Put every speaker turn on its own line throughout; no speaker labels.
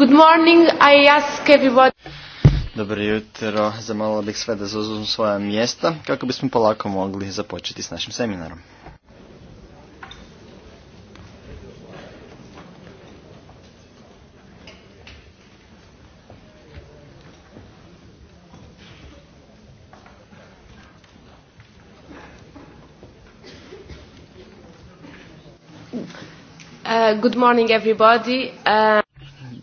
Good morning, I ask everybody...
Dobro jutro, zamolila bih sve da zauzmu svoja mjesta kako bismo polako mogli započeti s našim seminarom.
Uh, good morning everybody. Uh,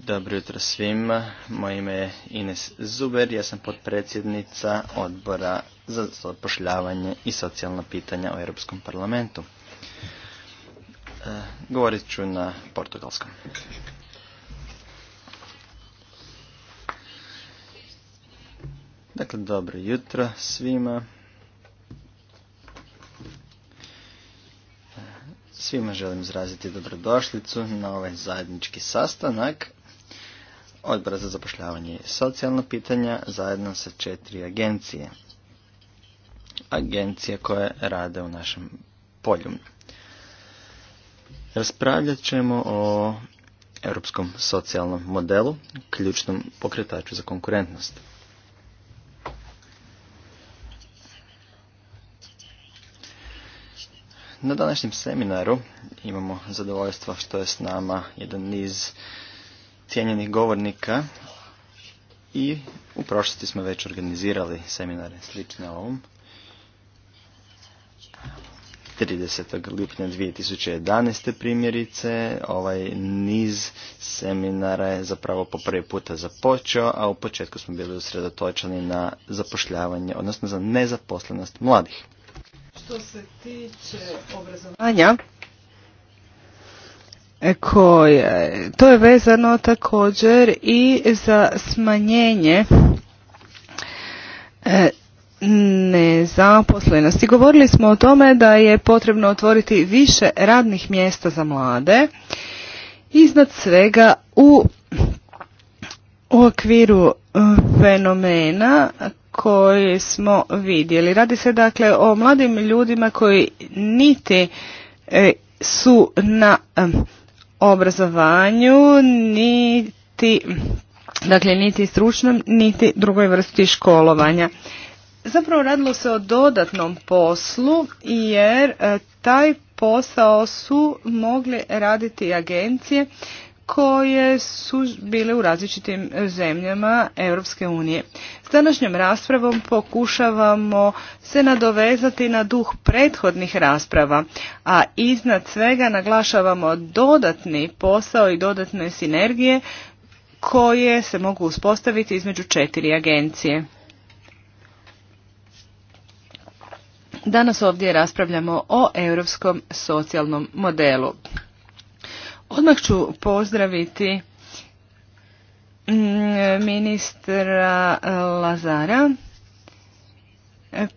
dobro jutro svima. Moje ime je Ines Zuber, ja sam potpredsjednica odbora za zapošljavanje i socijalna pitanja u Europskom parlamentu. E, govorit ću na portugalskom. Dakle, dobro jutro svima. E, svima želim izraziti dobrodošlicu na ovaj zajednički sastanak Odbora za zapošljavanje i socijalno pitanja zajedno sa četiri agencije. Agencije koje rade u našem polju. Raspravljat ćemo o europskom socijalnom modelu, ključnom pokretaču za konkurentnost. Na današnjem seminaru imamo zadovoljstvo što je s nama jedan niz cijenjenih govornika i u prošlosti smo već organizirali seminare slične ovom. 30. lipnja 2011. primjerice ovaj niz seminara je zapravo po prvi puta započeo, a u početku smo bili usredotočeni na zapošljavanje, odnosno za nezaposlenost mladih.
Što se tiče obrazovanja, E, koje, to je vezano također i za smanjenje e, nezaposlenosti. Govorili smo o tome da je potrebno otvoriti više radnih mjesta za mlade, iznad svega u, u okviru e, fenomena koji smo vidjeli. Radi se dakle o mladim ljudima koji niti su na obrazovanju, niti, dakle, niti stručnom, niti drugoj vrsti školovanja. Zapravo radilo se o dodatnom poslu jer e, taj posao su mogli raditi agencije koje su bile u različitim zemljama Europske unije. S današnjom raspravom pokušavamo se nadovezati na duh prethodnih rasprava, a iznad svega naglašavamo dodatni posao i dodatne sinergije koje se mogu uspostaviti između četiri agencije. Danas ovdje raspravljamo o europskom socijalnom modelu. Odmah ću pozdraviti mm, ministra e, Lazara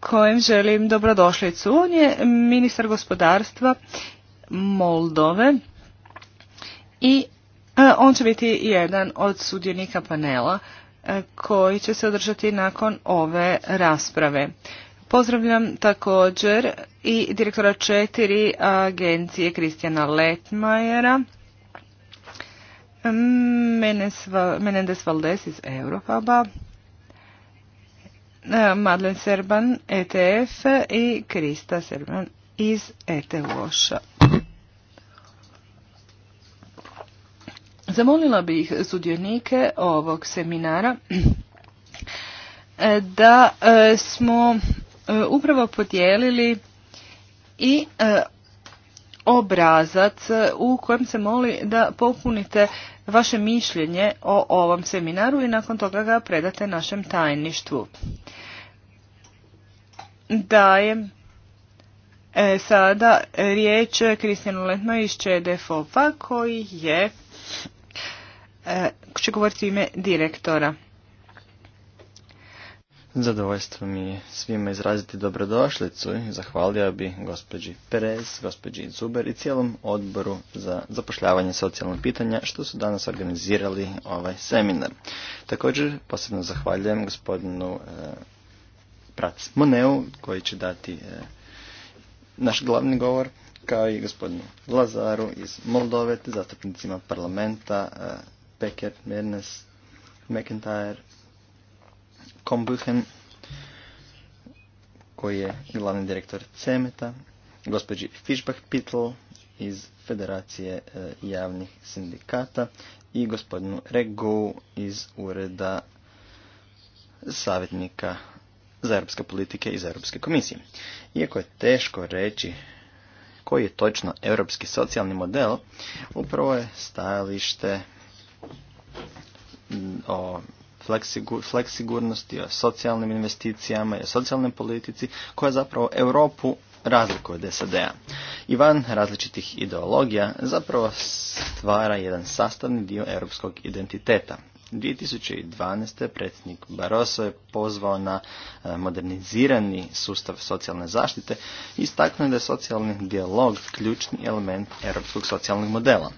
kojem želim dobrodošlicu. On je ministar gospodarstva Moldove i e, on će biti jedan od sudionika panela e, koji će se održati nakon ove rasprave. Pozdravljam također i direktora četiri agencije Kristjana Letmajera Menendez Valdez iz Europaba, e, Madlen Serban ETF i Krista Serban iz ETUOŠa. Zamolila bih sudionike ovog seminara e, da e, smo upravo podijelili i obrazac u kojem se moli da popunite vaše mišljenje o ovom seminaru i nakon toga ga predate našem tajništvu. Dajem e, sada riječ Kristijanu Lentno iz koji je e, će govoriti ime direktora.
Zadovoljstvo mi je svima izraziti dobrodošlicu i zahvalio bi gospođi Perez, gospođi Zuber i cijelom odboru za zapošljavanje socijalnog pitanja što su danas organizirali ovaj seminar. Također posebno zahvaljujem gospodinu e, eh, Prac Moneu koji će dati eh, naš glavni govor kao i gospodinu Lazaru iz Moldove te zastupnicima parlamenta e, eh, Peker, Mernes, McIntyre Kombuchen, koji je glavni direktor CEMETA, gospođi Fischbach-Pitl iz Federacije eh, javnih sindikata i gospodinu Regu iz Ureda savjetnika za europske politike za Europske komisije. Iako je teško reći koji je točno europski socijalni model, upravo je stajalište mm, o fleksigurnosti, o socijalnim investicijama i o socijalnoj politici koja zapravo Europu razlikuje od SAD-a. I van različitih ideologija zapravo stvara jedan sastavni dio europskog identiteta. 2012. predsjednik Barroso je pozvao na e, modernizirani sustav socijalne zaštite i istaknuo da je socijalni dijalog ključni element europskog socijalnog modela.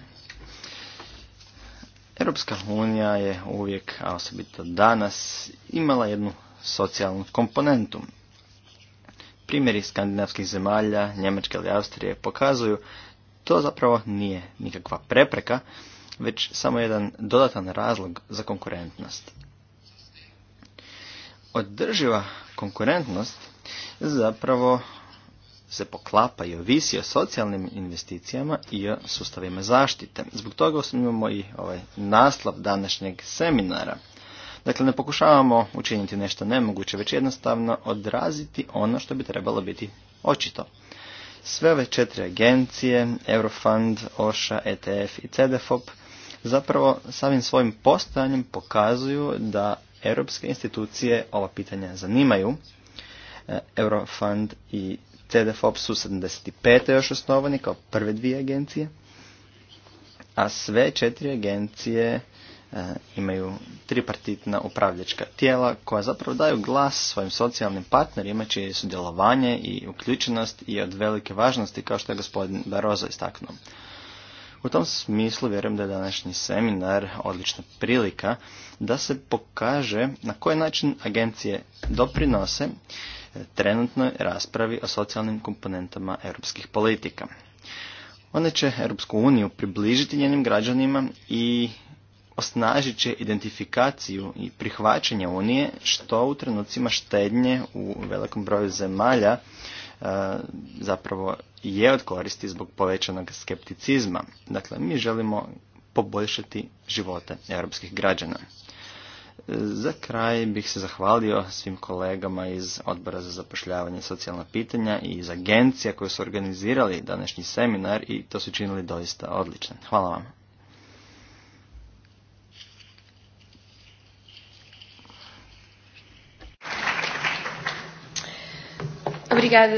Europska unija je uvijek, a osobito danas, imala jednu socijalnu komponentu. Primjeri skandinavskih zemalja, Njemačke ili Austrije pokazuju to zapravo nije nikakva prepreka, već samo jedan dodatan razlog za konkurentnost. Održiva konkurentnost zapravo se poklapa i ovisi o socijalnim investicijama i o sustavima zaštite. Zbog toga imamo i ovaj naslov današnjeg seminara. Dakle, ne pokušavamo učiniti nešto nemoguće, već jednostavno odraziti ono što bi trebalo biti očito. Sve ove četiri agencije, Eurofund, OSHA, ETF i CDFOP, zapravo samim svojim postojanjem pokazuju da europske institucije ova pitanja zanimaju. E, Eurofund i CDFOP su 75. još osnovani kao prve dvije agencije, a sve četiri agencije e, imaju tripartitna upravljačka tijela koja zapravo daju glas svojim socijalnim partnerima čije sudjelovanje i uključenost i od velike važnosti kao što je gospodin Barozo istaknuo. U tom smislu vjerujem da je današnji seminar odlična prilika da se pokaže na koji način agencije doprinose trenutnoj raspravi o socijalnim komponentama europskih politika. One će Europsku uniju približiti njenim građanima i osnažit će identifikaciju i prihvaćanje Unije što u trenucima štednje u velikom broju zemalja e, zapravo je od koristi zbog povećanog skepticizma. Dakle, mi želimo poboljšati živote europskih građana. Za kraj bih se zahvalio svim kolegama iz Odbora za zapošljavanje i socijalna pitanja i iz agencija koje su organizirali današnji seminar i to su činili doista odlično. Hvala vam.
Obrigada,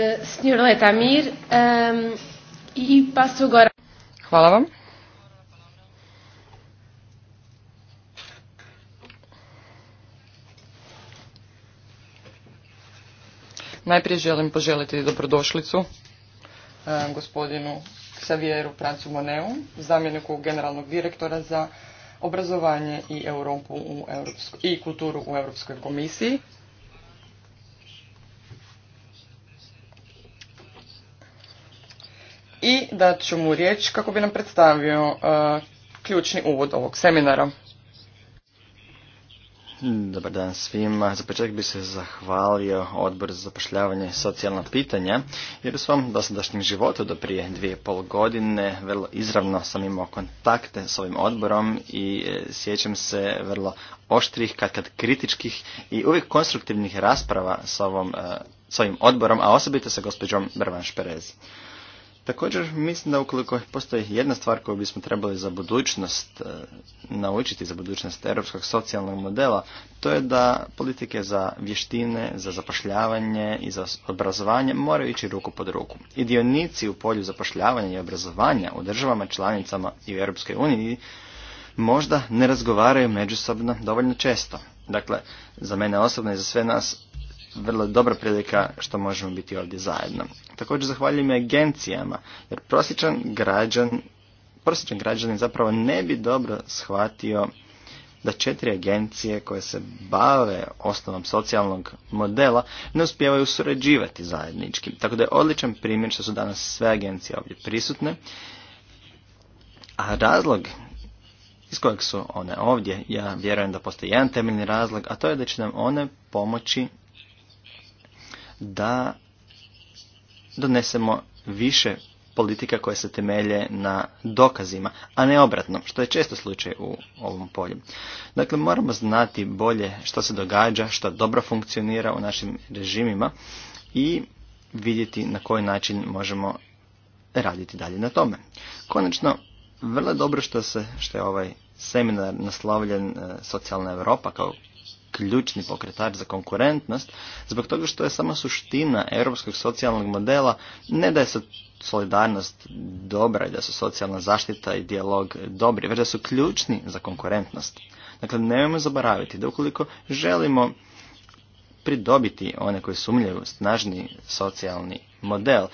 e Hvala vam. Najprije želim poželiti dobrodošlicu e, gospodinu Xavieru Prancu Moneu, zamjeniku generalnog direktora za obrazovanje i, Europu kulturu u Europskoj komisiji. I dat ću mu riječ kako bi nam predstavio e, ključni uvod ovog seminara.
Dobar dan svima. Za početak bih se zahvalio odbor za zapošljavanje i socijalna pitanja, jer u svom dosadašnjem životu do prije dvije pol godine vrlo izravno sam imao kontakte s ovim odborom i e, sjećam se vrlo oštrih, kad kritičkih i uvijek konstruktivnih rasprava e, s, ovim odborom, a osobito sa gospođom Brvan Šperez. Također mislim da ukoliko postoji jedna stvar koju bismo trebali za budućnost e, naučiti, za budućnost europskog socijalnog modela, to je da politike za vještine, za zapošljavanje i za obrazovanje moraju ići ruku pod ruku. I dionici u polju zapošljavanja i obrazovanja u državama, članicama i u Europskoj uniji možda ne razgovaraju međusobno dovoljno često. Dakle, za mene osobno i za sve nas vrlo dobra prilika što možemo biti ovdje zajedno. Također zahvaljujem agencijama, jer prosječan građan, prosječan građanin zapravo ne bi dobro shvatio da četiri agencije koje se bave osnovom socijalnog modela ne uspijevaju surađivati zajednički. Tako da je odličan primjer što su danas sve agencije ovdje prisutne. A razlog iz kojeg su one ovdje, ja vjerujem da postoji jedan temeljni razlog, a to je da će nam one pomoći da donesemo više politika koje se temelje na dokazima, a ne obratno, što je često slučaj u ovom polju. Dakle, moramo znati bolje što se događa, što dobro funkcionira u našim režimima i vidjeti na koji način možemo raditi dalje na tome. Konačno, vrlo dobro što, se, što je ovaj seminar naslavljen e, Socijalna Europa kao ključni pokretač za konkurentnost, zbog toga što je sama suština europskog socijalnog modela ne da je solidarnost dobra i da su socijalna zaštita i dijalog dobri, već da su ključni za konkurentnost. Dakle, nemojmo zaboraviti da ukoliko želimo pridobiti one koji sumljaju snažni socijalni model.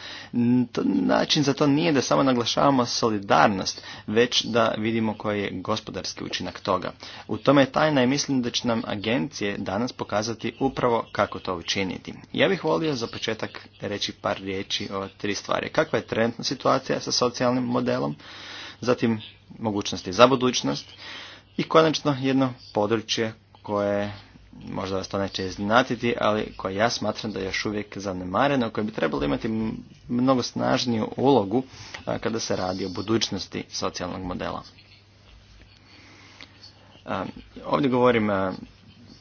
Način za to nije da samo naglašavamo solidarnost, već da vidimo koji je gospodarski učinak toga. U tome je tajna i mislim da će nam agencije danas pokazati upravo kako to učiniti. Ja bih volio za početak reći par riječi o tri stvari. Kakva je trenutna situacija sa socijalnim modelom, zatim mogućnosti za budućnost i konačno jedno područje koje možda vas to neće iznatiti, ali koje ja smatram da je još uvijek zanemareno, koje bi trebalo imati mnogo snažniju ulogu kada se radi o budućnosti socijalnog modela. Ovdje govorim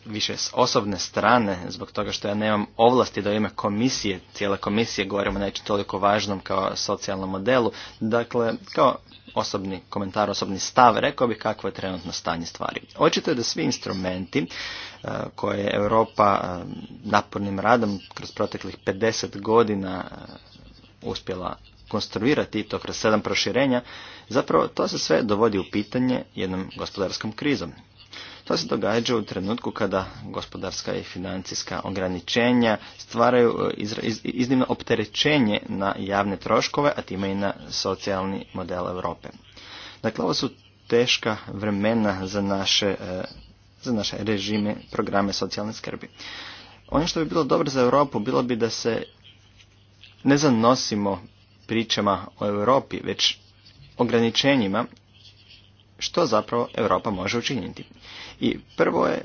više s osobne strane, zbog toga što ja nemam ovlasti da ime komisije, cijele komisije govorimo nečem toliko važnom kao socijalnom modelu, dakle, kao osobni komentar, osobni stav, rekao bih kakvo je trenutno stanje stvari. Očito je da svi instrumenti koje je Europa napornim radom kroz proteklih 50 godina uspjela konstruirati to kroz sedam proširenja, zapravo to se sve dovodi u pitanje jednom gospodarskom krizom. To se događa u trenutku kada gospodarska i financijska ograničenja stvaraju e, iznimno opterećenje na javne troškove, a time i na socijalni model Europe. Dakle, ovo su teška vremena za naše e, za naše režime, programe socijalne skrbi. Ono što bi bilo dobro za Europu bilo bi da se ne zanosimo pričama o Europi, već ograničenjima što zapravo Europa može učiniti. I prvo je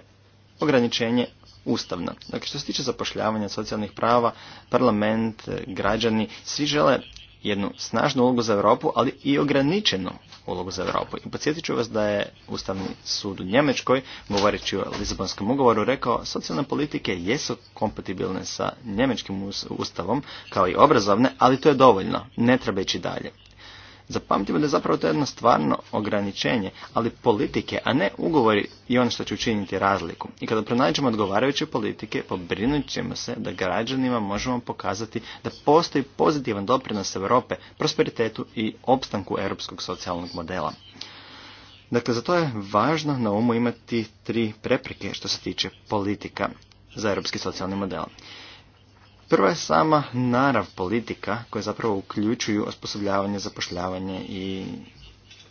ograničenje ustavno. Dakle, što se tiče zapošljavanja socijalnih prava, parlament, građani, svi žele jednu snažnu ulogu za Europu, ali i ograničenu ulogu za Europu. I podsjetit ću vas da je Ustavni sud u Njemačkoj, govoreći o Lisabonskom ugovoru, rekao socijalne politike jesu kompatibilne sa njemačkim ustavom, kao i obrazovne, ali to je dovoljno, ne treba ići dalje. Zapamtimo da je zapravo to jedno stvarno ograničenje, ali politike, a ne ugovori i ono što će učiniti razliku. I kada pronađemo odgovarajuće politike, pobrinut ćemo se da građanima možemo pokazati da postoji pozitivan doprinos Europe, prosperitetu i opstanku europskog socijalnog modela. Dakle, za to je važno na umu imati tri prepreke što se tiče politika za europski socijalni model. Prva je sama narav politika koje zapravo uključuju osposobljavanje, zapošljavanje i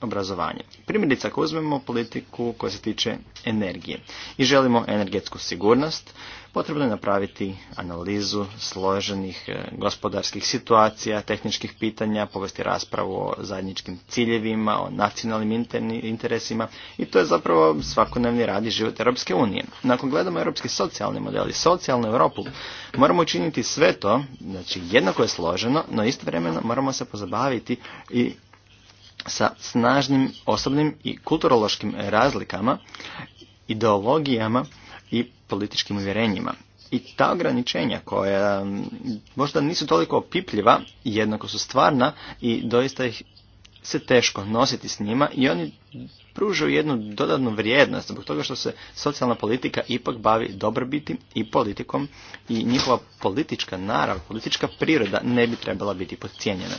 obrazovanje. Primjerice ako uzmemo politiku koja se tiče energije i želimo energetsku sigurnost, potrebno je napraviti analizu složenih e, gospodarskih situacija, tehničkih pitanja, povesti raspravu o zajedničkim ciljevima, o nacionalnim interesima i to je zapravo svakodnevni radi život Europske unije. Nakon gledamo europski socijalni model i socijalnu Europu, moramo učiniti sve to, znači jednako je složeno, no istovremeno moramo se pozabaviti i sa snažnim osobnim i kulturološkim razlikama, ideologijama političkim uvjerenjima. I ta ograničenja koja možda nisu toliko opipljiva, jednako su stvarna i doista ih se teško nositi s njima i oni pružaju jednu dodatnu vrijednost zbog toga što se socijalna politika ipak bavi dobrobiti i politikom i njihova politička narav, politička priroda ne bi trebala biti podcijenjena.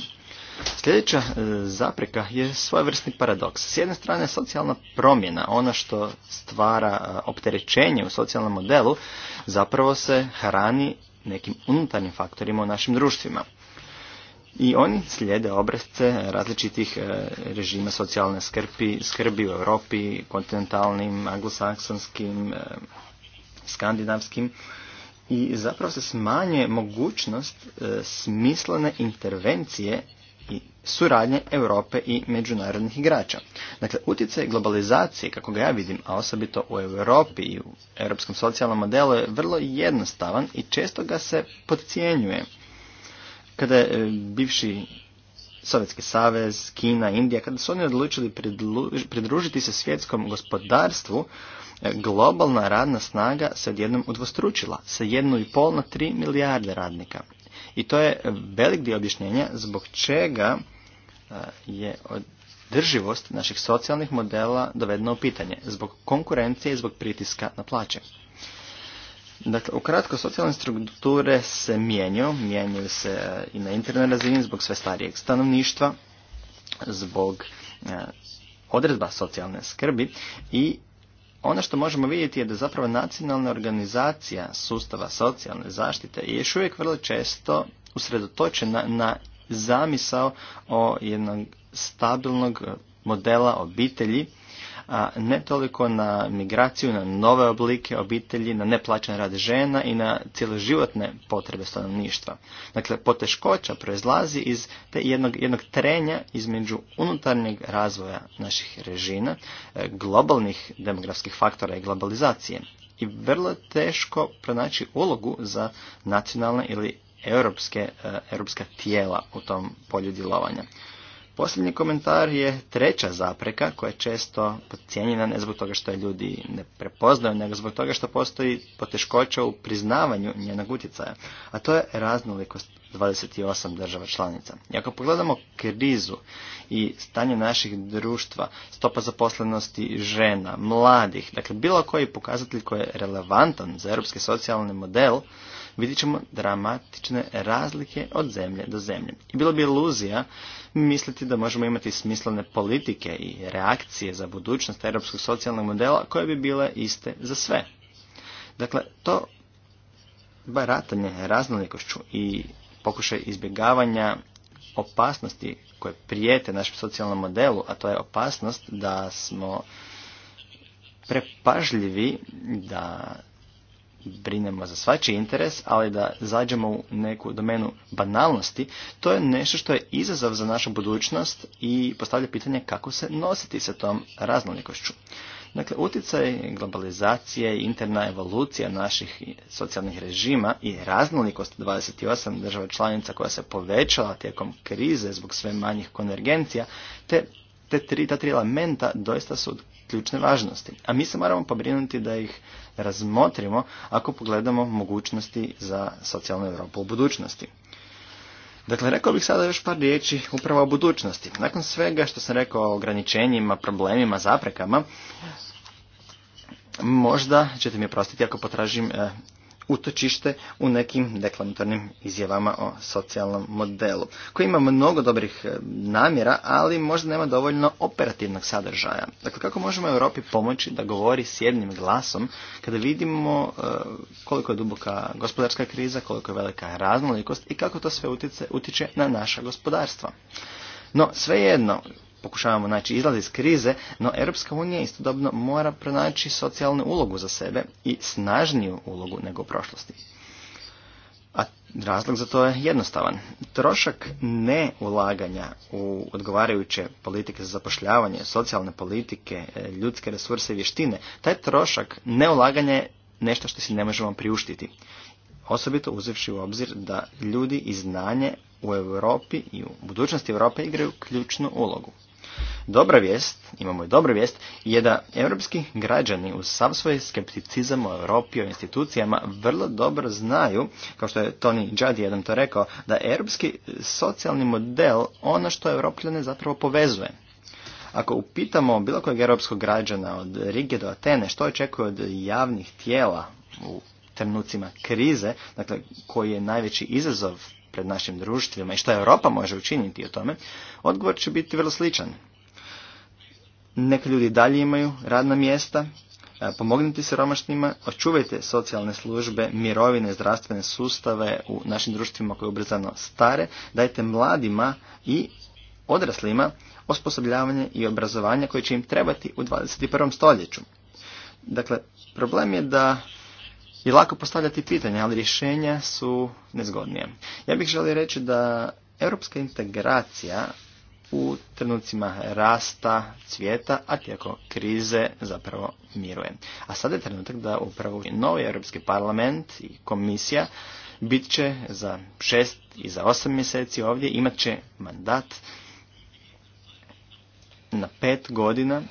Sljedeća e, zapreka je svojevrsni paradoks. S jedne strane socijalna promjena, ono što stvara e, opterećenje u socijalnom modelu, zapravo se hrani nekim unutarnjim faktorima u našim društvima. I oni slijede obrazce različitih e, režima socijalne skrbi, skrbi u Europi, kontinentalnim, anglosaksonskim, skandinavskim i zapravo se smanjuje mogućnost smislene intervencije i suradnje Europe i međunarodnih igrača. Dakle, utjecaj globalizacije, kako ga ja vidim, a osobito u Europi i u europskom socijalnom modelu, je vrlo jednostavan i često ga se podcijenjuje. Kada je bivši Sovjetski savez, Kina, Indija, kada su oni odlučili pridružiti se svjetskom gospodarstvu, e, globalna radna snaga se odjednom udvostručila, sa 1,5 na tri milijarde radnika. I to je velik dio objašnjenja zbog čega e, je održivost naših socijalnih modela dovedena u pitanje, zbog konkurencije i zbog pritiska na plaće. Dakle, ukratko, socijalne strukture se mijenjaju, mijenjaju se e, i na internet razini zbog sve starijeg stanovništva, zbog e, odredba socijalne skrbi i ono što možemo vidjeti je da zapravo nacionalna organizacija sustava socijalne zaštite je još uvijek vrlo često usredotočena na zamisao o jednog stabilnog modela obitelji a ne toliko na migraciju, na nove oblike obitelji, na neplaćan rad žena i na cijeloživotne potrebe stanovništva. Dakle, poteškoća proizlazi iz te jednog, jednog trenja između unutarnjeg razvoja naših režina, e, globalnih demografskih faktora i globalizacije. I vrlo teško pronaći ulogu za nacionalne ili europske, e, europska tijela u tom polju djelovanja. Posljednji komentar je treća zapreka koja je često podcijenjena ne zbog toga što je ljudi ne prepoznaju, nego zbog toga što postoji poteškoća u priznavanju njenog utjecaja, a to je raznolikost 28 država članica. I ako pogledamo krizu i stanje naših društva, stopa zaposlenosti žena, mladih, dakle bilo koji pokazatelj koji je relevantan za europski socijalni model, vidjet ćemo dramatične razlike od zemlje do zemlje. I bilo bi iluzija misliti da možemo imati smislene politike i reakcije za budućnost europskog socijalnog modela koje bi bile iste za sve. Dakle, to baratanje raznolikošću i pokušaj izbjegavanja opasnosti koje prijete našem socijalnom modelu, a to je opasnost da smo prepažljivi da brinemo za svačiji interes, ali da zađemo u neku domenu banalnosti, to je nešto što je izazov za našu budućnost i postavlja pitanje kako se nositi sa tom raznolikošću. Dakle, utjecaj globalizacije i interna evolucija naših socijalnih režima i raznolikost 28 država članica koja se povećala tijekom krize zbog sve manjih konvergencija, te, te tri, ta tri elementa doista su od ključne važnosti. A mi se moramo pobrinuti da ih razmotrimo ako pogledamo mogućnosti za socijalnu Europu u budućnosti. Dakle, rekao bih sada još par riječi upravo o budućnosti. Nakon svega što sam rekao o ograničenjima, problemima, zaprekama, možda ćete mi oprostiti ako potražim eh, utočište u nekim deklamatornim izjavama o socijalnom modelu, koji ima mnogo dobrih e, namjera, ali možda nema dovoljno operativnog sadržaja. Dakle, kako možemo Europi pomoći da govori s jednim glasom kada vidimo e, koliko je duboka gospodarska kriza, koliko je velika raznolikost i kako to sve utiče na naša gospodarstva. No, svejedno, pokušavamo naći izlaz iz krize, no Europska unija istodobno mora pronaći socijalnu ulogu za sebe i snažniju ulogu nego u prošlosti. A razlog za to je jednostavan. Trošak ne ulaganja u odgovarajuće politike za zapošljavanje, socijalne politike, e, ljudske resurse i vještine, taj trošak ne ulaganja je nešto što si ne možemo priuštiti. Osobito uzevši u obzir da ljudi i znanje u Europi i u budućnosti Europe igraju ključnu ulogu. Dobra vijest, imamo i dobra vijest, je da europski građani uz sav svoj skepticizam u Europi, o institucijama, vrlo dobro znaju, kao što je Tony Judd jedan to rekao, da europski socijalni model ono što europljane zapravo povezuje. Ako upitamo bilo kojeg europskog građana od Rige do Atene što očekuje od javnih tijela u trenucima krize, dakle koji je najveći izazov pred našim društvima i što Europa može učiniti o tome, odgovor će biti vrlo sličan. Neki ljudi dalje imaju radna mjesta, e, pomognite siromašnima, očuvajte socijalne službe, mirovine, zdravstvene sustave u našim društvima koje ubrzano stare, dajte mladima i odraslima osposobljavanje i obrazovanje koje će im trebati u 21. stoljeću. Dakle, problem je da je lako postavljati pitanja, ali rješenja su nezgodnije. Ja bih želio reći da europska integracija u trenucima rasta, cvijeta, a tijekom krize zapravo miruje. A sada je trenutak da upravo novi Europski parlament i komisija bit će za šest i za osam mjeseci ovdje, imat će mandat na pet godina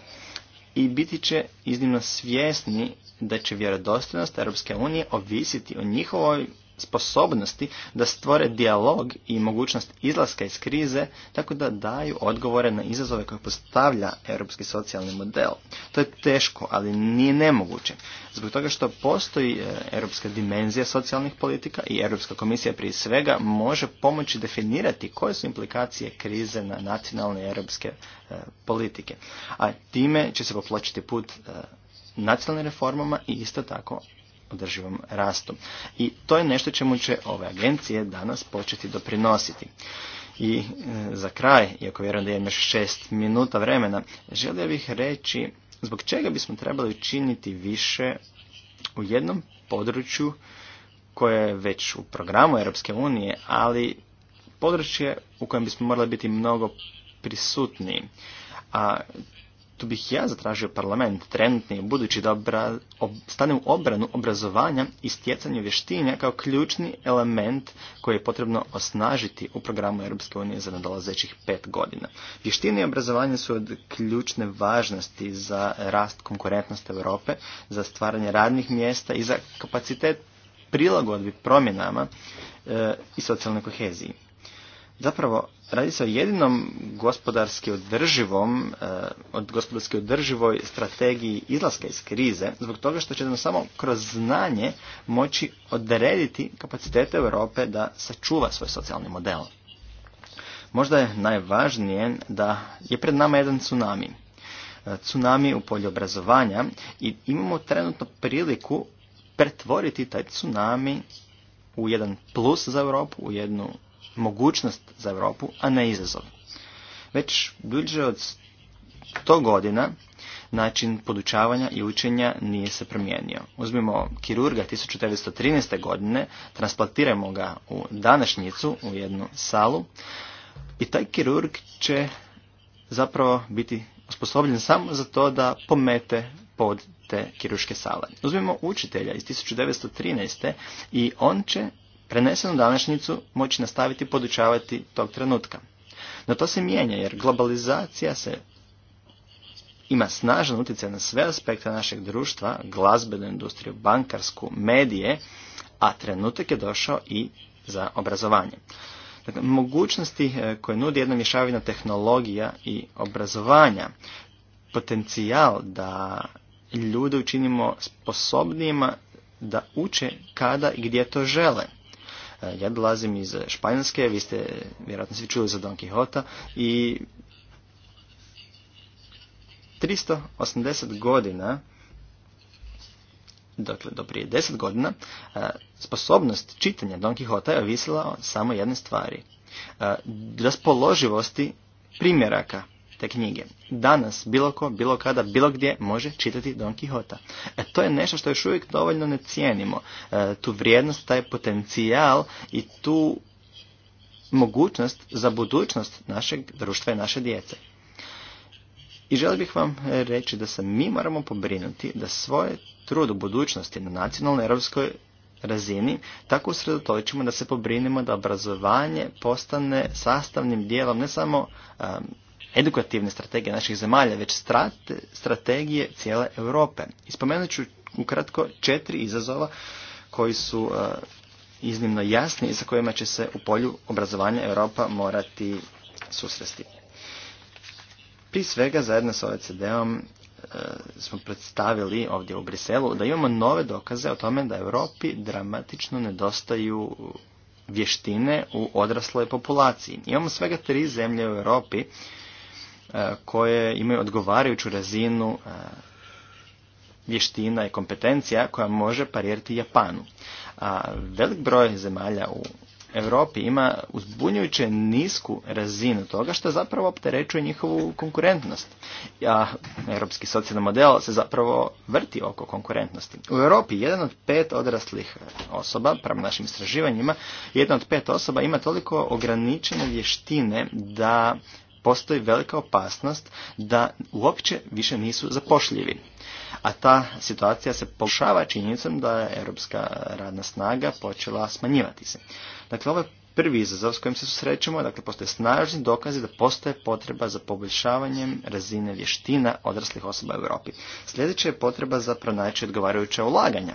i biti će iznimno svjesni da će vjerodostojnost Europske unije ovisiti o njihovoj sposobnosti da stvore dijalog i mogućnost izlaska iz krize tako da daju odgovore na izazove koje postavlja europski socijalni model. To je teško, ali nije nemoguće. Zbog toga što postoji e, europska dimenzija socijalnih politika i Europska komisija prije svega može pomoći definirati koje su implikacije krize na nacionalne europske e, politike. A time će se popločiti put e, nacionalnim reformama i isto tako održivom rastu. I to je nešto čemu će ove agencije danas početi doprinositi. I e, za kraj, iako vjerujem da imam još šest minuta vremena, želio bih reći zbog čega bismo trebali učiniti više u jednom području koje je već u programu Europske unije, ali područje u kojem bismo morali biti mnogo prisutniji. A tu bih ja zatražio parlament trenutni budući da obra, stane u obranu obrazovanja i stjecanje vještinja kao ključni element koji je potrebno osnažiti u programu Europske unije za nadolazećih pet godina. Vještine i obrazovanje su od ključne važnosti za rast konkurentnosti Europe, za stvaranje radnih mjesta i za kapacitet prilagodbi promjenama e, i socijalnoj koheziji. Zapravo, radi se o jedinom gospodarski održivom, e, od gospodarski održivoj strategiji izlaska iz krize, zbog toga što će nam samo kroz znanje moći odrediti kapacitete Europe da sačuva svoj socijalni model. Možda je najvažnije da je pred nama jedan tsunami. E, tsunami u polju obrazovanja i imamo trenutno priliku pretvoriti taj tsunami u jedan plus za Europu, u jednu mogućnost za Europu, a ne izazov. Već duže od 100 godina način podučavanja i učenja nije se promijenio. Uzmimo kirurga 1913. godine, transplantiramo ga u današnjicu, u jednu salu, i taj kirurg će zapravo biti osposobljen samo za to da pomete pod te kiruške sale. Uzmimo učitelja iz 1913. i on će prenesenu današnjicu moći nastaviti podučavati tog trenutka. No to se mijenja jer globalizacija se ima snažan utjecaj na sve aspekte našeg društva, glazbenu industriju, bankarsku, medije, a trenutak je došao i za obrazovanje. Dakle, mogućnosti e, koje nudi jedna mješavina tehnologija i obrazovanja, potencijal da ljude učinimo sposobnijima da uče kada i gdje to žele. E, ja dolazim iz e, Španjolske, vi ste e, vjerojatno svi čuli za Don Quixota i 380 godina dakle do prije 10 godina, sposobnost čitanja Don Quixota je ovisila o samo jedne stvari. Raspoloživosti primjeraka knjige. Danas bilo ko, bilo kada, bilo gdje može čitati Don Quixota. E, to je nešto što još uvijek dovoljno ne cijenimo. E, tu vrijednost, taj potencijal i tu mogućnost za budućnost našeg društva i naše djece. I želio bih vam reći da se mi moramo pobrinuti da svoje trud u budućnosti na nacionalnoj europskoj razini, tako usredotočimo da se pobrinemo da obrazovanje postane sastavnim dijelom ne samo edukativne strategije naših zemalja, već strategije cijele Europe. Ispomenut ću ukratko četiri izazova koji su e, iznimno jasni i sa kojima će se u polju obrazovanja Europa morati susresti. Prije svega zajedno sa OECD-om e, smo predstavili ovdje u Briselu da imamo nove dokaze o tome da Europi dramatično nedostaju vještine u odrasloj populaciji. Imamo svega tri zemlje u Europi E, koje imaju odgovarajuću razinu e, vještina i kompetencija koja može parirati Japanu. A velik broj zemalja u Europi ima uzbunjujuće nisku razinu toga što zapravo opterećuje njihovu konkurentnost. A europski socijalni model se zapravo vrti oko konkurentnosti. U Europi jedan od pet odraslih osoba, prema našim istraživanjima, jedan od pet osoba ima toliko ograničene vještine da postoji velika opasnost da uopće više nisu zapošljivi. A ta situacija se pokušava činjenicom da je europska radna snaga počela smanjivati se. Dakle, ovo je prvi izazov s kojim se susrećemo, dakle postoje snažni dokazi da postoje potreba za poboljšavanjem razine vještina odraslih osoba u Europi. Sljedeća je potreba za pronaći odgovarajuća ulaganja.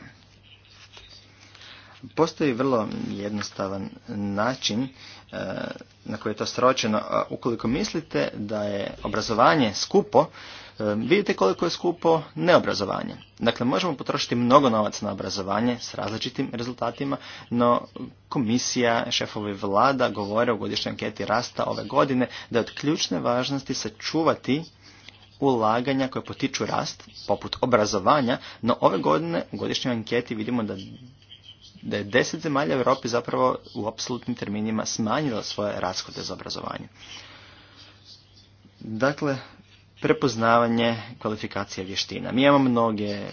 Postoji vrlo jednostavan način e, na koji je to sročeno. ukoliko mislite da je obrazovanje skupo, e, vidite koliko je skupo neobrazovanje. Dakle, možemo potrošiti mnogo novaca na obrazovanje s različitim rezultatima, no komisija, šefovi vlada govore u godišnjoj anketi rasta ove godine da je od ključne važnosti sačuvati ulaganja koje potiču rast, poput obrazovanja, no ove godine u godišnjoj anketi vidimo da da je deset zemalja u Europi zapravo u apsolutnim terminima smanjila svoje rashode za obrazovanje. Dakle, prepoznavanje kvalifikacija vještina. Mi imamo mnoge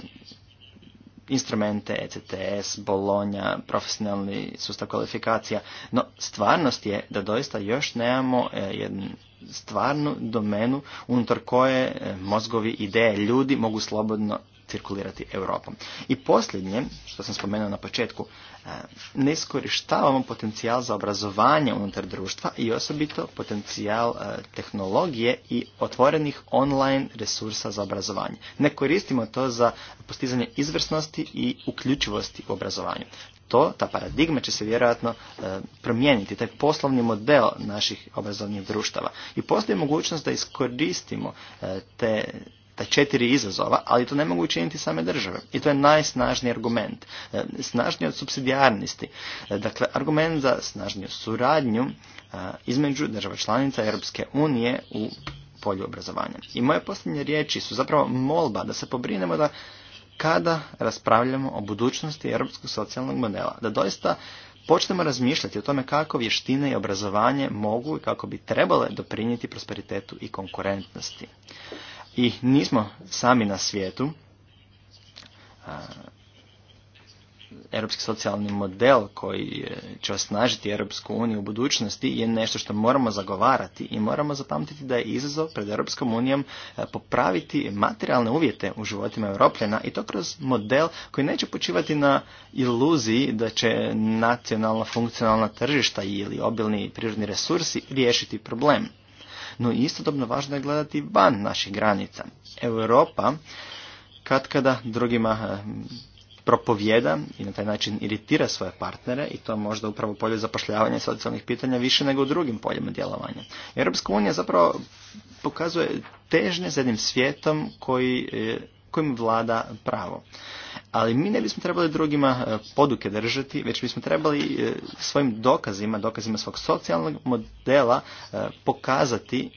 instrumente, ECTS, Bolonja, profesionalni sustav kvalifikacija, no stvarnost je da doista još nemamo e, jednu stvarnu domenu unutar koje e, mozgovi ideje ljudi mogu slobodno cirkulirati Europom. I posljednje, što sam spomenuo na početku, e, ne iskorištavamo potencijal za obrazovanje unutar društva i osobito potencijal e, tehnologije i otvorenih online resursa za obrazovanje. Ne koristimo to za postizanje izvrsnosti i uključivosti u obrazovanju. To, ta paradigma će se vjerojatno e, promijeniti, taj poslovni model naših obrazovnih društava. I postoji mogućnost da iskoristimo te ta četiri izazova, ali to ne mogu učiniti same države. I to je najsnažniji argument. E, snažniji od subsidijarnosti. E, dakle, argument za snažniju suradnju e, između država članica Europske unije u polju obrazovanja. I moje posljednje riječi su zapravo molba da se pobrinemo da kada raspravljamo o budućnosti europskog socijalnog modela, da doista počnemo razmišljati o tome kako vještine i obrazovanje mogu i kako bi trebale doprinijeti prosperitetu i konkurentnosti i nismo sami na svijetu. Europski socijalni model koji e, će osnažiti Europsku uniju u budućnosti je nešto što moramo zagovarati i moramo zapamtiti da je izazov pred Europskom unijom e, popraviti materijalne uvjete u životima Europljena i to kroz model koji neće počivati na iluziji da će nacionalna funkcionalna tržišta ili obilni prirodni resursi riješiti problem no istodobno važno je gledati van naših granica. Europa kad kada drugima eh, propovjeda i na taj način iritira svoje partnere i to možda upravo polje zapošljavanja socijalnih pitanja više nego u drugim poljima djelovanja. Europska unija zapravo pokazuje težnje za jednim svijetom koji eh, kojim vlada pravo. Ali mi ne bismo trebali drugima e, poduke držati, već bismo trebali e, svojim dokazima, dokazima svog socijalnog modela e, pokazati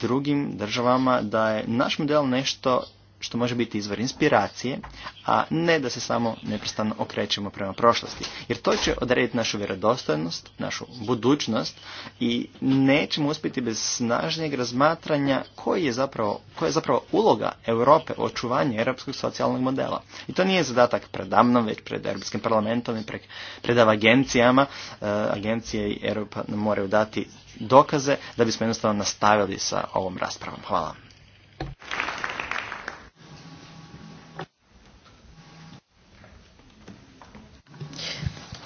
drugim državama da je naš model nešto što može biti izvor inspiracije, a ne da se samo neprestano okrećemo prema prošlosti. Jer to će odrediti našu vjerodostojnost, našu budućnost i nećemo uspjeti bez snažnijeg razmatranja koji je zapravo, koja je zapravo uloga Europe u očuvanju europskog socijalnog modela. I to nije zadatak predamnom, već pred Europskim parlamentom i pred, pred agencijama. E, agencije i Europa moraju dati dokaze da bismo jednostavno nastavili sa ovom raspravom. Hvala.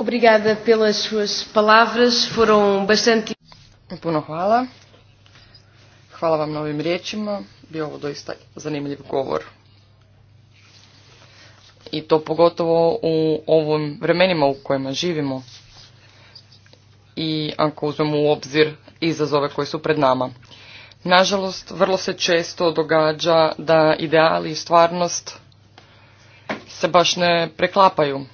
Obrigada pelas suas palavras, foram bastante... Puno hvala.
Hvala vam na ovim riječima. Bio ovo doista zanimljiv govor. I to pogotovo u ovom vremenima u kojima živimo. I ako uzmemo u obzir izazove koji su pred nama. Nažalost, vrlo se često događa da ideali i stvarnost se baš ne preklapaju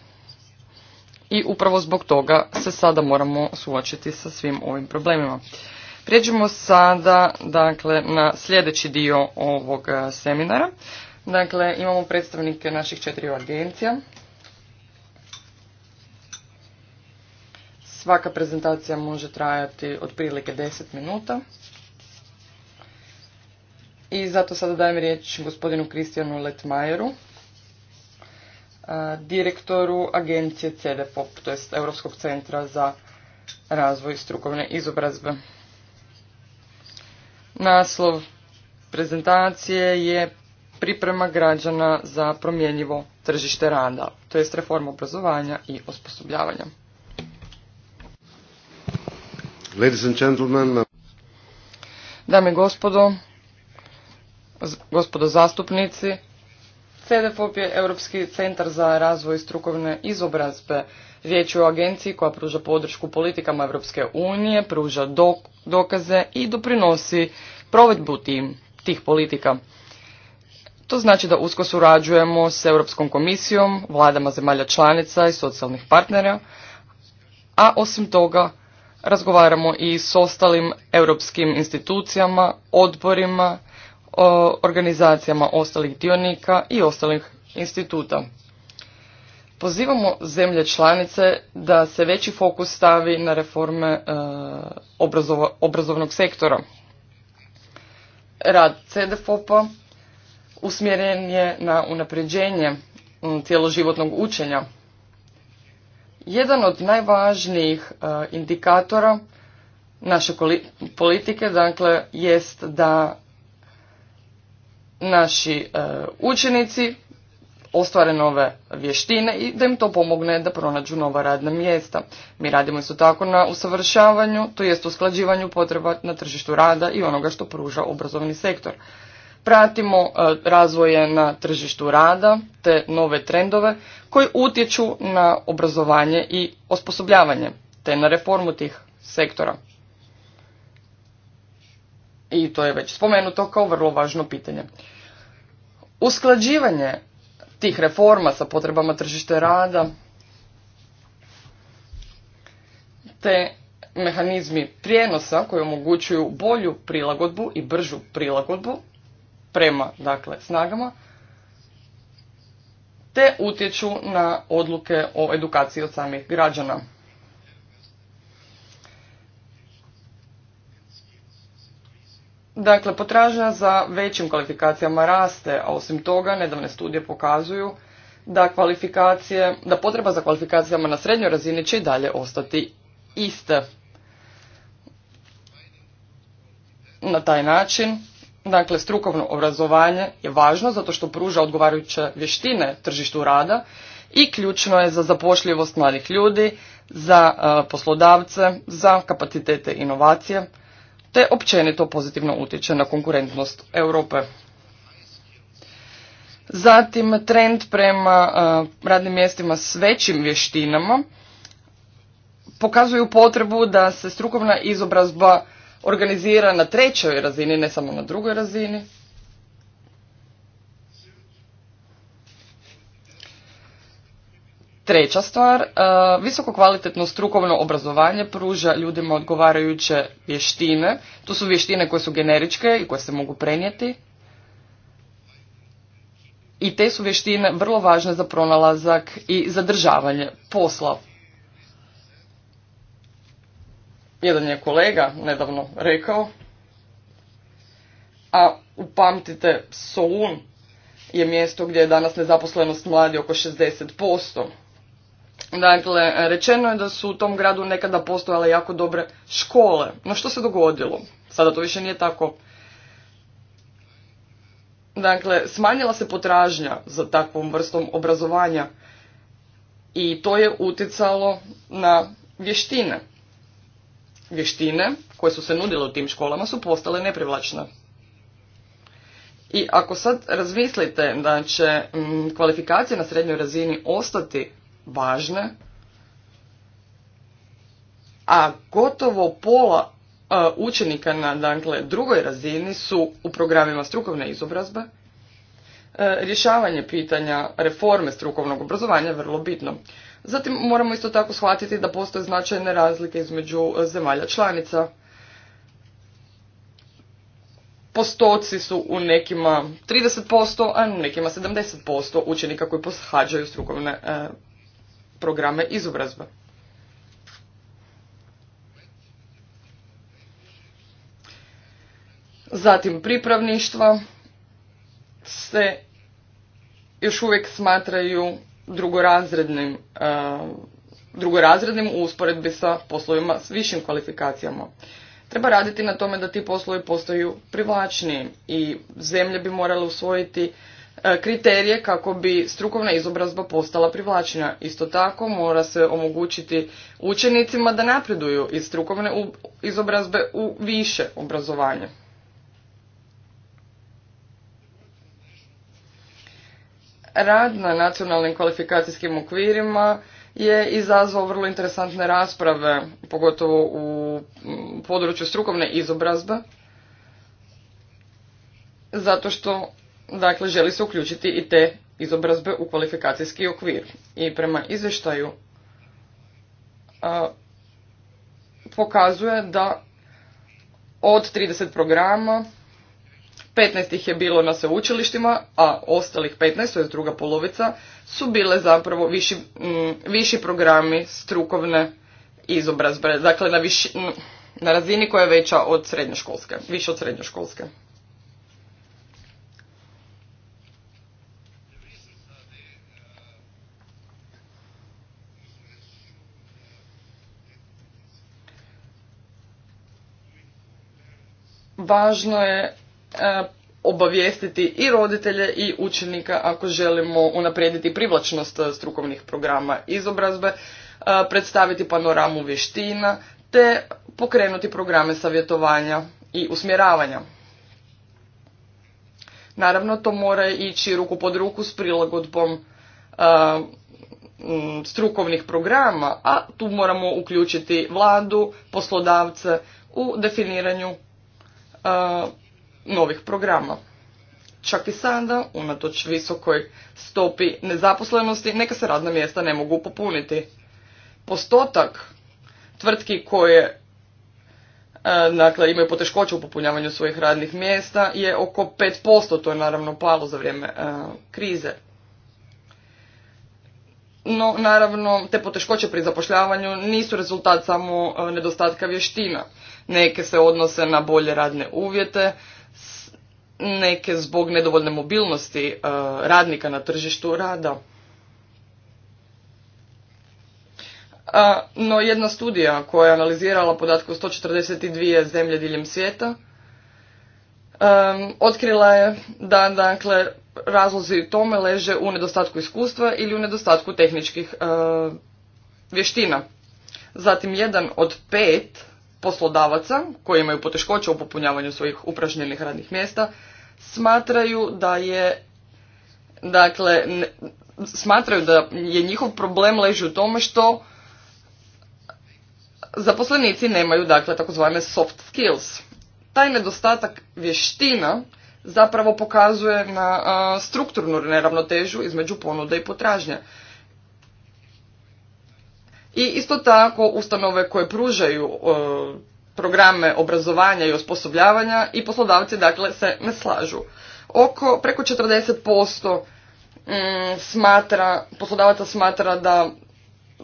i upravo zbog toga se sada moramo suočiti sa svim ovim problemima. Prijeđemo sada dakle, na sljedeći dio ovog e, seminara. Dakle, imamo predstavnike naših četiri agencija. Svaka prezentacija može trajati otprilike 10 minuta. I zato sada dajem riječ gospodinu Kristijanu Letmajeru, direktoru agencije CDPOP, to jest Europskog centra za razvoj strukovne izobrazbe. Naslov prezentacije je priprema građana za promjenjivo tržište rada, to jest reforma obrazovanja i osposobljavanja.
Ladies and gentlemen.
Dame i gospodo, gospodo zastupnici, CDFOP je Europski centar za razvoj strukovne izobrazbe. Riječ je o agenciji koja pruža podršku politikama Europske unije, pruža dokaze i doprinosi provedbu tih politika. To znači da usko surađujemo s Europskom komisijom, vladama zemalja članica i socijalnih partnera, a osim toga razgovaramo i s ostalim europskim institucijama, odborima organizacijama ostalih dionika i ostalih instituta. Pozivamo zemlje članice da se veći fokus stavi na reforme e, obrazovnog sektora. Rad CDFOP-a usmjeren je na unapređenje cijeloživotnog učenja. Jedan od najvažnijih e, indikatora naše politike dakle jest da naši e, učenici ostvare nove vještine i da im to pomogne da pronađu nova radna mjesta. Mi radimo isto tako na usavršavanju, to jest usklađivanju potreba na tržištu rada i onoga što pruža obrazovni sektor. Pratimo e, razvoje na tržištu rada te nove trendove koji utječu na obrazovanje i osposobljavanje te na reformu tih sektora i to je već spomenuto kao vrlo važno pitanje. Usklađivanje tih reforma sa potrebama tržište rada te mehanizmi prijenosa koji omogućuju bolju prilagodbu i bržu prilagodbu prema dakle snagama te utječu na odluke o edukaciji od samih građana. Dakle, potražnja za većim kvalifikacijama raste, a osim toga nedavne studije pokazuju da kvalifikacije, da potreba za kvalifikacijama na srednjoj razini će i dalje ostati iste. Na taj način, dakle, strukovno obrazovanje je važno zato što pruža odgovarajuće vještine tržištu rada i ključno je za zapošljivost mladih ljudi, za e, poslodavce, za kapacitete inovacije, te općenito pozitivno utječe na konkurentnost Europe. Zatim trend prema e, radnim mjestima s većim vještinama pokazuju potrebu da se strukovna izobrazba organizira na trećoj razini, ne samo na drugoj razini. Treća stvar, e, visoko kvalitetno strukovno obrazovanje pruža ljudima odgovarajuće vještine. To su vještine koje su generičke i koje se mogu prenijeti. I te su vještine vrlo važne za pronalazak i zadržavanje posla. Jedan je kolega nedavno rekao, a upamtite, Solun je mjesto gdje je danas nezaposlenost mladi oko 60%. Dakle, rečeno je da su u tom gradu nekada postojale jako dobre škole. No što se dogodilo? Sada to više nije tako. Dakle, smanjila se potražnja za takvom vrstom obrazovanja i to je utjecalo na vještine. Vještine koje su se nudile u tim školama su postale neprivlačne. I ako sad razmislite da će mm, kvalifikacije na srednjoj razini ostati važne, a gotovo pola e, učenika na dakle, drugoj razini su u programima strukovne izobrazbe. E, rješavanje pitanja reforme strukovnog obrazovanja je vrlo bitno. Zatim moramo isto tako shvatiti da postoje značajne razlike između e, zemalja članica. Postoci su u nekima 30%, a u nekima 70% učenika koji poshađaju strukovne programe izobrazbe. Zatim pripravništva se još uvijek smatraju drugorazrednim, eh, drugorazrednim u usporedbi sa poslovima s višim kvalifikacijama. Treba raditi na tome da ti poslovi postaju privlačniji i zemlje bi morale usvojiti E, kriterije kako bi strukovna izobrazba postala privlačena. Isto tako mora se omogućiti učenicima da napreduju iz strukovne izobrazbe u više obrazovanje. Rad na nacionalnim kvalifikacijskim okvirima je izazvao vrlo interesantne rasprave, pogotovo u području strukovne izobrazbe, zato što dakle želi se uključiti i te izobrazbe u kvalifikacijski okvir. I prema izvještaju pokazuje da od 30 programa 15 ih je bilo na sveučilištima, a ostalih 15, to je druga polovica, su bile zapravo viši, programi strukovne izobrazbe, dakle na, viši, na razini koja je veća od srednjoškolske, više od srednjoškolske. važno je e, obavijestiti i roditelje i učenika ako želimo unaprijediti privlačnost e, strukovnih programa izobrazbe, e, predstaviti panoramu vještina te pokrenuti programe savjetovanja i usmjeravanja. Naravno, to mora ići ruku pod ruku s prilagodbom strukovnih programa, a tu moramo uključiti vladu, poslodavce u definiranju novih programa. Čak i sada, unatoč visokoj stopi nezaposlenosti, neka se radna mjesta ne mogu popuniti. Postotak tvrtki koje dakle, imaju poteškoće u popunjavanju svojih radnih mjesta je oko 5%, to je naravno palo za vrijeme krize. No, naravno, te poteškoće pri zapošljavanju nisu rezultat samo nedostatka vještina neke se odnose na bolje radne uvjete, neke zbog nedovoljne mobilnosti e, radnika na tržištu rada. E, no jedna studija koja je analizirala podatke 142 zemlje diljem svijeta um, otkrila je da dakle, razlozi tome leže u nedostatku iskustva ili u nedostatku tehničkih vještina. Zatim jedan od pet poslodavaca koji imaju poteškoće u popunjavanju svojih upražnjenih radnih mjesta smatraju da je dakle smatraju da je njihov problem leži u tome što zaposlenici nemaju dakle takozvane soft skills. Taj nedostatak vještina zapravo pokazuje na a, strukturnu neravnotežu između ponude i potražnje. I isto tako ustanove koje pružaju e, programe obrazovanja i osposobljavanja i poslodavci dakle se ne slažu. Oko preko 40% mm, smatra, poslodavaca smatra da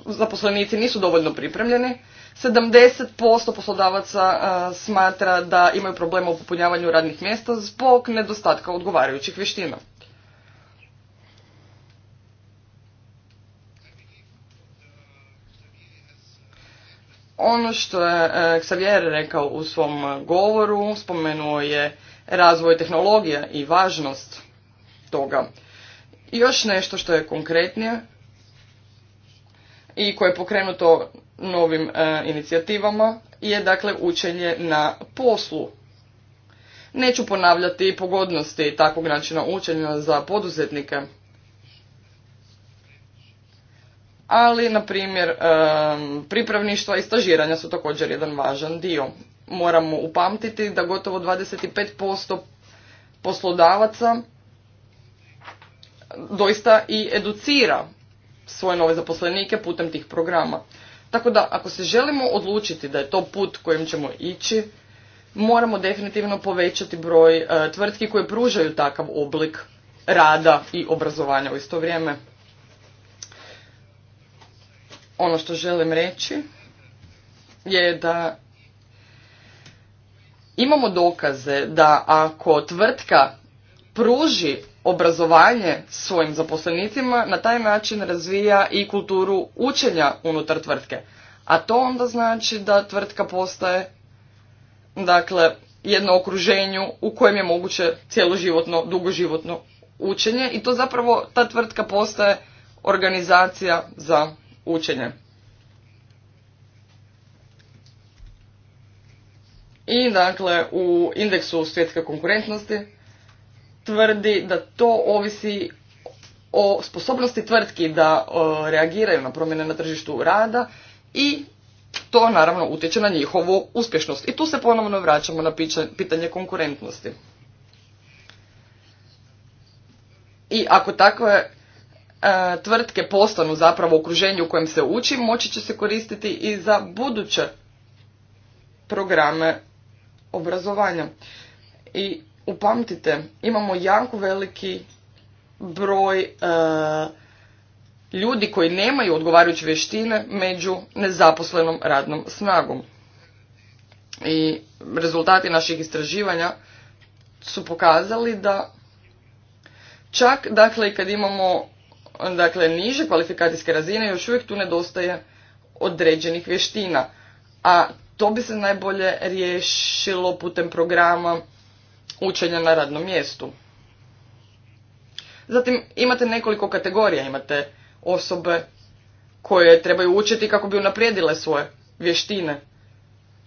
zaposlenici nisu dovoljno pripremljeni. 70% poslodavaca e, smatra da imaju problema u popunjavanju radnih mjesta zbog nedostatka odgovarajućih vještina. Ono što je e, Xavier rekao u svom govoru, spomenuo je razvoj tehnologija i važnost toga. još nešto što je konkretnije i koje je pokrenuto novim e, inicijativama je dakle učenje na poslu. Neću ponavljati pogodnosti takvog načina učenja za poduzetnike ali na primjer pripravništva i stažiranja su također jedan važan dio. Moramo upamtiti da gotovo 25% poslodavaca doista i educira svoje nove zaposlenike putem tih programa. Tako da ako se želimo odlučiti da je to put kojim ćemo ići, moramo definitivno povećati broj e, tvrtki koje pružaju takav oblik rada i obrazovanja u isto vrijeme. Ono što želim reći je da imamo dokaze da ako tvrtka pruži obrazovanje svojim zaposlenicima, na taj način razvija i kulturu učenja unutar tvrtke. A to onda znači da tvrtka postaje dakle, jedno okruženju u kojem je moguće cjeloživotno, dugoživotno učenje i to zapravo ta tvrtka postaje organizacija za učenja. I dakle u indeksu svjetske konkurentnosti tvrdi da to ovisi o sposobnosti tvrtki da e, reagiraju na promjene na tržištu rada i to naravno utječe na njihovu uspješnost. I tu se ponovno vraćamo na pitanje konkurentnosti. I ako takve E, tvrtke postanu zapravo okruženje u kojem se uči, moći će se koristiti i za buduće programe obrazovanja. I upamtite, imamo jako veliki broj e, ljudi koji nemaju odgovarajuće vještine među nezaposlenom radnom snagom. I rezultati naših istraživanja su pokazali da čak dakle kad imamo dakle niže kvalifikacijske razine još uvijek tu nedostaje određenih vještina. A to bi se najbolje riješilo putem programa učenja na radnom mjestu. Zatim imate nekoliko kategorija, imate osobe koje trebaju učiti kako bi unaprijedile svoje vještine.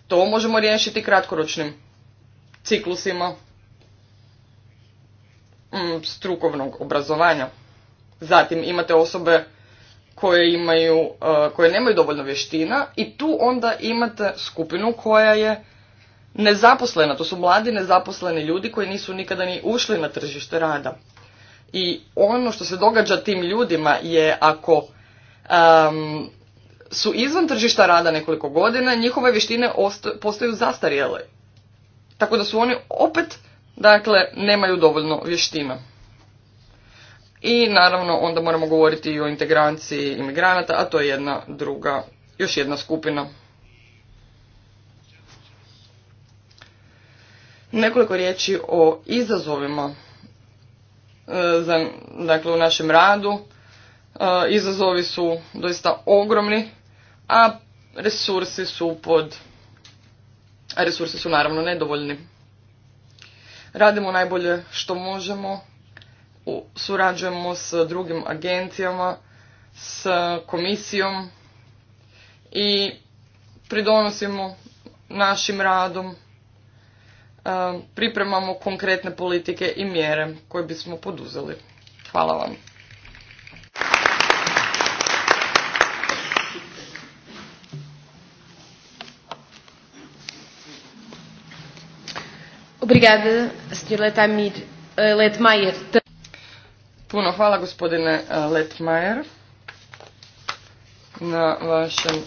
To možemo riješiti kratkoročnim ciklusima mm, strukovnog obrazovanja. Zatim imate osobe koje imaju, e, koje nemaju dovoljno vještina i tu onda imate skupinu koja je nezaposlena. To su mladi nezaposleni ljudi koji nisu nikada ni ušli na tržište rada. I ono što se događa tim ljudima je ako su izvan tržišta rada nekoliko godina, njihove vještine postaju zastarjele. Tako da su oni opet, dakle, nemaju dovoljno vještina. I naravno onda moramo govoriti i o integranciji imigranata, a to je jedna druga, još jedna skupina. Nekoliko riječi o izazovima e, za, dakle, u našem radu. E, izazovi su doista ogromni, a resursi su pod a resursi su naravno nedovoljni. Radimo najbolje što možemo surađujemo s drugim agencijama, s komisijom i pridonosimo našim radom, e, pripremamo konkretne politike i mjere koje bismo poduzeli. Hvala vam. Obrigada, Sr. Letamir, eh, Puno hvala gospodine eh, Letmajer na vašem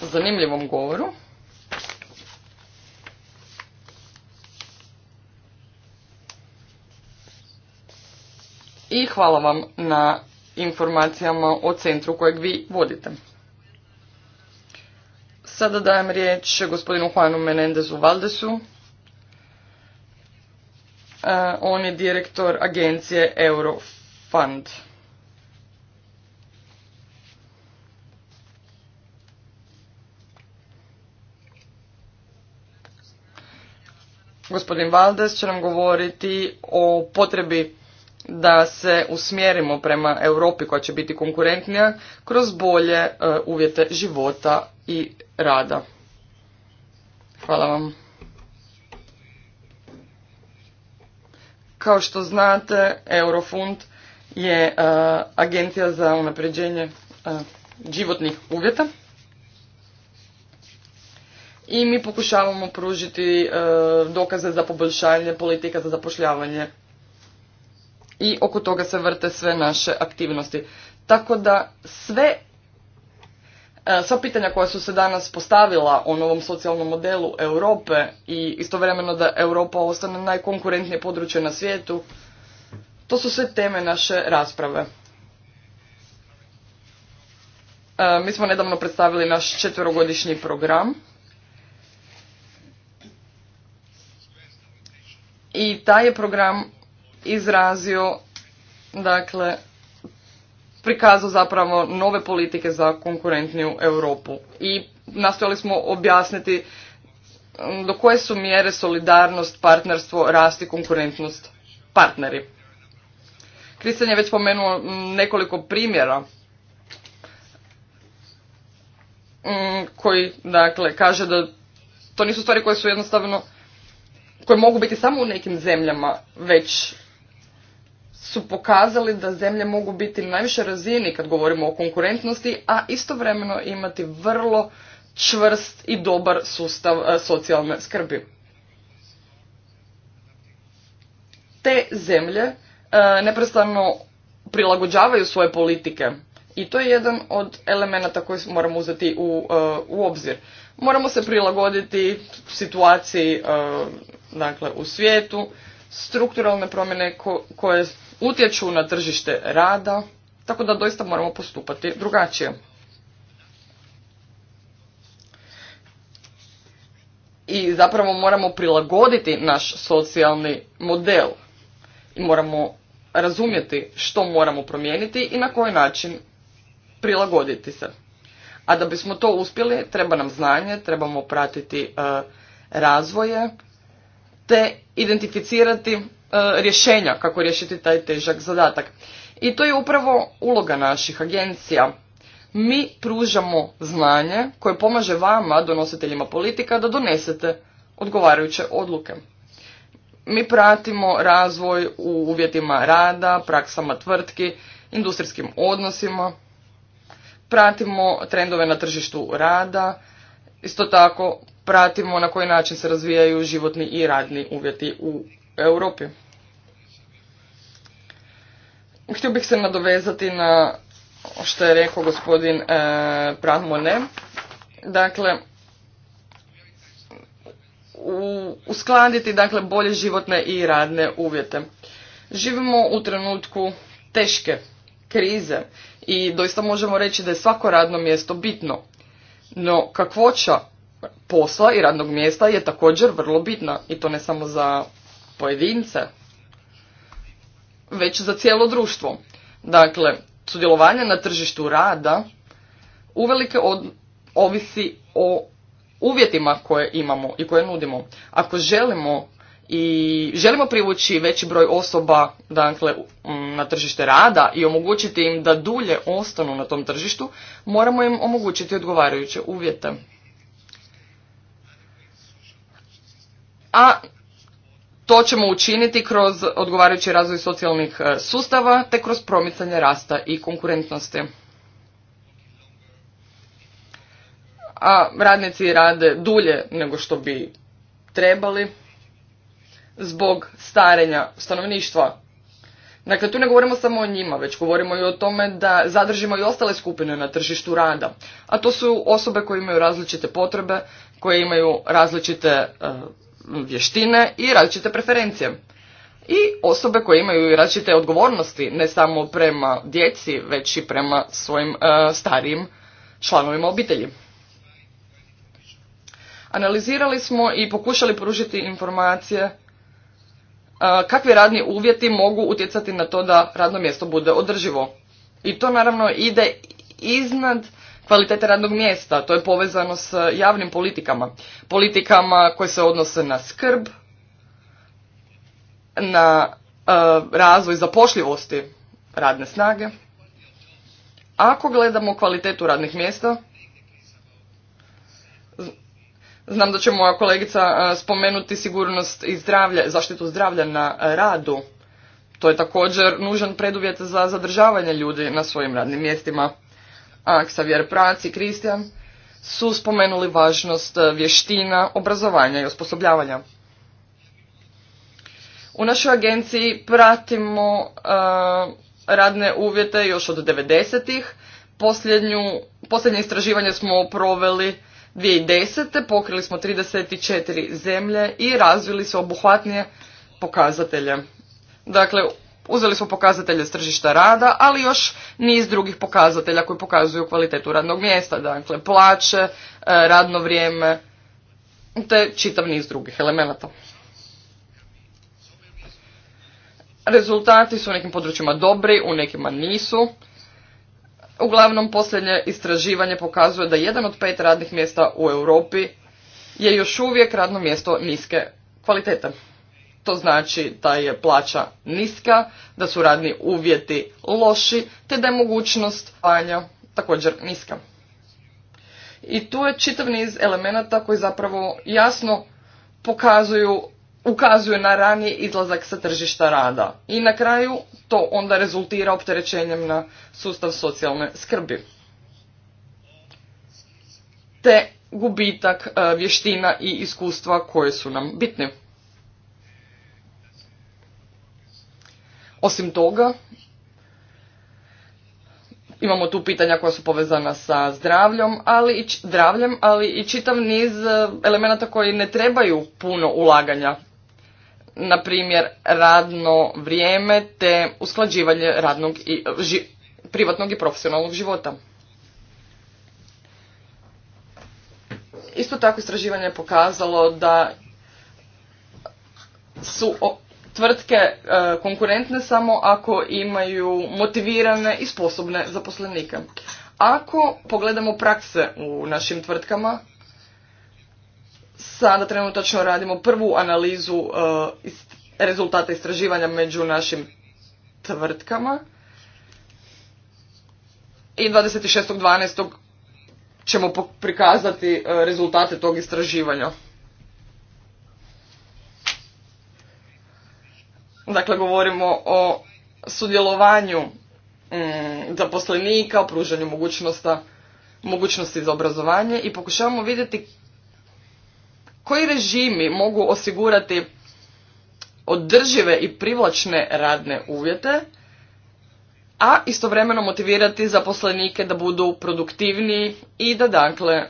zanimljivom govoru. I hvala vam na informacijama o centru kojeg vi vodite. Sada dajem riječ gospodinu Juanu Menendezu Valdesu. Eh, on je direktor agencije Eurof fund. Gospodin Valdes će nam govoriti o potrebi da se usmjerimo prema Europi koja će biti konkurentnija kroz bolje e, uvjete života i rada. Hvala vam. Kao što znate, Eurofund je e, Agencija za unapređenje e, životnih uvjeta i mi pokušavamo pružiti e, dokaze za poboljšanje politika za zapošljavanje i oko toga se vrte sve naše aktivnosti. Tako da sve sva pitanja koja su se danas postavila o novom socijalnom modelu Europe i istovremeno da Europa ostane najkonkurentnije područje na svijetu, to su sve teme naše rasprave. E, mi smo nedavno predstavili naš četverogodišnji program. I taj je program izrazio, dakle, prikazao zapravo nove politike za konkurentniju Europu. I nastojali smo objasniti do koje su mjere solidarnost, partnerstvo, rasti, konkurentnost partneri. Kristjan je već spomenuo mm, nekoliko primjera mm, koji dakle kaže da to nisu stvari koje su jednostavno koje mogu biti samo u nekim zemljama već su pokazali da zemlje mogu biti na najvišoj razini kad govorimo o konkurentnosti, a istovremeno imati vrlo čvrst i dobar sustav e, socijalne skrbi. Te zemlje E, neprestano prilagođavaju svoje politike i to je jedan od elemenata koji moramo uzeti u, e, u obzir. Moramo se prilagoditi situaciji e, dakle, u svijetu, strukturalne promjene koje utječu na tržište rada, tako da doista moramo postupati drugačije. I zapravo moramo prilagoditi naš socijalni model i moramo razumjeti što moramo promijeniti i na koji način prilagoditi se. A da bismo to uspjeli, treba nam znanje, trebamo pratiti e, razvoje, te identificirati e, rješenja kako riješiti taj težak zadatak. I to je upravo uloga naših agencija. Mi pružamo znanje koje pomaže vama, donositeljima politika, da donesete odgovarajuće odluke mi pratimo razvoj u uvjetima rada, praksama tvrtki, industrijskim odnosima, pratimo trendove na tržištu rada, isto tako pratimo na koji način se razvijaju životni i radni uvjeti u Europi. Htio bih se nadovezati na što je rekao gospodin e, Dakle, uskladiti dakle bolje životne i radne uvjete. Živimo u trenutku teške krize i doista možemo reći da je svako radno mjesto bitno. No kakvoća posla i radnog mjesta je također vrlo bitna i to ne samo za pojedince, već za cijelo društvo. Dakle, sudjelovanje na tržištu rada uvelike od, ovisi o uvjetima koje imamo i koje nudimo. Ako želimo i želimo privući veći broj osoba dakle, na tržište rada i omogućiti im da dulje ostanu na tom tržištu, moramo im omogućiti odgovarajuće uvjete. A to ćemo učiniti kroz odgovarajući razvoj socijalnih e, sustava te kroz promicanje rasta i konkurentnosti. a radnici rade dulje nego što bi trebali zbog starenja stanovništva. Dakle, tu ne govorimo samo o njima, već govorimo i o tome da zadržimo i ostale skupine na tržištu rada. A to su osobe koje imaju različite potrebe, koje imaju različite e, vještine i različite preferencije. I osobe koje imaju i različite odgovornosti, ne samo prema djeci, već i prema svojim e, starijim članovima obitelji. Analizirali smo i pokušali pružiti informacije e, kakvi radni uvjeti mogu utjecati na to da radno mjesto bude održivo. I to naravno ide iznad kvalitete radnog mjesta, to je povezano s javnim politikama. Politikama koje se odnose na skrb, na e, razvoj zapošljivosti radne snage. Ako gledamo kvalitetu radnih mjesta, Znam da će moja kolegica e, spomenuti sigurnost i zdravlje, zaštitu zdravlja na radu. To je također nužan preduvjet za zadržavanje ljudi na svojim radnim mjestima. A Xavier Prac i Kristijan su spomenuli važnost e, vještina, obrazovanja i osposobljavanja. U našoj agenciji pratimo e, radne uvjete još od 90-ih. Posljednje istraživanje smo proveli 2010. pokrili smo 34 zemlje i razvili se obuhvatnije pokazatelje. Dakle, uzeli smo pokazatelje s tržišta rada, ali još niz drugih pokazatelja koji pokazuju kvalitetu radnog mjesta, dakle plaće, e, radno vrijeme, te čitav niz drugih elemenata. Rezultati su u nekim područjima dobri, u nekima nisu. Uglavnom, posljednje istraživanje pokazuje da jedan od pet radnih mjesta u Europi je još uvijek radno mjesto niske kvalitete. To znači da je plaća niska, da su radni uvjeti loši, te da je mogućnost vanja također niska. I tu je čitav niz elemenata koji zapravo jasno pokazuju ukazuje na raniji izlazak sa tržišta rada. I na kraju to onda rezultira opterećenjem na sustav socijalne skrbi. Te gubitak e, vještina i iskustva koje su nam bitne. Osim toga, imamo tu pitanja koja su povezana sa zdravljom, ali i zdravljem, ali i čitav niz e, elemenata koji ne trebaju puno ulaganja na primjer radno vrijeme te usklađivanje radnog i privatnog i profesionalnog života. Isto tako istraživanje je pokazalo da su tvrtke e, konkurentne samo ako imaju motivirane i sposobne zaposlenike. Ako pogledamo prakse u našim tvrtkama, sada trenutačno radimo prvu analizu uh, rezultata istraživanja među našim tvrtkama i 26.12. ćemo prikazati uh, rezultate tog istraživanja. Dakle, govorimo o sudjelovanju mm, zaposlenika, o pružanju mogućnosti za obrazovanje i pokušavamo vidjeti koji režimi mogu osigurati održive i privlačne radne uvjete, a istovremeno motivirati zaposlenike da budu produktivniji i da dakle e,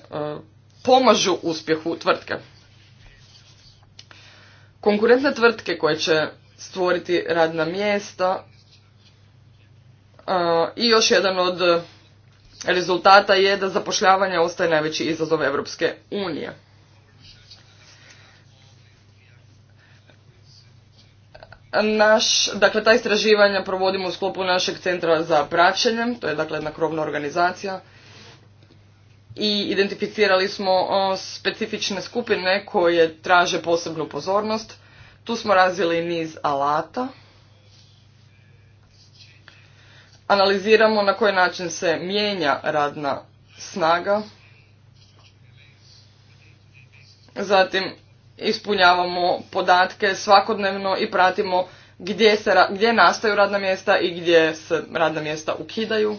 pomažu uspjehu tvrtke. Konkurentne tvrtke koje će stvoriti radna mjesta e, i još jedan od rezultata je da zapošljavanje ostaje najveći izazov Europske unije. naš, dakle, ta istraživanja provodimo u sklopu našeg centra za praćenje, to je dakle jedna krovna organizacija, i identificirali smo specifične skupine koje traže posebnu pozornost. Tu smo razvili niz alata. Analiziramo na koji način se mijenja radna snaga. Zatim ispunjavamo podatke svakodnevno i pratimo gdje, se, gdje nastaju radna mjesta i gdje se radna mjesta ukidaju.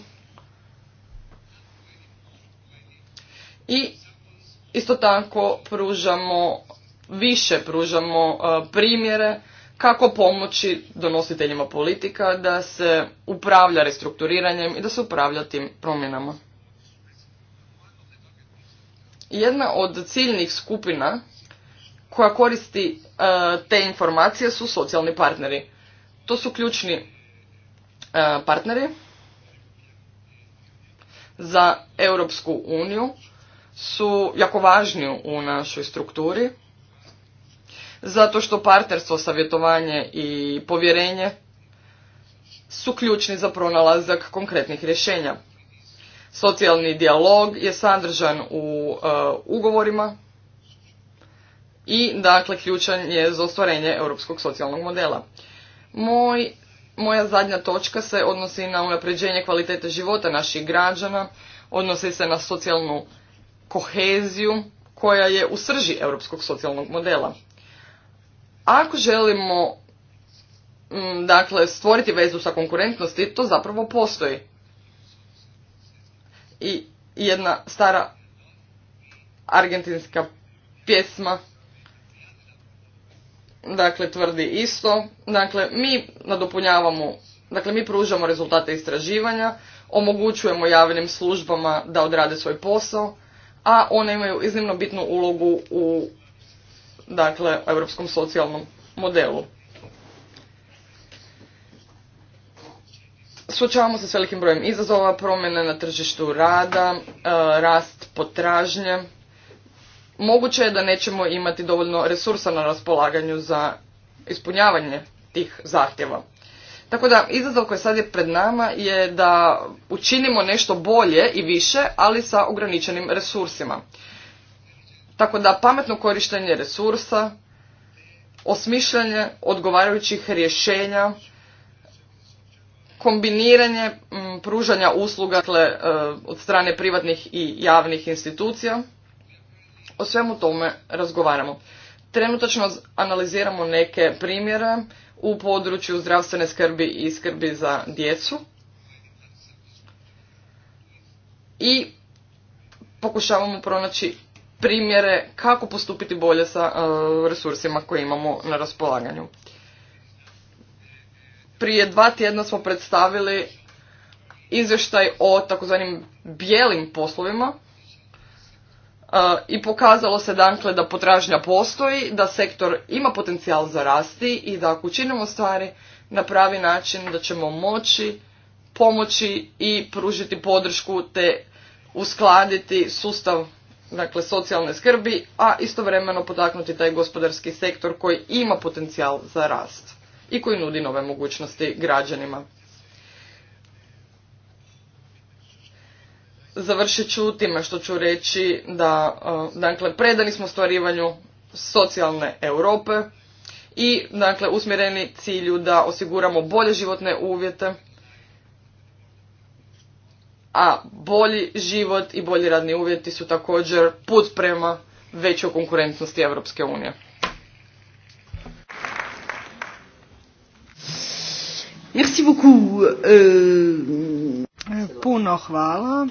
I isto tako pružamo više pružamo e, primjere kako pomoći donositeljima politika da se upravlja restrukturiranjem i da se upravlja tim promjenama. Jedna od ciljnih skupina koja koristi e, te informacije su socijalni partneri. To su ključni e, partneri za Europsku uniju, su jako važni u našoj strukturi, zato što partnerstvo, savjetovanje i povjerenje su ključni za pronalazak konkretnih rješenja. Socijalni dijalog je sadržan u e, ugovorima i dakle ključan je za ostvarenje europskog socijalnog modela. Moj, moja zadnja točka se odnosi na unapređenje kvalitete života naših građana, odnosi se na socijalnu koheziju koja je u srži europskog socijalnog modela. Ako želimo mm, dakle stvoriti vezu sa konkurentnosti, to zapravo postoji. I jedna stara argentinska pjesma dakle, tvrdi isto. Dakle, mi nadopunjavamo, dakle, mi pružamo rezultate istraživanja, omogućujemo javnim službama da odrade svoj posao, a one imaju iznimno bitnu ulogu u, dakle, europskom socijalnom modelu. Suočavamo se s velikim brojem izazova, promjene na tržištu rada, e, rast potražnje, moguće je da nećemo imati dovoljno resursa na raspolaganju za ispunjavanje tih zahtjeva. Tako da izazov koji sad je pred nama je da učinimo nešto bolje i više, ali sa ograničenim resursima. Tako da pametno korištenje resursa, osmišljanje odgovarajućih rješenja, kombiniranje pružanja usluga dakle, e, od strane privatnih i javnih institucija, o svemu tome razgovaramo. Trenutačno analiziramo neke primjere u području zdravstvene skrbi i skrbi za djecu i pokušavamo pronaći primjere kako postupiti bolje sa e, resursima koje imamo na raspolaganju. Prije dva tjedna smo predstavili izvještaj o takozvanim bijelim poslovima E, i pokazalo se dakle da potražnja postoji, da sektor ima potencijal za rasti i da ako učinimo stvari na pravi način da ćemo moći pomoći i pružiti podršku te uskladiti sustav dakle socijalne skrbi, a istovremeno potaknuti taj gospodarski sektor koji ima potencijal za rast i koji nudi nove mogućnosti građanima. Završit ću time što ću reći da, e, dakle, predani smo stvarivanju socijalne Europe i, dakle, usmjereni cilju da osiguramo bolje životne uvjete, a bolji život i bolji radni uvjeti su također put prema većoj konkurentnosti Europske unije.
Merci beaucoup. Euh, Puno hvala.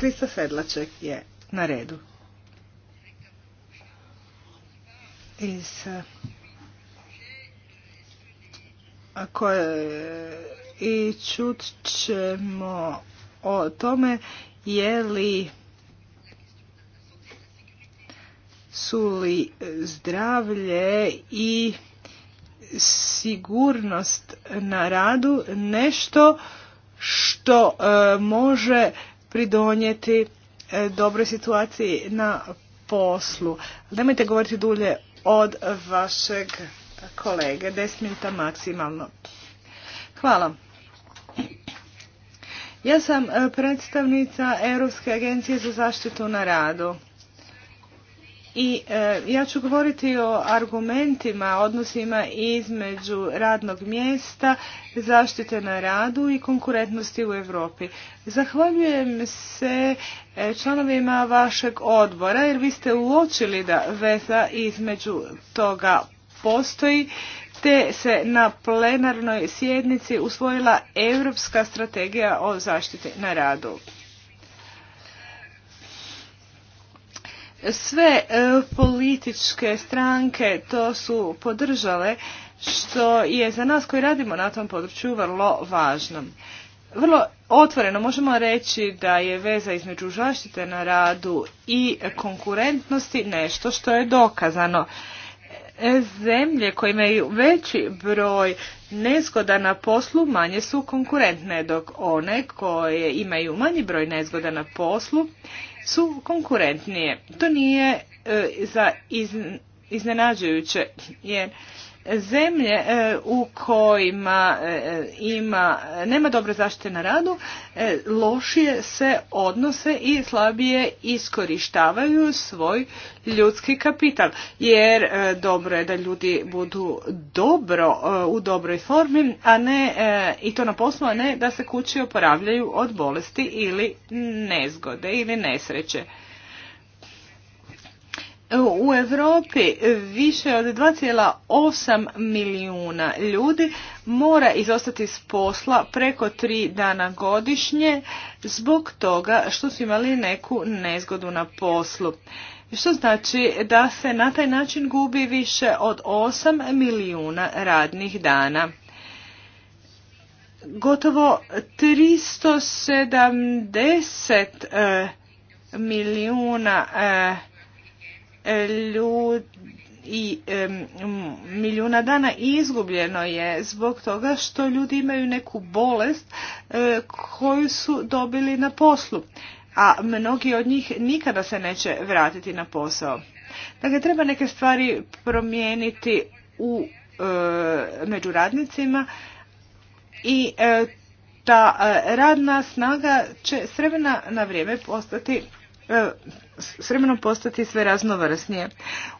Krista Sedlaček je na redu. Iz i čut ćemo o tome je li su li zdravlje i sigurnost na radu nešto što e, može pridonijeti e, dobroj situaciji na poslu. Nemojte govoriti dulje od vašeg kolege. 10 minuta maksimalno. Hvala. Ja sam e, predstavnica Europske agencije za zaštitu na radu. I e, ja ću govoriti o argumentima, odnosima između radnog mjesta, zaštite na radu i konkurentnosti u Europi. Zahvaljujem se e, članovima vašeg odbora jer vi ste uočili da veza između toga postoji te se na plenarnoj sjednici usvojila Europska strategija o zaštiti na radu. sve e, političke stranke to su podržale što je za nas koji radimo na tom području vrlo važno. Vrlo otvoreno možemo reći da je veza između zaštite na radu i konkurentnosti nešto što je dokazano. E, zemlje koje imaju veći broj nezgoda na poslu manje su konkurentne, dok one koje imaju manji broj nezgoda na poslu su konkurentnije. To nije e, za iznenađujuće jer Zemlje e, u kojima e, ima, nema dobre zaštite na radu, e, lošije se odnose i slabije iskorištavaju svoj ljudski kapital. Jer dobro je da ljudi budu dobro u dobroj formi, a ne i to na poslu, a ne da se kući oporavljaju od bolesti ili nezgode ili nesreće u Europi više od 2,8 milijuna ljudi mora izostati s posla preko tri dana godišnje zbog toga što su imali neku nezgodu na poslu. Što znači da se na taj način gubi više od 8 milijuna radnih dana. Gotovo 370 eh, milijuna eh, ljudi i milijuna dana izgubljeno je zbog toga što ljudi imaju neku bolest e, koju su dobili na poslu, a mnogi od njih nikada se neće vratiti na posao. Dakle, treba neke stvari promijeniti u e, među radnicima i e, ta radna snaga će s na vrijeme postati E, s vremenom postati sve raznovrsnije.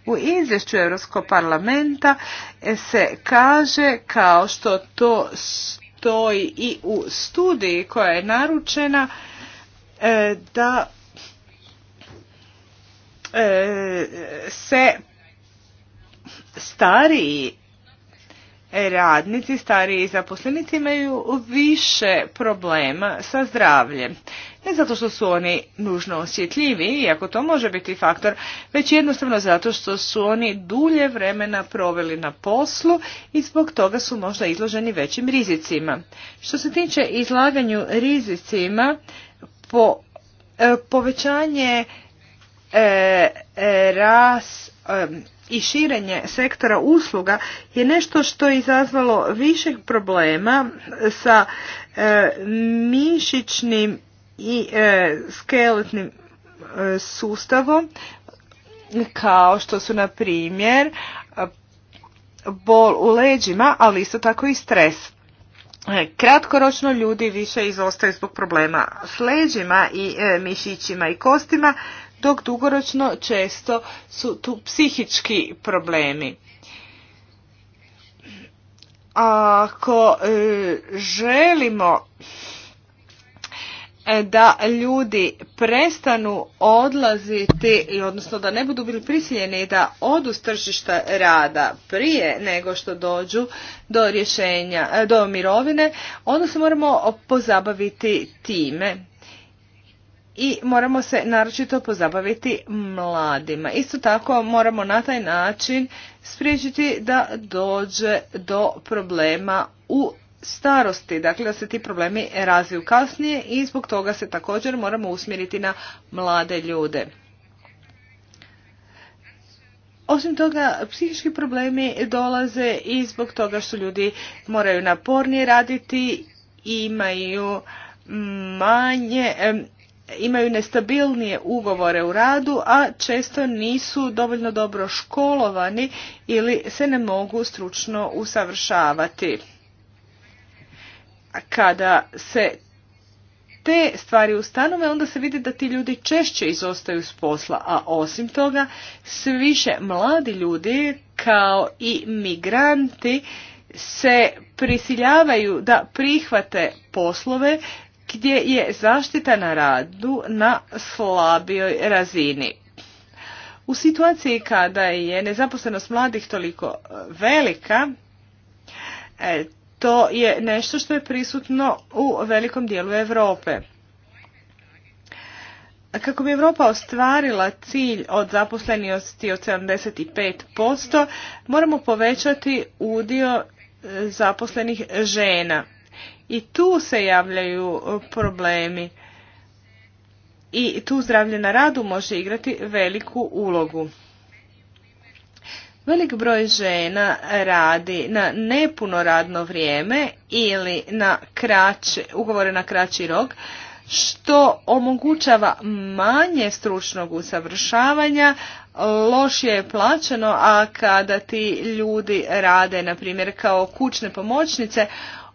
U izvješću Europskog parlamenta e, se kaže kao što to stoji i u studiji koja je naručena e, da se stariji radnici, stariji zaposlenici imaju više problema sa zdravljem. Ne zato što su oni nužno osjetljivi, iako to može biti faktor, već jednostavno zato što su oni dulje vremena proveli na poslu i zbog toga su možda izloženi većim rizicima. Što se tiče izlaganju rizicima, po, e, povećanje e, e ras e, i širenje sektora usluga je nešto što je izazvalo više problema sa mišićnim i e, skeletnim e, sustavom kao što su na primjer bol u leđima, ali isto tako i stres. E, kratkoročno ljudi više izostaju zbog problema s leđima i mišićima i kostima, dok dugoročno često su tu psihički problemi. Ako želimo E, da ljudi prestanu odlaziti, odnosno da ne budu bili prisiljeni da odu s tržišta rada prije nego što dođu do rješenja, e, do mirovine, onda se moramo pozabaviti time. I moramo se naročito pozabaviti mladima. Isto tako moramo na taj način spriječiti da dođe do problema u starosti, dakle da se ti problemi razviju kasnije i zbog toga se također moramo usmjeriti na mlade ljude. Osim toga, psihički problemi dolaze i zbog toga što ljudi moraju napornije raditi, imaju manje, imaju nestabilnije ugovore u radu, a često nisu dovoljno dobro školovani ili se ne mogu stručno usavršavati kada se te stvari ustanove, onda se vidi da ti ljudi češće izostaju s posla, a osim toga sve više mladi ljudi kao i migranti se prisiljavaju da prihvate poslove gdje je zaštita na radu na slabijoj razini. U situaciji kada je nezaposlenost mladih toliko e, velika, e, to je nešto što je prisutno u velikom dijelu Europe. Kako bi Europa ostvarila cilj od zaposlenosti od 75%, moramo povećati udio e, zaposlenih žena. I tu se javljaju e, problemi. I tu zdravlje na radu može igrati veliku ulogu. Velik broj žena radi na nepuno radno vrijeme ili na kraće, ugovore na kraći rok, što omogućava manje stručnog usavršavanja, lošije je plaćeno, a kada ti ljudi rade, na primjer, kao kućne pomoćnice,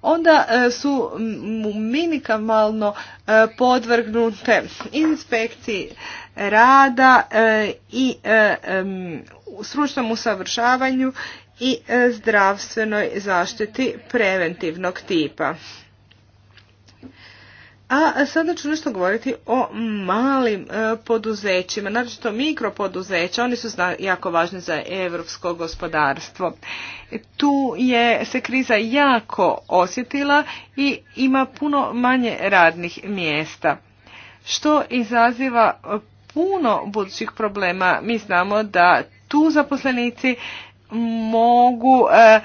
onda e, su minikamalno e, podvrgnute inspekciji rada e, i e, stručnom usavršavanju i e, zdravstvenoj zaštiti preventivnog tipa. A sada ću nešto govoriti o malim poduzećima, naročito mikropoduzeća, oni su jako važni za europsko gospodarstvo. Tu je se kriza jako osjetila i ima puno manje radnih mjesta, što izaziva puno budućih problema. Mi znamo da tu zaposlenici mogu e,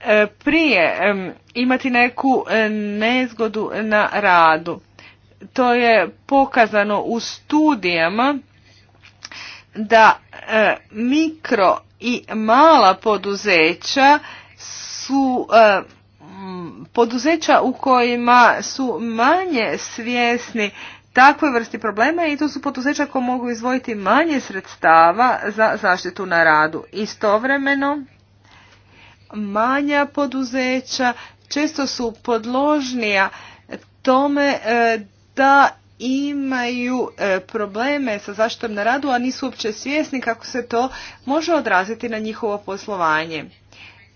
e, prije e, imati neku nezgodu na radu. To je pokazano u studijama da mikro i mala poduzeća su poduzeća u kojima su manje svjesni takvoj vrsti problema i to su poduzeća koja mogu izvojiti manje sredstava za zaštitu na radu. Istovremeno, manja poduzeća često su podložnija tome e, da imaju e, probleme sa zaštitom na radu, a nisu uopće svjesni kako se to može odraziti na njihovo poslovanje.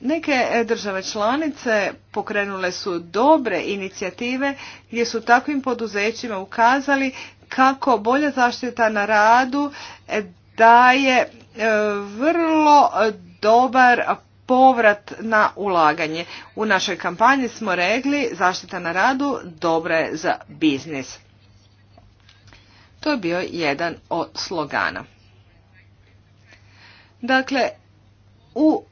Neke e, države članice pokrenule su dobre inicijative gdje su takvim poduzećima ukazali kako bolja zaštita na radu e, daje e, vrlo dobar povrat na ulaganje. U našoj kampanji smo regli zaštita na radu dobra je za biznis. To je bio jedan od slogana. Dakle, u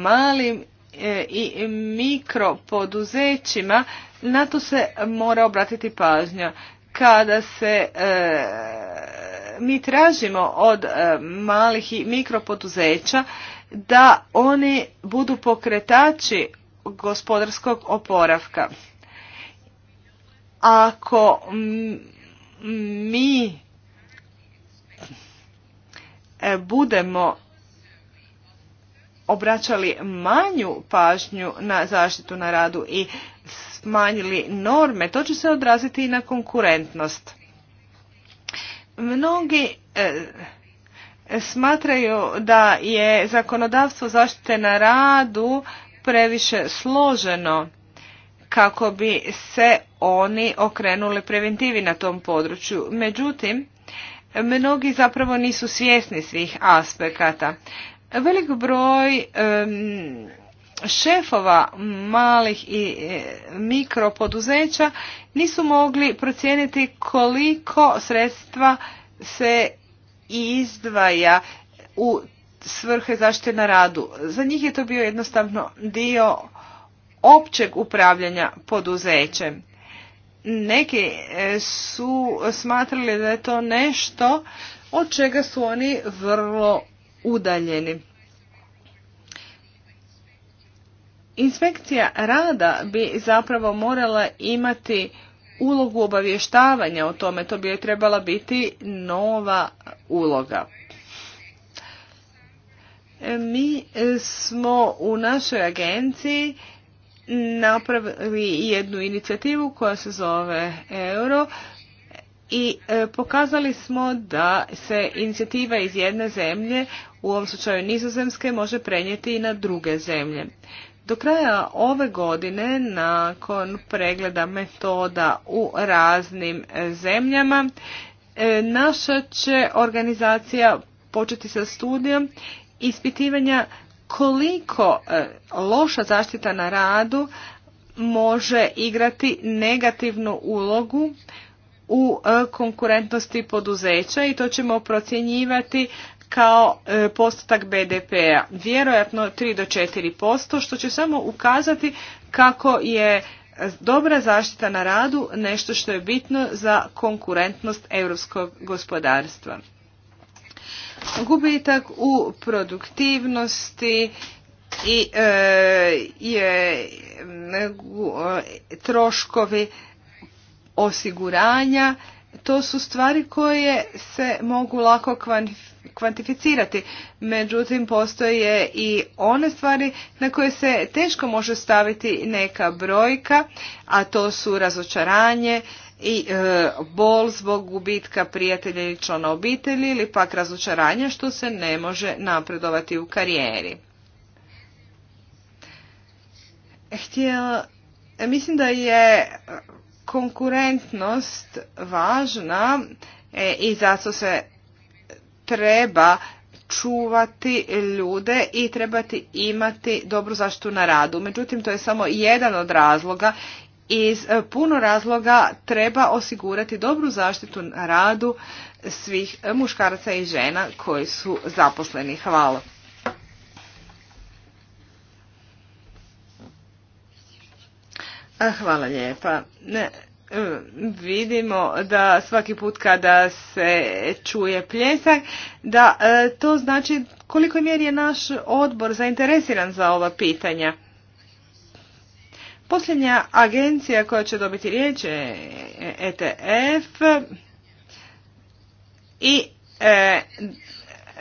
malim e, i mikropoduzećima na to se mora obratiti pažnja. Kada se e, mi tražimo od e, malih i mikropoduzeća da oni budu pokretači gospodarskog oporavka. Ako mi budemo obraćali manju pažnju na zaštitu na radu i smanjili norme, to će se odraziti i na konkurentnost. Mnogi e, smatraju da je zakonodavstvo zaštite na radu previše složeno kako bi se oni okrenuli preventivi na tom području. Međutim, mnogi zapravo nisu svjesni svih aspekata. Velik broj šefova malih i e, mikropoduzeća nisu mogli procijeniti koliko sredstva se izdvaja u svrhe zaštite na radu. Za njih je to bio jednostavno dio općeg upravljanja poduzećem. Neki e, su smatrali da je to nešto od čega su oni vrlo udaljeni. Inspekcija rada bi zapravo morala imati ulogu obavještavanja o tome, to bi joj trebala biti nova uloga. Mi smo u našoj agenciji napravili jednu inicijativu koja se zove Euro i e, pokazali smo da se inicijativa iz jedne zemlje u ovom slučaju nizozemske, može prenijeti i na druge zemlje. Do kraja ove godine, nakon pregleda metoda u raznim zemljama, e, naša će organizacija početi sa studijom ispitivanja koliko e, loša zaštita na radu može igrati negativnu ulogu u e, konkurentnosti poduzeća i to ćemo procjenjivati kao e, postotak BDP-a, vjerojatno 3 do 4%, što će samo ukazati kako je dobra zaštita na radu nešto što je bitno za konkurentnost europskog gospodarstva. Gubitak u produktivnosti i e, je e, troškovi osiguranja, to su stvari koje se mogu lako kvantificirati kvantificirati. Međutim, postoje i one stvari na koje se teško može staviti neka brojka, a to su razočaranje, i e, bol zbog gubitka prijatelja ili člana obitelji ili pak razočaranje što se ne može napredovati u karijeri. Htjela, mislim da je konkurentnost važna e, i zato se treba čuvati ljude i trebati imati dobru zaštitu na radu. Međutim, to je samo jedan od razloga. Iz e, puno razloga treba osigurati dobru zaštitu na radu svih muškaraca i žena koji su zaposleni. Hvala. E, hvala lijepa vidimo da svaki put kada se čuje pljesak, da e, to znači koliko mjer je naš odbor zainteresiran za ova pitanja. Posljednja agencija koja će dobiti riječ je ETF i e,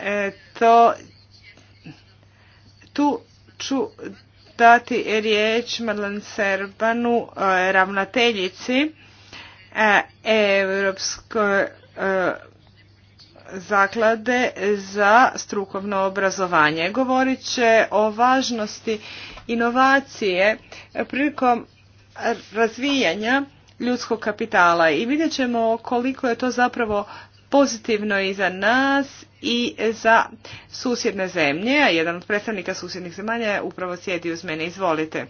e, to tu ću dati riječ Madlen Serbanu, e, ravnateljici e, Europske e, zaklade za strukovno obrazovanje. Govorit će o važnosti inovacije prilikom razvijanja ljudskog kapitala i vidjet ćemo koliko je to zapravo pozitivno i za nas i za susjedne zemlje, a jedan od predstavnika susjednih zemalja upravo sjedi uz mene. Izvolite.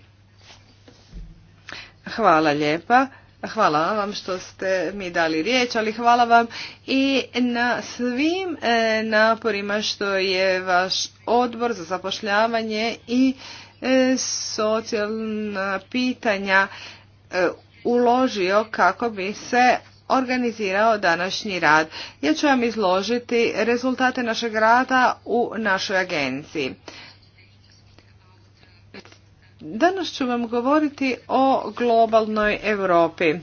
Hvala lijepa. Hvala vam što ste mi dali riječ, ali hvala vam i na svim e, naporima što je vaš odbor za zapošljavanje i e, socijalna pitanja e, uložio kako bi se organizirao današnji rad. Ja ću vam izložiti rezultate našeg rada u našoj agenciji. Danas ću vam govoriti o globalnoj Europi.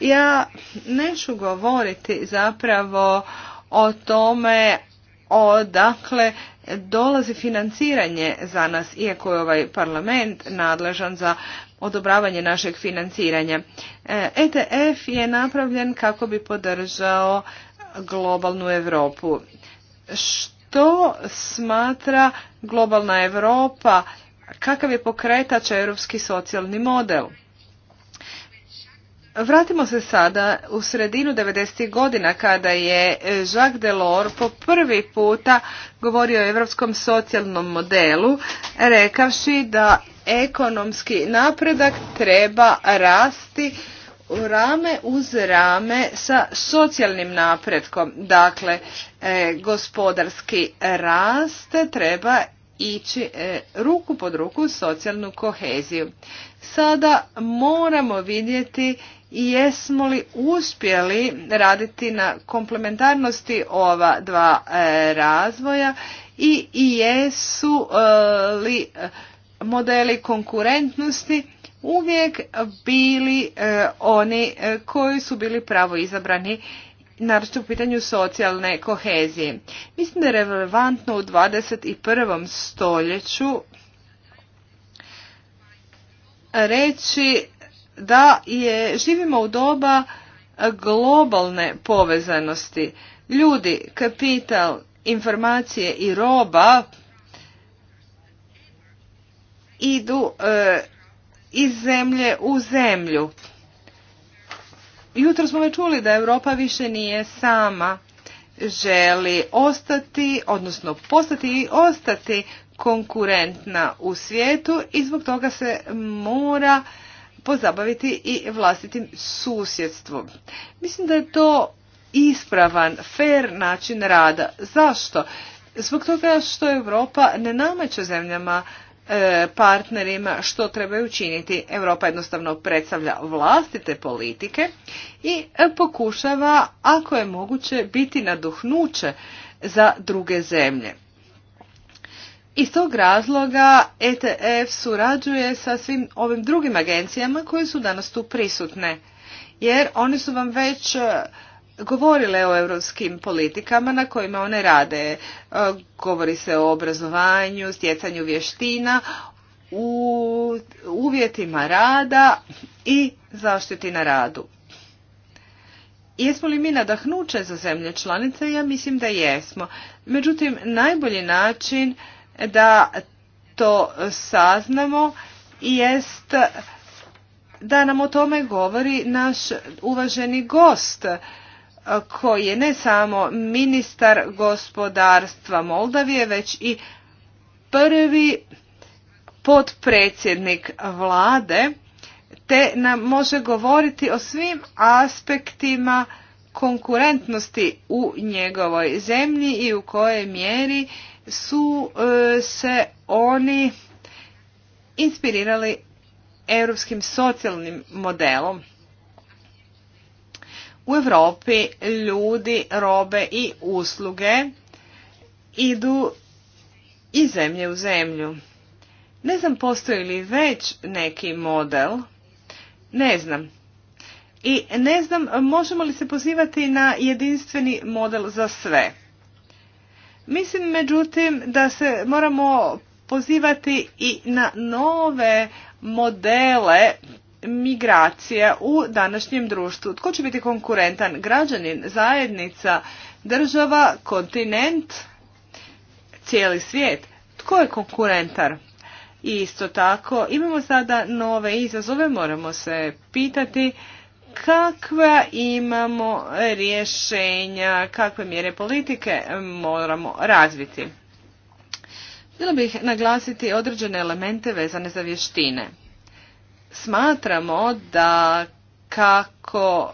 Ja neću govoriti zapravo o tome odakle dolazi financiranje za nas, iako je ovaj parlament nadležan za odobravanje našeg financiranja. ETF e je napravljen kako bi podržao globalnu Europu. Što smatra globalna Europa? Kakav je pokretač europski socijalni model? Vratimo se sada u sredinu 90. godina kada je e, Jacques Delors po prvi puta govorio o europskom socijalnom modelu rekavši da ekonomski napredak treba rasti rame uz rame sa socijalnim napretkom. Dakle, e, gospodarski rast treba ići e, ruku pod ruku socijalnu koheziju. Sada moramo vidjeti jesmo li uspjeli raditi na komplementarnosti ova dva e, razvoja i jesu e, li modeli konkurentnosti uvijek bili e, oni koji su bili pravo izabrani naravno u pitanju socijalne kohezije. Mislim da je relevantno u 21. stoljeću reći da je živimo u doba e, globalne povezanosti. Ljudi, kapital, informacije i roba idu e, iz zemlje u zemlju. Jutro smo već čuli da Europa više nije sama. Želi ostati, odnosno postati i ostati konkurentna u svijetu i zbog toga se mora pozabaviti i vlastitim susjedstvom. Mislim da je to ispravan, fair način rada. Zašto? Zbog toga što Europa ne nameće zemljama e, partnerima što trebaju učiniti, Europa jednostavno predstavlja vlastite politike i e, pokušava, ako je moguće, biti naduhnuće za druge zemlje. Iz tog razloga ETF surađuje sa svim ovim drugim agencijama koje su danas tu prisutne. Jer one su vam već e, govorile o europskim politikama na kojima one rade. E, govori se o obrazovanju, stjecanju vještina, u uvjetima rada i zaštiti na radu. Jesmo li mi nadahnuće za zemlje članice? Ja mislim da jesmo. Međutim, najbolji način da to saznamo jest da nam o tome govori naš uvaženi gost koji je ne samo ministar gospodarstva Moldavije već i prvi potpredsjednik vlade te nam može govoriti o svim aspektima konkurentnosti u njegovoj zemlji i u kojoj mjeri su e, se oni inspirirali europskim socijalnim modelom. U Europi ljudi, robe i usluge idu iz zemlje u zemlju. Ne znam postoji li već neki model, ne znam. I ne znam možemo li se pozivati na jedinstveni model za sve. Mislim međutim da se moramo pozivati i na nove modele migracije u današnjem društvu. Tko će biti konkurentan? Građanin, zajednica, država, kontinent, cijeli svijet. Tko je konkurentar? Isto tako, imamo sada nove izazove, moramo se pitati kakva imamo rješenja, kakve mjere politike moramo razviti. Htjela bih naglasiti određene elemente vezane za vještine. Smatramo da kako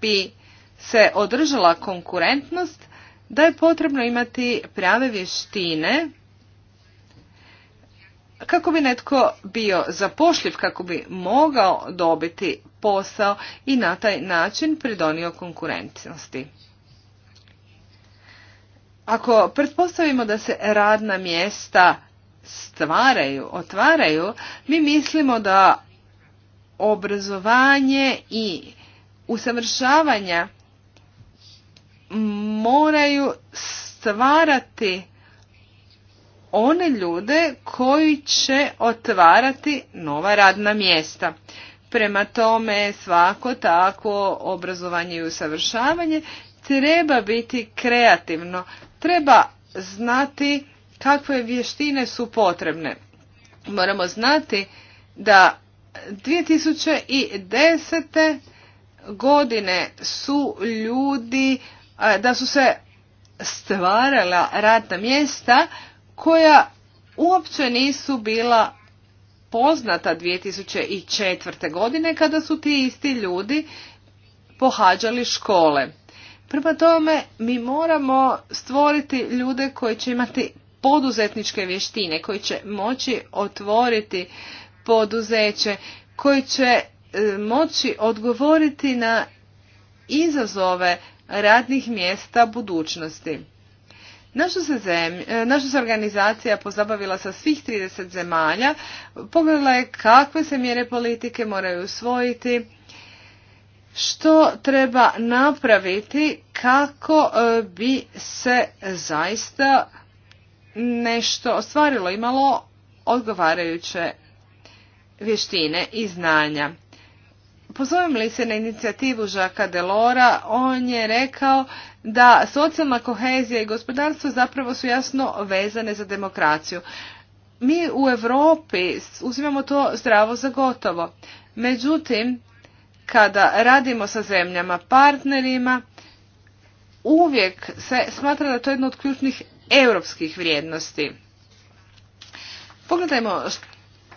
bi se održala konkurentnost, da je potrebno imati prave vještine kako bi netko bio zapošljiv, kako bi mogao dobiti posao i na taj način pridonio konkurencijnosti. Ako pretpostavimo da se radna mjesta stvaraju, otvaraju, mi mislimo da obrazovanje i usavršavanja moraju stvarati one ljude koji će otvarati nova radna mjesta. Prema tome svako tako obrazovanje i usavršavanje treba biti kreativno, treba znati kakve vještine su potrebne. Moramo znati da 2010. godine su ljudi, da su se stvarala radna mjesta koja uopće nisu bila poznata 2004. godine kada su ti isti ljudi pohađali škole. Prema tome mi moramo stvoriti ljude koji će imati poduzetničke vještine, koji će moći otvoriti poduzeće, koji će e, moći odgovoriti na izazove radnih mjesta budućnosti. E, naša se, organizacija pozabavila sa svih 30 zemalja, pogledala je kakve se mjere politike moraju usvojiti, što treba napraviti kako e, bi se zaista nešto ostvarilo, imalo odgovarajuće vještine i znanja. Pozovem li se na inicijativu Žaka Delora, on je rekao da socijalna kohezija i gospodarstvo zapravo su jasno vezane za demokraciju. Mi u Europi uzimamo to zdravo za gotovo. Međutim, kada radimo sa zemljama partnerima, uvijek se smatra da to je jedno od ključnih europskih vrijednosti. Pogledajmo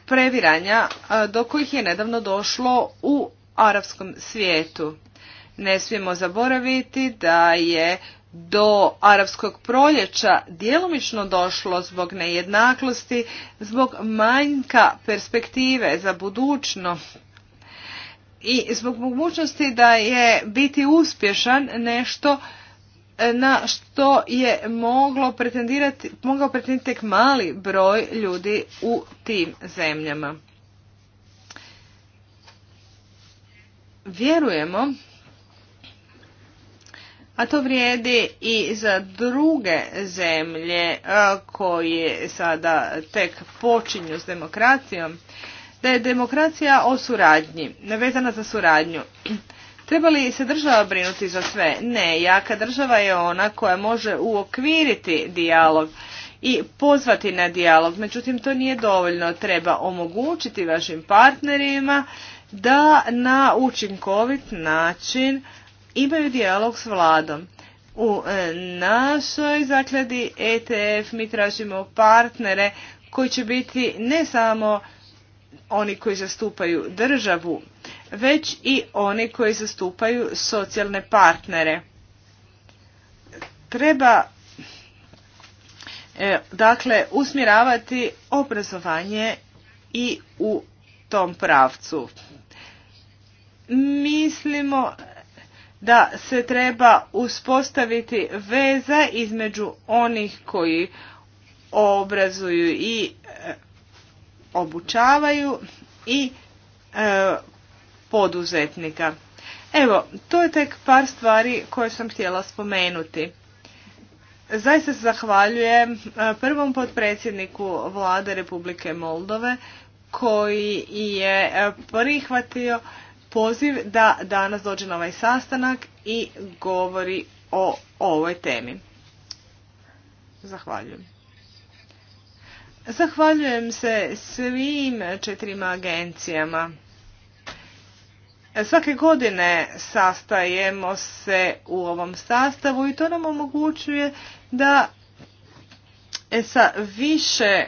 previranja do kojih je nedavno došlo u arapskom svijetu. Ne smijemo zaboraviti da je do arapskog proljeća djelomično došlo zbog nejednaklosti, zbog manjka perspektive za budućnost i zbog mogućnosti da je biti uspješan nešto e, na što je moglo pretendirati, mogao pretendirati tek mali broj ljudi u tim zemljama. vjerujemo, a to vrijedi i za druge zemlje koje sada tek počinju s demokracijom, da je demokracija o suradnji, nevezana za suradnju. Treba li se država brinuti za sve? Ne, jaka država je ona koja može uokviriti dijalog i pozvati na dijalog. Međutim, to nije dovoljno. Treba omogućiti vašim partnerima da na učinkovit način imaju dijalog s vladom. U e, našoj zakladi ETF mi tražimo partnere koji će biti ne samo oni koji zastupaju državu, već i oni koji zastupaju socijalne partnere. Treba e, dakle usmjeravati obrazovanje i u tom pravcu mislimo da se treba uspostaviti veza između onih koji obrazuju i e, obučavaju i e, poduzetnika. Evo, to je tek par stvari koje sam htjela spomenuti. Zaista se zahvaljujem e, prvom potpredsjedniku vlade Republike Moldove koji je prihvatio poziv da danas dođe na ovaj sastanak i govori o ovoj temi. Zahvaljujem. Zahvaljujem se svim četirima agencijama. Svake godine sastajemo se u ovom sastavu i to nam omogućuje da sa više,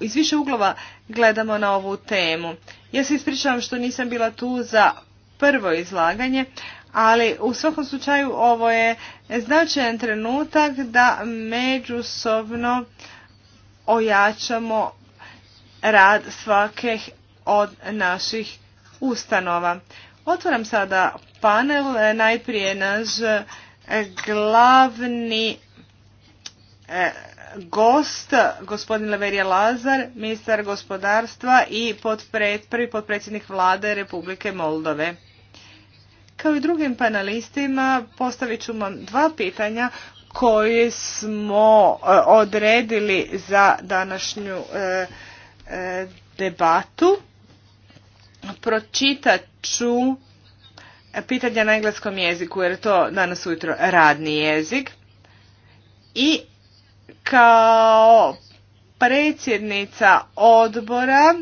iz više uglova gledamo na ovu temu. Ja se ispričavam što nisam bila tu za prvo izlaganje, ali u svakom slučaju ovo je značajan trenutak da međusobno ojačamo rad svake od naših ustanova. Otvaram sada panel, najprije naš glavni e, gost, gospodin Leverija Lazar, ministar gospodarstva i prvi potpredsjednik vlade Republike Moldove. Kao i drugim panelistima postavit ću vam dva pitanja koje smo e, odredili za današnju e, e, debatu. Pročitat ću pitanja na engleskom jeziku jer je to danas ujutro radni jezik. I kao predsjednica odbora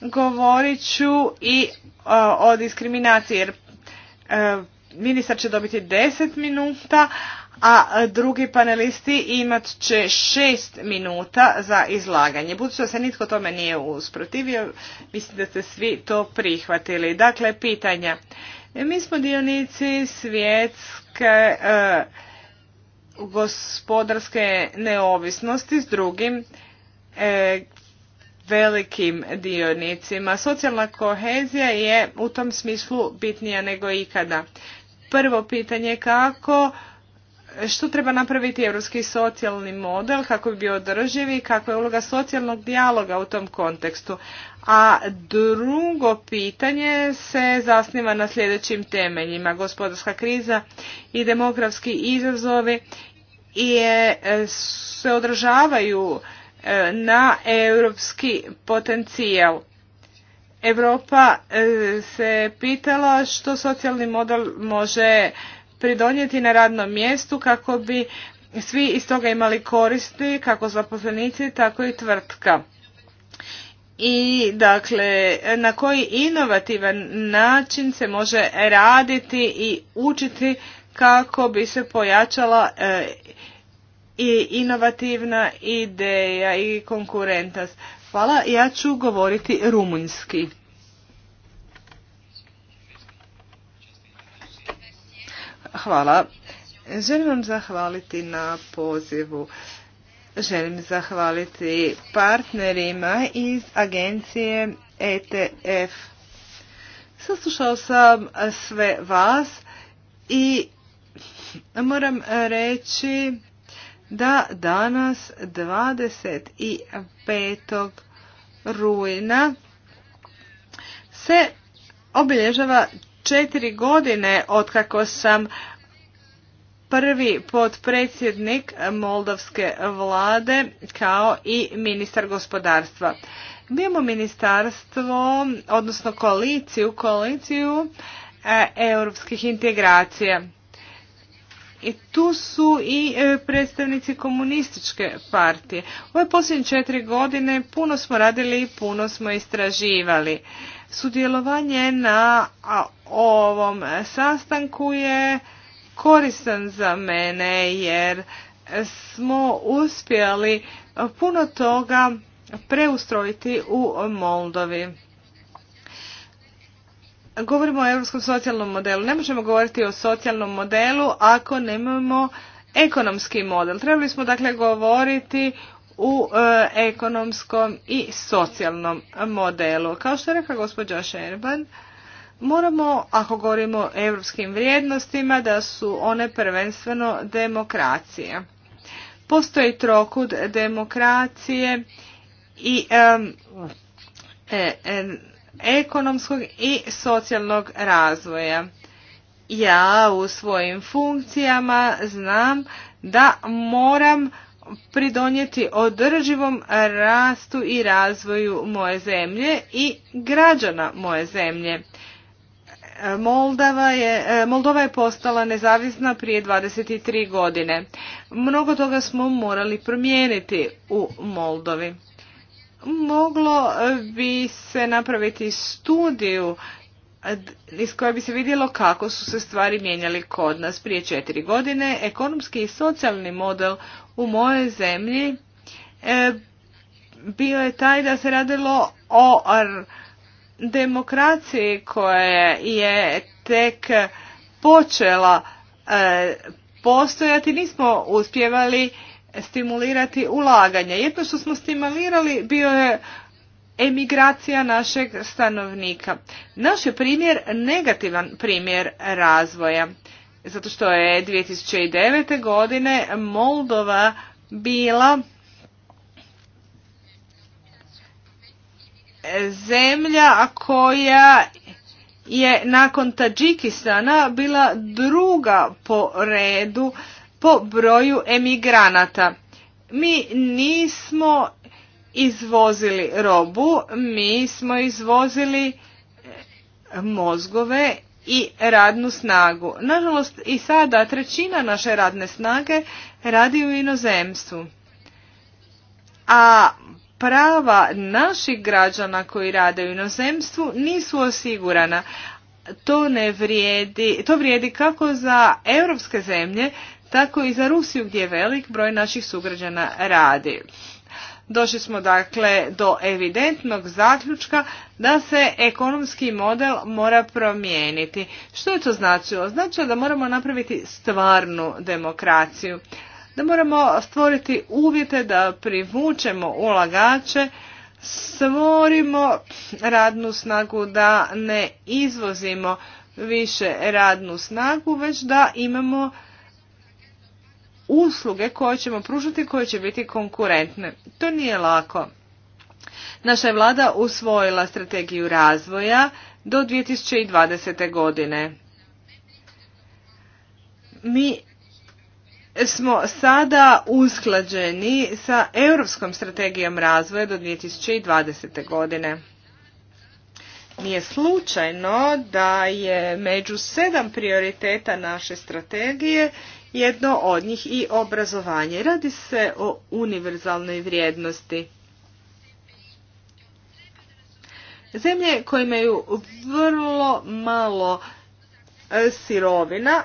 govorit ću i e, o diskriminaciji jer e, ministar će dobiti 10 minuta, a drugi panelisti imat će 6 minuta za izlaganje. Budući da se nitko tome nije usprotivio, mislim da ste svi to prihvatili. Dakle, pitanja. Mi smo dionici svjetske... E, gospodarske neovisnosti s drugim e, velikim dionicima. Socijalna kohezija je u tom smislu bitnija nego ikada. Prvo pitanje kako što treba napraviti europski socijalni model kako bi bio održiv i kakva je uloga socijalnog dijaloga u tom kontekstu. A drugo pitanje se zasniva na sljedećim temeljima. Gospodarska kriza i demografski izazovi i se odražavaju e, na europski potencijal. Europa e, se pitala što socijalni model može pridonijeti na radnom mjestu kako bi svi iz toga imali koristi, kako zaposlenici, tako i tvrtka i dakle na koji inovativan način se može raditi i učiti kako bi se pojačala e, i inovativna ideja i konkurentnost. Hvala, ja ću govoriti rumunjski. Hvala. Želim vam zahvaliti na pozivu želim zahvaliti partnerima iz agencije ETF. Saslušao sam sve vas i moram reći da danas 25. rujna se obilježava četiri godine otkako sam prvi potpredsjednik moldavske vlade kao i ministar gospodarstva. Mi imamo ministarstvo, odnosno koaliciju, koaliciju e, europskih integracija. I tu su i e, predstavnici komunističke partije. U ove posljednje četiri godine puno smo radili i puno smo istraživali. Sudjelovanje na ovom sastanku je koristan za mene jer smo uspjeli puno toga preustrojiti u Moldovi. Govorimo o europskom socijalnom modelu. Ne možemo govoriti o socijalnom modelu ako nemamo ekonomski model. Trebali smo dakle govoriti u e, ekonomskom i socijalnom modelu. Kao što je rekla gospođa Šerban, Moramo, ako govorimo o europskim vrijednostima, da su one prvenstveno demokracije. Postoji trokut demokracije i e, ekonomskog i socijalnog razvoja. Ja u svojim funkcijama znam da moram pridonijeti održivom rastu i razvoju moje zemlje i građana moje zemlje. E, Moldova je, postala nezavisna prije 23 godine. Mnogo toga smo morali promijeniti u Moldovi. Moglo e, bi se napraviti studiju e, iz koje bi se vidjelo kako su se stvari mijenjali kod nas prije četiri godine. Ekonomski i socijalni model u mojoj zemlji bio je taj da se radilo o demokraciji koja je tek počela e, postojati nismo uspjevali stimulirati ulaganje. Jedno što smo stimulirali bio je emigracija našeg stanovnika. Naš je primjer negativan primjer razvoja. Zato što je 2009. godine Moldova bila zemlja koja je nakon Tadžikistana bila druga po redu po broju emigranata. Mi nismo izvozili robu, mi smo izvozili e, mozgove i radnu snagu. Nažalost i sada trećina naše radne snage radi u inozemstvu. A prava naših građana koji rade u inozemstvu nisu osigurana. To ne vrijedi, to vrijedi kako za europske zemlje, tako i za Rusiju gdje velik broj naših sugrađana radi. Došli smo dakle do evidentnog zaključka da se ekonomski model mora promijeniti. Što je to značilo? Značilo da moramo napraviti stvarnu demokraciju da moramo stvoriti uvjete da privučemo ulagače, stvorimo radnu snagu da ne izvozimo više radnu snagu, već da imamo usluge koje ćemo pružiti koje će biti konkurentne. To nije lako. Naša je vlada usvojila strategiju razvoja do 2020. godine. Mi smo sada usklađeni sa Europskom strategijom razvoja do 2020. godine. Nije slučajno da je među sedam prioriteta naše strategije jedno od njih i obrazovanje. Radi se o univerzalnoj vrijednosti. Zemlje koje imaju vrlo malo e, sirovina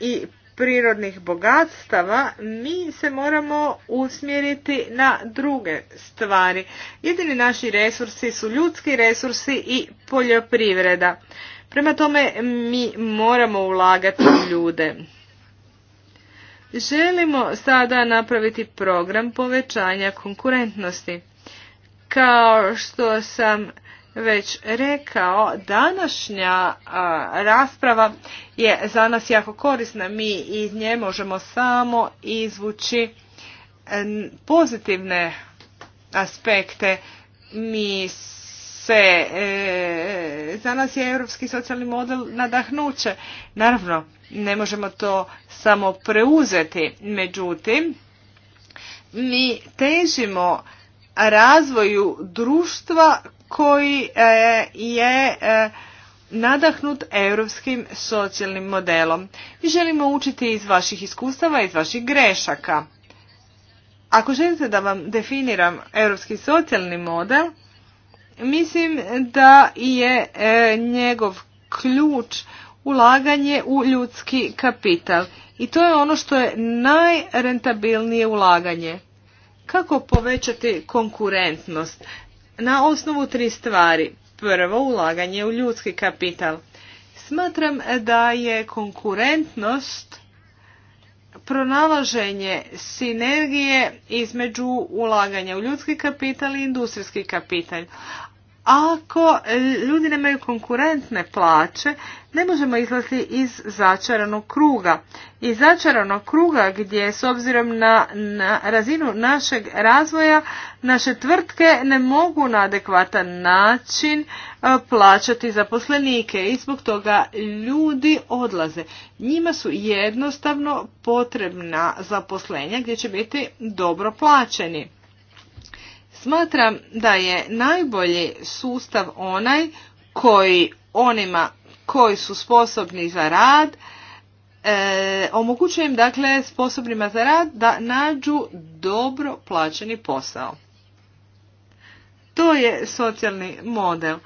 i prirodnih bogatstava, mi se moramo usmjeriti na druge stvari. Jedini naši resursi su ljudski resursi i poljoprivreda. Prema tome mi moramo ulagati u ljude. Želimo sada napraviti program povećanja konkurentnosti. Kao što sam već rekao, današnja rasprava je za nas jako korisna. Mi iz nje možemo samo izvući pozitivne aspekte. Mi se, e, za nas je europski socijalni model nadahnuće. Naravno, ne možemo to samo preuzeti, međutim, mi težimo razvoju društva koji e, je e, nadahnut europskim socijalnim modelom. Mi želimo učiti iz vaših iskustava, iz vaših grešaka. Ako želite da vam definiram europski socijalni model, mislim da je e, njegov ključ ulaganje u ljudski kapital. I to je ono što je najrentabilnije ulaganje. Kako povećati konkurentnost? na osnovu tri stvari. Prvo, ulaganje u ljudski kapital. Smatram da je konkurentnost pronalaženje sinergije između ulaganja u ljudski kapital i industrijski kapital. Ako e, ljudi nemaju konkurentne plaće, ne možemo izlaziti iz začaranog kruga. Iz začaranog kruga gdje s obzirom na, na razinu našeg razvoja naše tvrtke ne mogu na adekvatan način e, plaćati zaposlenike i zbog toga ljudi odlaze. Njima su jednostavno potrebna zaposlenja gdje će biti dobro plaćeni. Smatram da je najbolji sustav onaj koji onima koji su sposobni za rad, e, omogućujem dakle sposobnima za rad da nađu dobro plaćeni posao. To je socijalni model,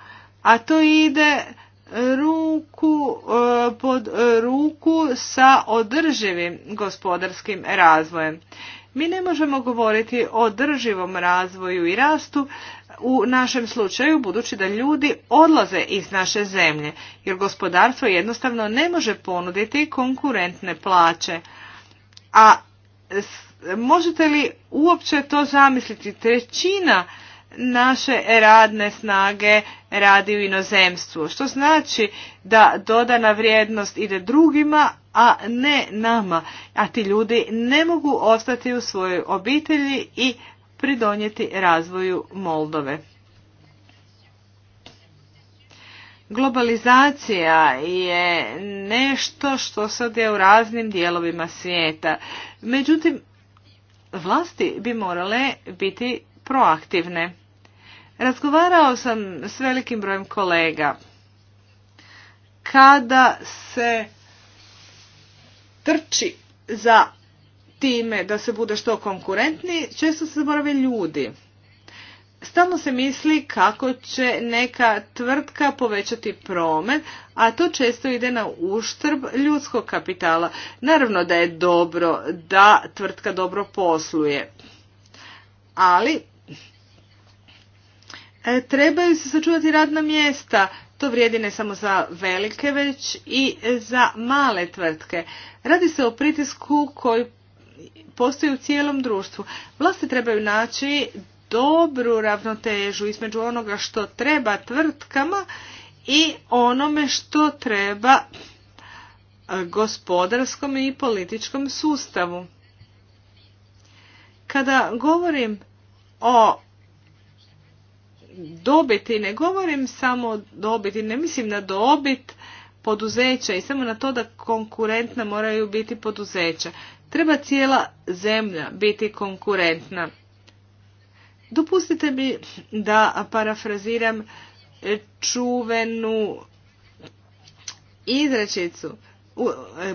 a to ide ruku e, pod ruku sa održivim gospodarskim razvojem. Mi ne možemo govoriti o drživom razvoju i rastu u našem slučaju budući da ljudi odlaze iz naše zemlje jer gospodarstvo jednostavno ne može ponuditi konkurentne plaće. A možete li uopće to zamisliti? Trećina naše radne snage radi u inozemstvu. Što znači da dodana vrijednost ide drugima, a ne nama. A ti ljudi ne mogu ostati u svojoj obitelji i pridonijeti razvoju Moldove. Globalizacija je nešto što se odje u raznim dijelovima svijeta. Međutim, vlasti bi morale biti proaktivne. Razgovarao sam s velikim brojem kolega. Kada se trči za time da se bude što konkurentni, često se zaborave ljudi. Stalno se misli kako će neka tvrtka povećati promet, a to često ide na uštrb ljudskog kapitala. Naravno da je dobro da tvrtka dobro posluje, ali E, trebaju se sačuvati radna mjesta. To vrijedi ne samo za velike, već i za male tvrtke. Radi se o pritisku koji postoji u cijelom društvu. Vlasti trebaju naći dobru ravnotežu između onoga što treba tvrtkama i onome što treba e, gospodarskom i političkom sustavu. Kada govorim o dobiti, ne govorim samo dobiti, ne mislim na dobit poduzeća i samo na to da konkurentna moraju biti poduzeća. Treba cijela zemlja biti konkurentna. Dopustite mi da parafraziram čuvenu izrečicu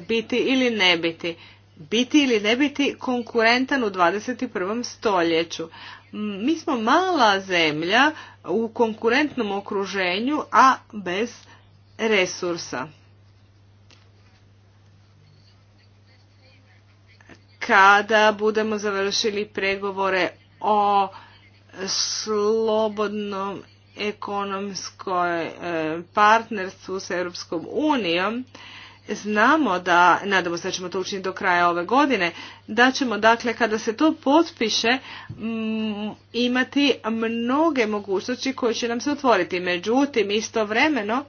biti ili ne biti. Biti ili ne biti konkurentan u 21. stoljeću. Mi smo mala zemlja u konkurentnom okruženju, a bez resursa. Kada budemo završili pregovore o slobodnom ekonomskoj e, partnerstvu s Europskom unijom, znamo da, nadamo se da ćemo to učiniti do kraja ove godine, da ćemo dakle kada se to potpiše imati mnoge mogućnosti koje će nam se otvoriti. Međutim, istovremeno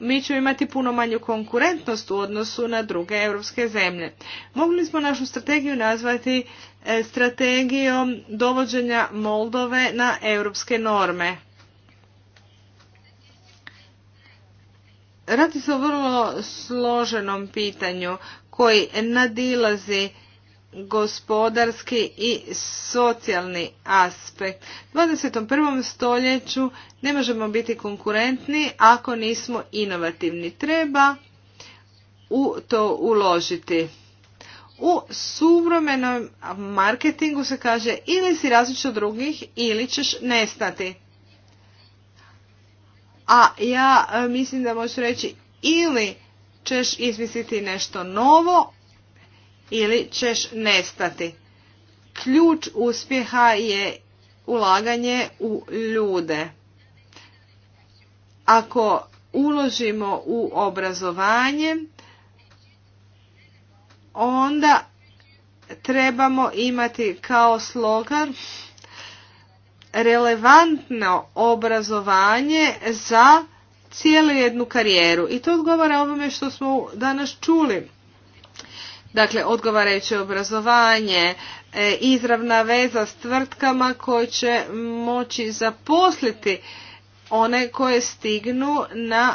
mi ćemo imati puno manju konkurentnost u odnosu na druge europske zemlje. Mogli smo našu strategiju nazvati e, strategijom dovođenja Moldove na europske norme. Radi se o vrlo složenom pitanju koji nadilazi gospodarski i socijalni aspekt. U 21. stoljeću ne možemo biti konkurentni ako nismo inovativni. Treba u to uložiti. U suvremenom marketingu se kaže ili si različit od drugih ili ćeš nestati. A ja e, mislim da možeš reći ili ćeš izmisliti nešto novo ili ćeš nestati. Ključ uspjeha je ulaganje u ljude. Ako uložimo u obrazovanje, onda trebamo imati kao slogan relevantno obrazovanje za cijelu jednu karijeru. I to odgovara ovome što smo danas čuli. Dakle, odgovarajuće obrazovanje, e, izravna veza s tvrtkama koje će moći zaposliti one koje stignu na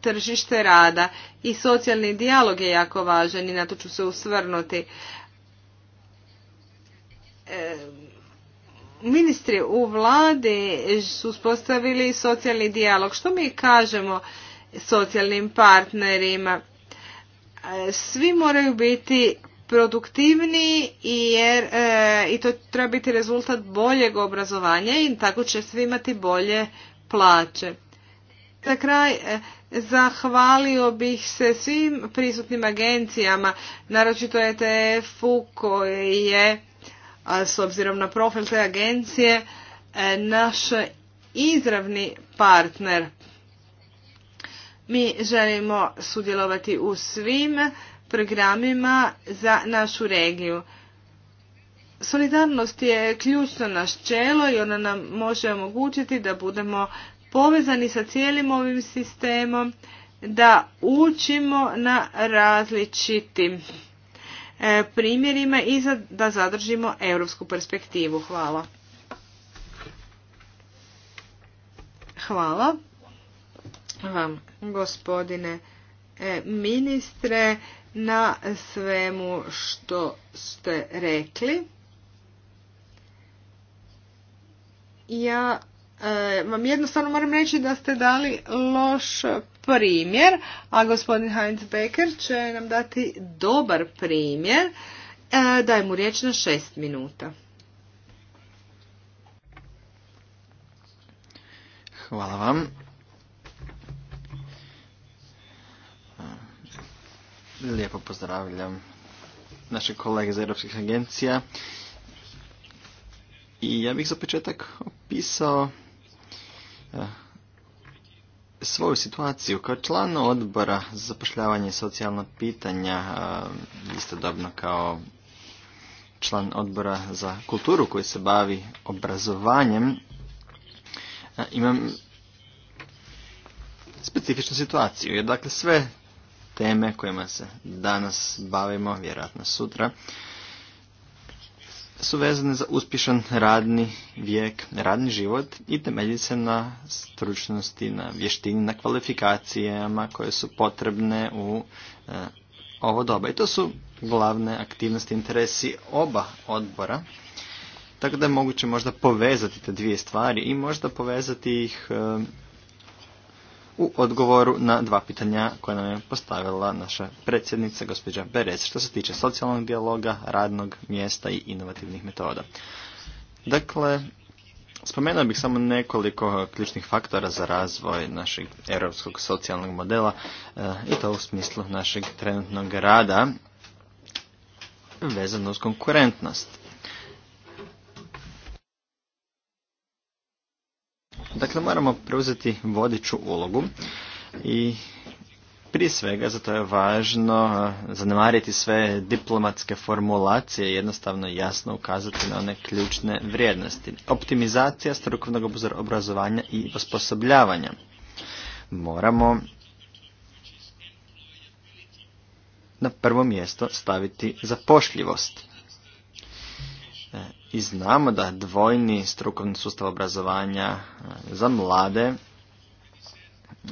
tržište rada. I socijalni dijalog je jako važan i na to ću se usvrnuti. E, ministri u vladi su uspostavili socijalni dijalog. Što mi kažemo socijalnim partnerima? E, svi moraju biti produktivni jer e, i to treba biti rezultat boljeg obrazovanja i tako će svi imati bolje plaće. Za kraj e, zahvalio bih se svim prisutnim agencijama, naročito ETF-u koji je a s obzirom na profil te agencije, e, naš izravni partner. Mi želimo sudjelovati u svim programima za našu regiju. Solidarnost je ključno naš čelo i ona nam može omogućiti da budemo povezani sa cijelim ovim sistemom, da učimo na različitim E, primjerima i da zadržimo europsku perspektivu. Hvala. Hvala vam, gospodine e, ministre, na svemu što ste rekli. Ja e, vam jednostavno moram reći da ste dali loš primjer, a gospodin Heinz Becker će nam dati dobar primjer. E, Daj mu riječ na šest minuta.
Hvala vam. Lijepo pozdravljam naše kolege iz europskih agencija. I ja bih za početak opisao e, svoju situaciju kao član odbora za zapošljavanje i socijalna pitanja, istodobno kao član odbora za kulturu koji se bavi obrazovanjem, imam specifičnu situaciju. Jer dakle sve teme kojima se danas bavimo, vjerojatno sutra, su vezane za uspješan radni vijek, radni život i temelji se na stručnosti, na vještini, na kvalifikacijama koje su potrebne u e, ovo doba. I to su glavne aktivnosti, interesi oba odbora. Tako da je moguće možda povezati te dvije stvari i možda povezati ih e, u odgovoru na dva pitanja koje nam je postavila naša predsjednica gospođa Berez što se tiče socijalnog dijaloga, radnog mjesta i inovativnih metoda. Dakle, spomenuo bih samo nekoliko ključnih faktora za razvoj našeg europskog socijalnog modela eh, i to u smislu našeg trenutnog rada vezano uz konkurentnost. Dakle, moramo preuzeti vodiču ulogu i prije svega zato je važno zanemariti sve diplomatske formulacije i jednostavno jasno ukazati na one ključne vrijednosti. Optimizacija strukovnog obrazovanja i osposobljavanja. Moramo na prvo mjesto staviti zapošljivost i znamo da dvojni strukovni sustav obrazovanja e, za mlade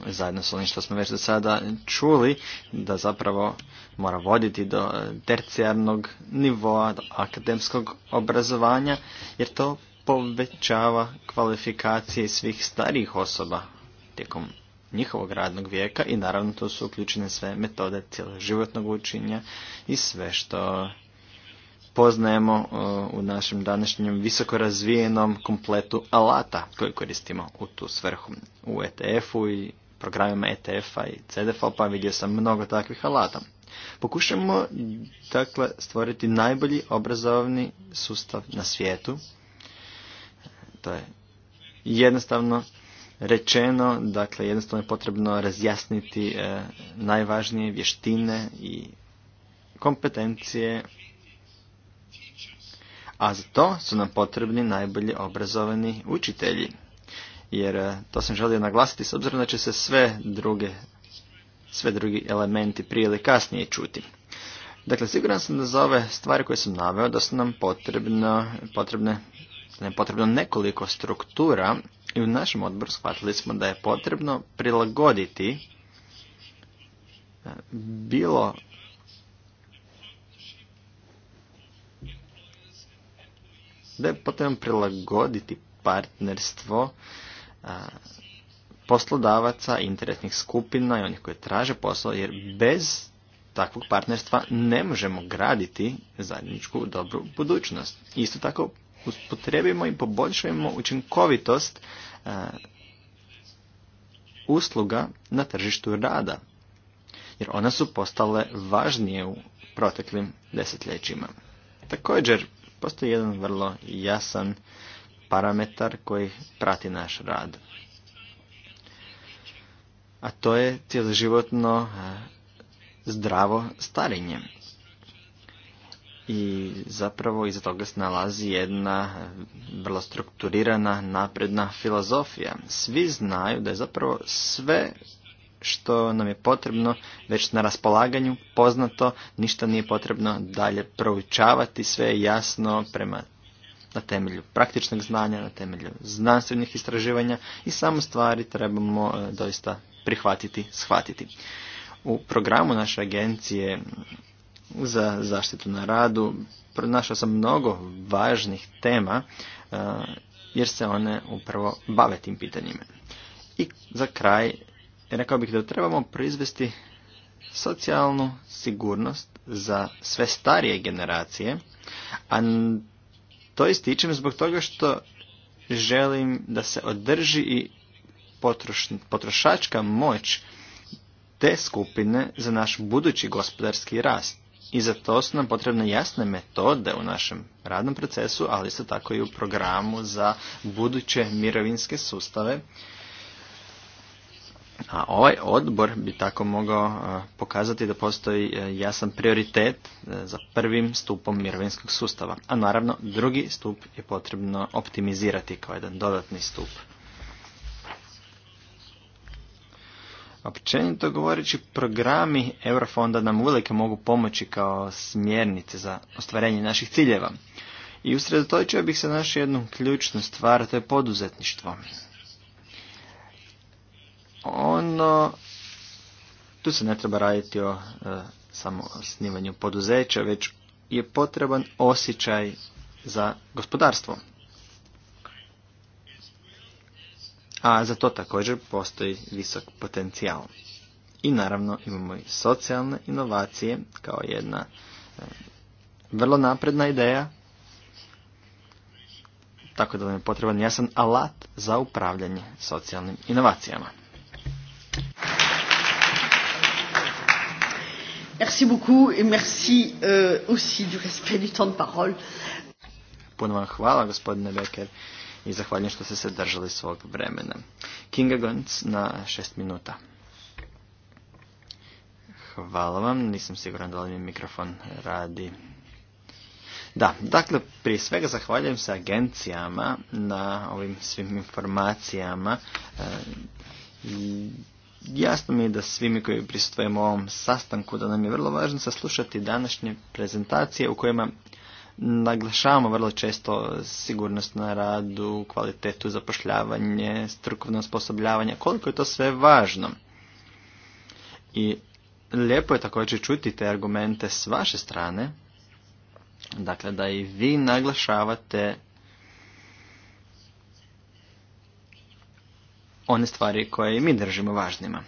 zajedno s onim što smo već do sada čuli, da zapravo mora voditi do e, tercijarnog nivoa, akademskog obrazovanja, jer to povećava kvalifikacije svih starijih osoba tijekom njihovog radnog vijeka i naravno to su uključene sve metode cijeloživotnog učenja i sve što poznajemo uh, u našem današnjem visoko razvijenom kompletu alata koji koristimo u tu svrhu. U ETF-u i programima ETF-a i CDF-a pa vidio sam mnogo takvih alata. Pokušamo dakle stvoriti najbolji obrazovni sustav na svijetu. To je jednostavno rečeno, dakle jednostavno je potrebno razjasniti uh, najvažnije vještine i kompetencije a za to su nam potrebni najbolji obrazovani učitelji. Jer e, to sam želio naglasiti s obzirom da će se sve druge sve drugi elementi prije ili kasnije čuti. Dakle, siguran sam da za ove stvari koje sam naveo da su nam potrebno, potrebne, potrebno nekoliko struktura i u našem odboru shvatili smo da je potrebno prilagoditi e, bilo da je potrebno prilagoditi partnerstvo poslodavaca, interesnih skupina i onih koji traže posao, jer bez takvog partnerstva ne možemo graditi zajedničku dobru budućnost. Isto tako uspotrebimo i poboljšujemo učinkovitost usluga na tržištu rada, jer one su postale važnije u proteklim desetljećima. Također, Postoji jedan vrlo jasan parametar koji prati naš rad. A to je cijeloživotno e, zdravo starenje. I zapravo iza toga se nalazi jedna e, vrlo strukturirana, napredna filozofija. Svi znaju da je zapravo sve što nam je potrebno već na raspolaganju, poznato, ništa nije potrebno dalje proučavati, sve je jasno prema na temelju praktičnog znanja, na temelju znanstvenih istraživanja i samo stvari trebamo e, doista prihvatiti, shvatiti. U programu naše agencije za zaštitu na radu pronašao sam mnogo važnih tema e, jer se one upravo bave tim pitanjima. I za kraj E, rekao bih da trebamo proizvesti socijalnu sigurnost za sve starije generacije, a to ističem zbog toga što želim da se održi i potrošačka moć te skupine za naš budući gospodarski rast. I za to su nam potrebne jasne metode u našem radnom procesu, ali isto tako i u programu za buduće mirovinske sustave a ovaj odbor bi tako mogao e, pokazati da postoji e, jasan prioritet e, za prvim stupom mirovinskog sustava. A naravno drugi stup je potrebno optimizirati kao jedan dodatni stup. Općenito govoreći, programi Eurofonda nam uvijek mogu pomoći kao smjernice za ostvarenje naših ciljeva. I usredotočio bih se na jednu ključnu stvar, to je poduzetništvo. No, tu se ne treba raditi o e, samo osnivanju poduzeća, već je potreban osjećaj za gospodarstvo. A za to također postoji visok potencijal. I naravno imamo i socijalne inovacije kao jedna e, vrlo napredna ideja, tako da nam je potreban jasan alat za upravljanje socijalnim inovacijama.
Merci beaucoup et
merci euh, aussi du respect du temps de parole.
Puno vam hvala gospodine Becker i zahvaljujem što ste se držali svog vremena. Kinga na šest minuta. Hvala vam, nisam siguran da li mi mikrofon radi. Da, dakle, prije svega zahvaljujem se agencijama na ovim svim informacijama. E, i Jasno mi je da svi mi koji pristupujemo ovom sastanku da nam je vrlo važno saslušati današnje prezentacije u kojima naglašavamo vrlo često sigurnost na radu, kvalitetu zapošljavanje, strukovno osposobljavanje, koliko je to sve važno. I lijepo je također čuti te argumente s vaše strane, dakle da i vi naglašavate one stvari koje mi držimo važnima.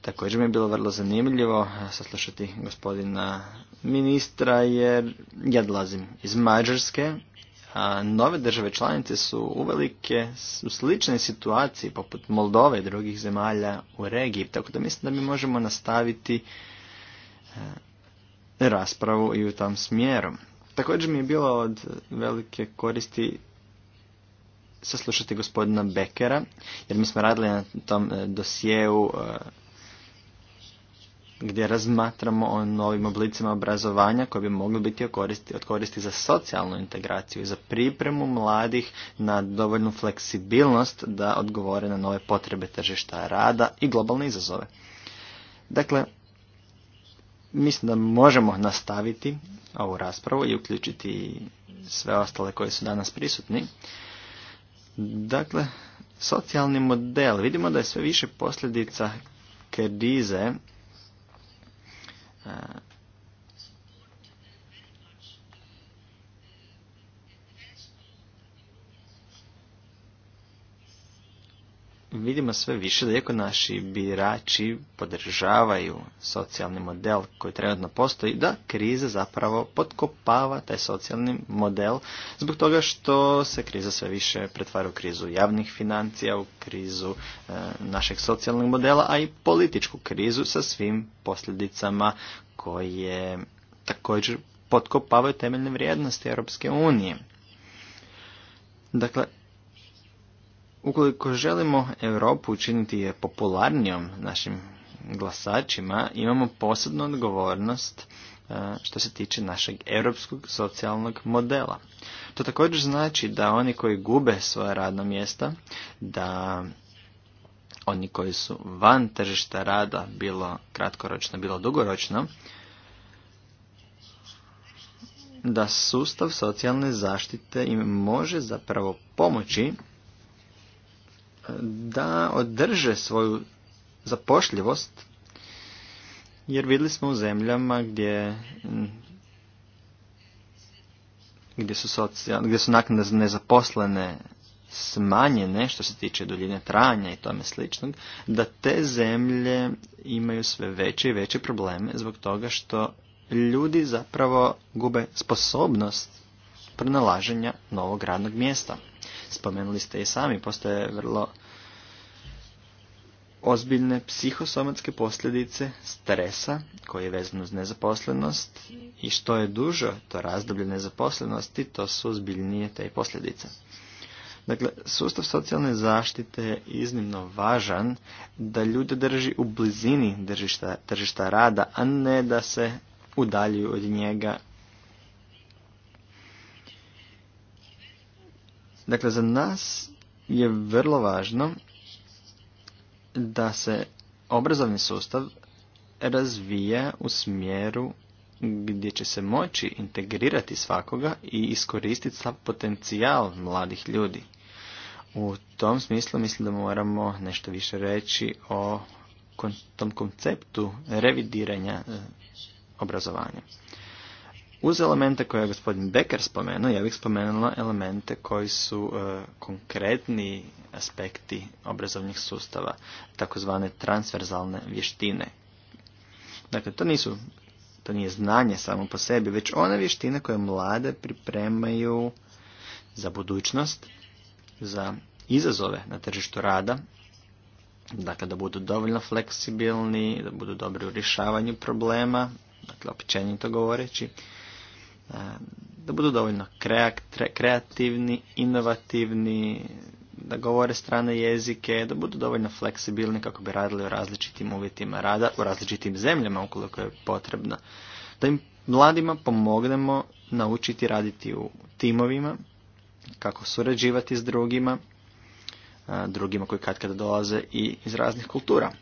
Također mi je bilo vrlo zanimljivo saslušati gospodina ministra jer ja dolazim iz Mađarske, a nove države članice su uvelike u sličnoj situaciji poput Moldove i drugih zemalja u regiji, tako da mislim da mi možemo nastaviti raspravu i u tom smjeru. Također mi je bilo od velike koristi saslušati gospodina Bekera, jer mi smo radili na tom e, dosjeu e, gdje razmatramo o novim oblicima obrazovanja koji bi mogli biti od koristi za socijalnu integraciju, i za pripremu mladih na dovoljnu fleksibilnost da odgovore na nove potrebe tržišta rada i globalne izazove. Dakle, mislim da možemo nastaviti ovu raspravu i uključiti sve ostale koji su danas prisutni. Dakle, socijalni model. Vidimo da je sve više posljedica krize e, vidimo sve više da iako naši birači podržavaju socijalni model koji trenutno postoji, da kriza zapravo potkopava taj socijalni model zbog toga što se kriza sve više pretvara u krizu javnih financija, u krizu e, našeg socijalnog modela, a i političku krizu sa svim posljedicama koje također potkopavaju temeljne vrijednosti Europske unije. Dakle, Ukoliko želimo Europu učiniti je popularnijom našim glasačima, imamo posebnu odgovornost e, što se tiče našeg europskog socijalnog modela. To također znači da oni koji gube svoje radna mjesta, da oni koji su van tržišta rada, bilo kratkoročno, bilo dugoročno, da sustav socijalne zaštite im može zapravo pomoći da održe svoju zapošljivost jer vidjeli smo u zemljama gdje gdje su, socijal, gdje su naknade nezaposlene smanjene što se tiče duljine trajanja i tome sličnog, da te zemlje imaju sve veće i veće probleme zbog toga što ljudi zapravo gube sposobnost pronalaženja novog radnog mjesta. Spomenuli ste i sami, postoje vrlo ozbiljne psihosomatske posljedice stresa koji je vezan uz nezaposlenost i što je duže to razdoblje nezaposlenosti, to su ozbiljnije te posljedice. Dakle, sustav socijalne zaštite je iznimno važan da ljude drži u blizini držišta, tržišta rada, a ne da se udaljuju od njega. Dakle, za nas je vrlo važno da se obrazovni sustav razvija u smjeru gdje će se moći integrirati svakoga i iskoristiti sav potencijal mladih ljudi. U tom smislu mislim da moramo nešto više reći o tom konceptu revidiranja e, obrazovanja. Uz elemente koje je gospodin Becker spomenuo, ja bih spomenula elemente koji su e, konkretni aspekti obrazovnih sustava, takozvane transverzalne vještine. Dakle, to nisu to nije znanje samo po sebi, već one vještine koje mlade pripremaju za budućnost, za izazove na tržištu rada, dakle da budu dovoljno fleksibilni, da budu dobri u rješavanju problema, dakle općenito govoreći, da budu dovoljno kreativni, inovativni, da govore strane jezike, da budu dovoljno fleksibilni kako bi radili u različitim uvjetima rada, u različitim zemljama ukoliko je potrebno. Da im mladima pomognemo naučiti raditi u timovima, kako surađivati s drugima, drugima koji kad kada dolaze i iz raznih kultura.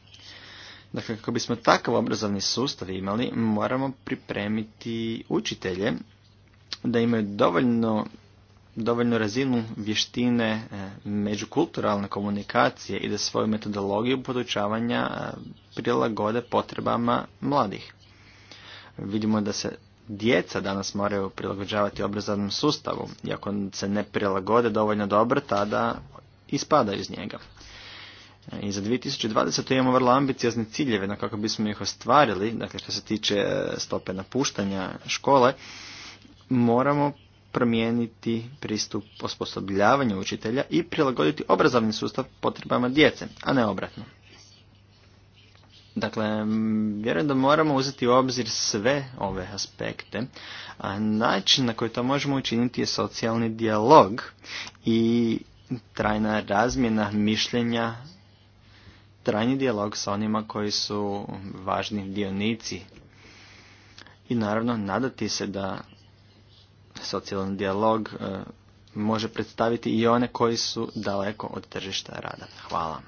Dakle, kako bismo takav obrazovni sustav imali, moramo pripremiti učitelje da imaju dovoljno dovoljnu razinu vještine e, međukulturalne komunikacije i da svoju metodologiju podučavanja e, prilagode potrebama mladih. Vidimo da se djeca danas moraju prilagođavati obrazovnom sustavu i ako se ne prilagode dovoljno dobro, tada ispada iz njega. E, I za 2020. imamo vrlo ambiciozne ciljeve na kako bismo ih ostvarili, dakle što se tiče stope napuštanja škole, moramo promijeniti pristup osposobljavanju učitelja i prilagoditi obrazovni sustav potrebama djece, a ne obratno. Dakle, vjerujem da moramo uzeti u obzir sve ove aspekte, a način na koji to možemo učiniti je socijalni dijalog i trajna razmjena mišljenja, trajni dijalog sa onima koji su važni dionici i naravno nadati se da socijalni dijalog e, može predstaviti i one koji su daleko od tržišta rada. Hvala.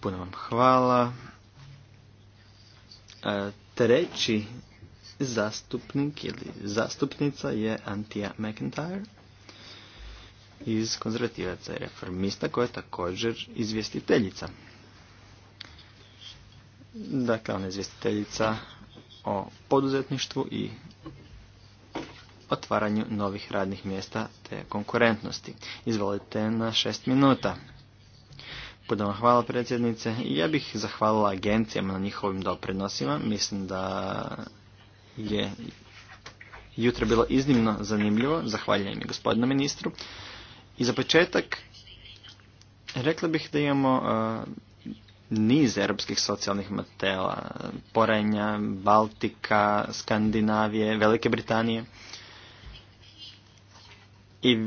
Puno vam hvala. E, treći zastupnik ili zastupnica je Antija McIntyre iz konzervativaca i reformista koja je također izvjestiteljica. Dakle, ona je izvjestiteljica o poduzetništvu i otvaranju novih radnih mjesta te konkurentnosti. Izvolite na šest minuta. Puno vam hvala predsjednice. Ja bih zahvalila agencijama na njihovim doprinosima. Mislim da je jutro bilo iznimno zanimljivo. Zahvaljujem i gospodinu ministru. I za početak rekla bih da imamo niz europskih socijalnih modela, Porenja, Baltika, Skandinavije, Velike Britanije. I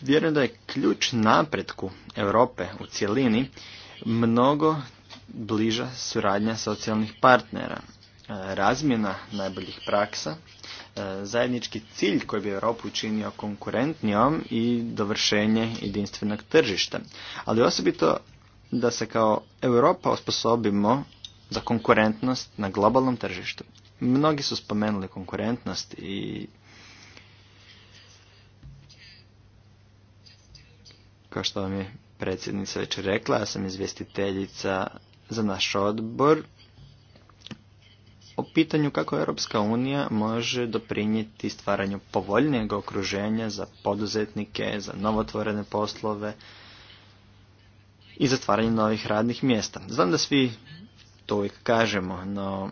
vjerujem da je ključ napretku Europe u cjelini mnogo bliža suradnja socijalnih partnera, razmjena najboljih praksa, e, zajednički cilj koji bi Europu učinio konkurentnijom i dovršenje jedinstvenog tržišta. Ali osobito da se kao Europa osposobimo za konkurentnost na globalnom tržištu. Mnogi su spomenuli konkurentnost i kao što vam je predsjednica već rekla, ja sam izvjestiteljica za naš odbor o pitanju kako Europska unija može doprinijeti stvaranju povoljnijeg okruženja za poduzetnike, za novotvorene poslove, i zatvaranje novih radnih mjesta. Znam da svi to uvijek kažemo, no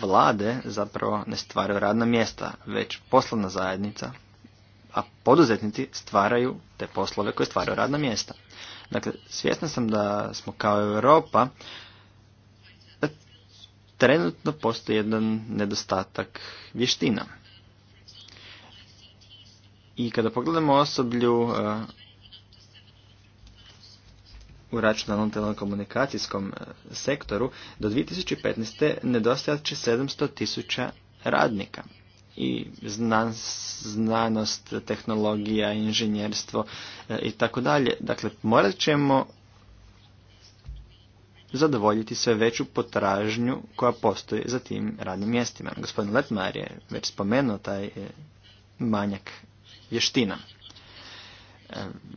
vlade zapravo ne stvaraju radna mjesta, već poslovna zajednica, a poduzetnici stvaraju te poslove koje stvaraju radna mjesta. Dakle, svjesna sam da smo kao Europa trenutno postoji jedan nedostatak vještina. I kada pogledamo osoblju e, u računalnom telekomunikacijskom e, sektoru do 2015. nedostajat će 700 tisuća radnika i znanost, tehnologija, inženjerstvo e, i tako dalje. Dakle, morat ćemo zadovoljiti sve veću potražnju koja postoji za tim radnim mjestima. Gospodin Letmar je već spomenuo taj e, manjak vještina.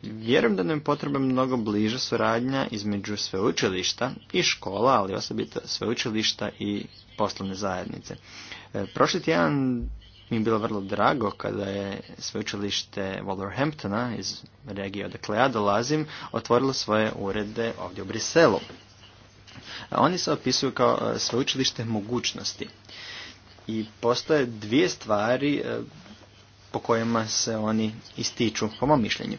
Vjerujem da nam je potrebna mnogo bliža suradnja između sveučilišta i škola, ali osobito sveučilišta i poslovne zajednice. E, prošli tjedan mi je bilo vrlo drago kada je sveučilište Wolverhamptona iz regije odakle ja dolazim otvorilo svoje urede ovdje u Briselu. Oni se opisuju kao e, sveučilište mogućnosti. I postoje dvije stvari e, po kojima se oni ističu, po mom mišljenju.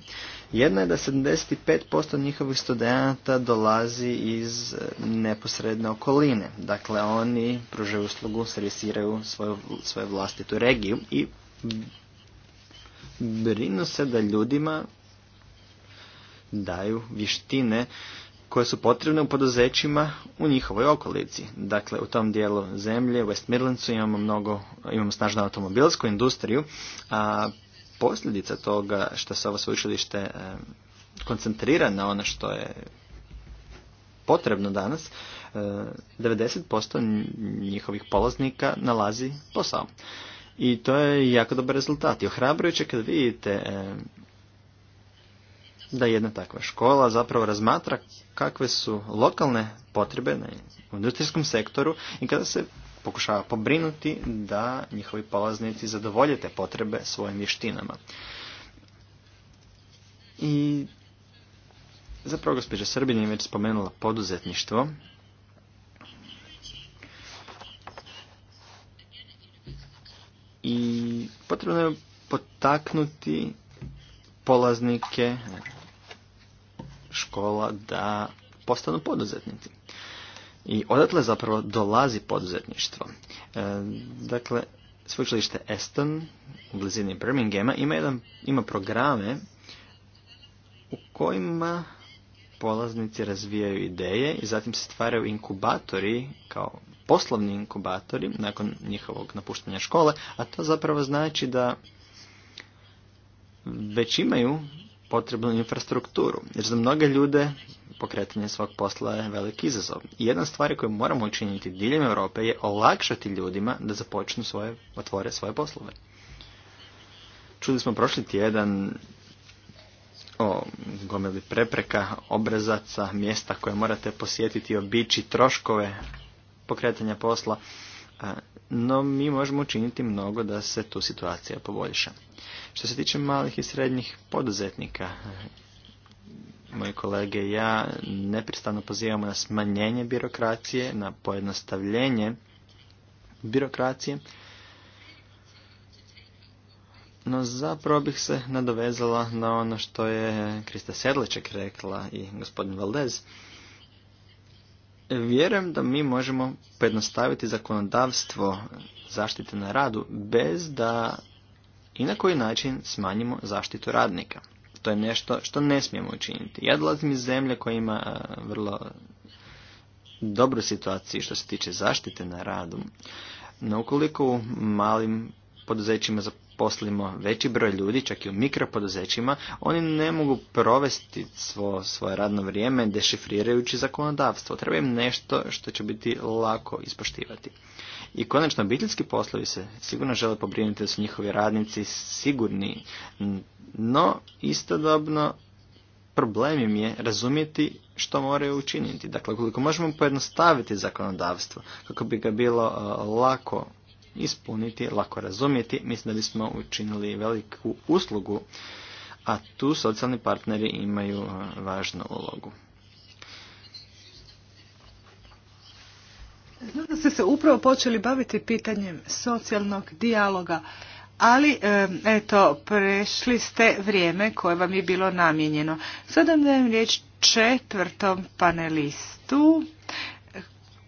Jedna je da 75% njihovih studenta dolazi iz e, neposredne okoline. Dakle, oni pružaju uslugu, servisiraju svoju, svoju vlastitu regiju i brinu se da ljudima daju vještine koje su potrebne u poduzećima u njihovoj okolici. Dakle, u tom dijelu zemlje, u West Midlandsu imamo mnogo, imamo snažnu automobilsku industriju, a posljedica toga što se ovo sveučilište e, koncentrira na ono što je potrebno danas, 90% e, njihovih polaznika nalazi posao. I to je jako dobar rezultat. I ohrabrujuće kad vidite e, da jedna takva škola zapravo razmatra kakve su lokalne potrebe na industrijskom sektoru i kada se pokušava pobrinuti da njihovi polaznici zadovolje te potrebe svojim vještinama. I zapravo gospođa Srbin je već spomenula poduzetništvo. I potrebno je potaknuti polaznike škola da postanu poduzetnici. I odatle zapravo dolazi poduzetništvo. E, dakle, sveučilište Eston u blizini Birminghama ima, jedan, ima programe u kojima polaznici razvijaju ideje i zatim se stvaraju inkubatori kao poslovni inkubatori nakon njihovog napuštanja škole, a to zapravo znači da već imaju potrebnu infrastrukturu. Jer za mnoge ljude pokretanje svog posla je velik izazov. I jedna stvar koju moramo učiniti diljem Europe je olakšati ljudima da započnu svoje, otvore svoje poslove. Čuli smo prošli tjedan o gomeli prepreka, obrazaca, mjesta koje morate posjetiti, obići, troškove pokretanja posla no mi možemo učiniti mnogo da se tu situacija poboljša. Što se tiče malih i srednjih poduzetnika, moji kolege i ja nepristano pozivamo na smanjenje birokracije, na pojednostavljenje birokracije, no zapravo bih se nadovezala na ono što je Krista Sedleček rekla i gospodin Valdez, vjerujem da mi možemo pojednostaviti zakonodavstvo zaštite na radu bez da i na koji način smanjimo zaštitu radnika. To je nešto što ne smijemo učiniti. Ja dolazim iz zemlje koja ima e, vrlo dobru situaciju što se tiče zaštite na radu. No ukoliko u malim poduzećima zaposlimo veći broj ljudi, čak i u mikropoduzećima, oni ne mogu provesti svo, svoje radno vrijeme dešifrirajući zakonodavstvo. Treba im nešto što će biti lako ispoštivati. I konačno, obiteljski poslovi se sigurno žele pobrinuti da su njihovi radnici sigurni, no istodobno problem im je razumjeti što moraju učiniti. Dakle, koliko možemo pojednostaviti zakonodavstvo, kako bi ga bilo e, lako ispuniti, lako razumjeti, mislim da bismo učinili veliku uslugu, a tu socijalni partneri imaju važnu ulogu.
Znam da ste se upravo počeli baviti pitanjem socijalnog dijaloga, ali eto, prešli ste vrijeme koje vam je bilo namijenjeno. Sada dajem riječ četvrtom panelistu,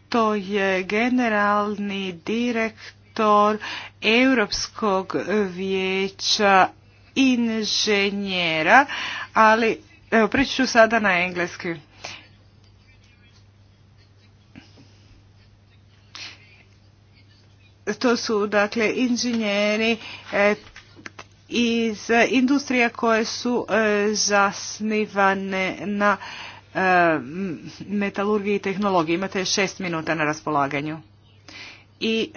to je generalni direktor direktor Europskog vijeća inženjera, ali evo pričat ću sada na engleski. To su dakle inženjeri e, iz industrija koje su e, zasnivane na e, metalurgiji i tehnologiji. Imate šest minuta na raspolaganju. I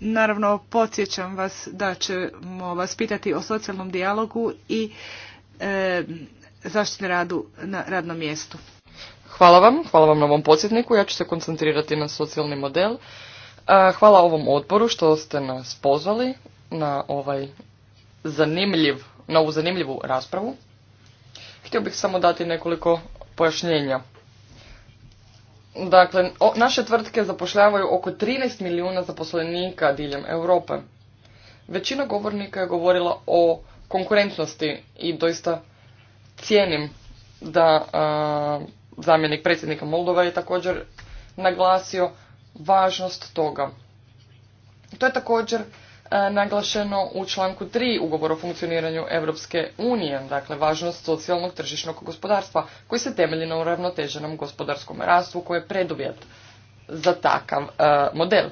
naravno podsjećam vas da ćemo vas pitati o socijalnom dijalogu i e, zaštiti radu na radnom mjestu.
Hvala vam, hvala vam na ovom podsjetniku. Ja ću se koncentrirati na socijalni model. E, hvala ovom odboru što ste nas pozvali na ovaj zanimljiv, na ovu zanimljivu raspravu. Htio bih samo dati nekoliko pojašnjenja. Dakle, naše tvrtke zapošljavaju oko 13 milijuna zaposlenika diljem Europe. Većina govornika je govorila o konkurentnosti i doista cijenim da zamjenik predsjednika Moldova je također naglasio važnost toga. To je također E, naglašeno u članku 3 ugovora o funkcioniranju Europske unije, dakle važnost socijalnog tržišnog gospodarstva koji se temelji na uravnoteženom gospodarskom rastu koji je preduvjet za takav e, model.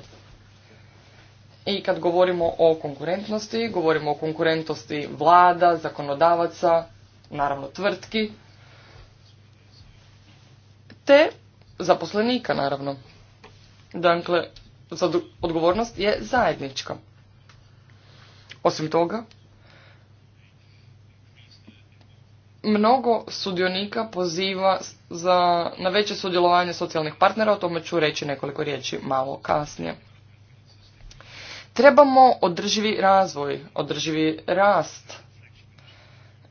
I kad govorimo o konkurentnosti, govorimo o konkurentnosti vlada, zakonodavaca, naravno tvrtki, te zaposlenika naravno. Dakle, odgovornost je zajednička. Osim toga, mnogo sudionika poziva za, na veće sudjelovanje socijalnih partnera, o tome ću reći nekoliko riječi malo kasnije. Trebamo održivi razvoj, održivi rast.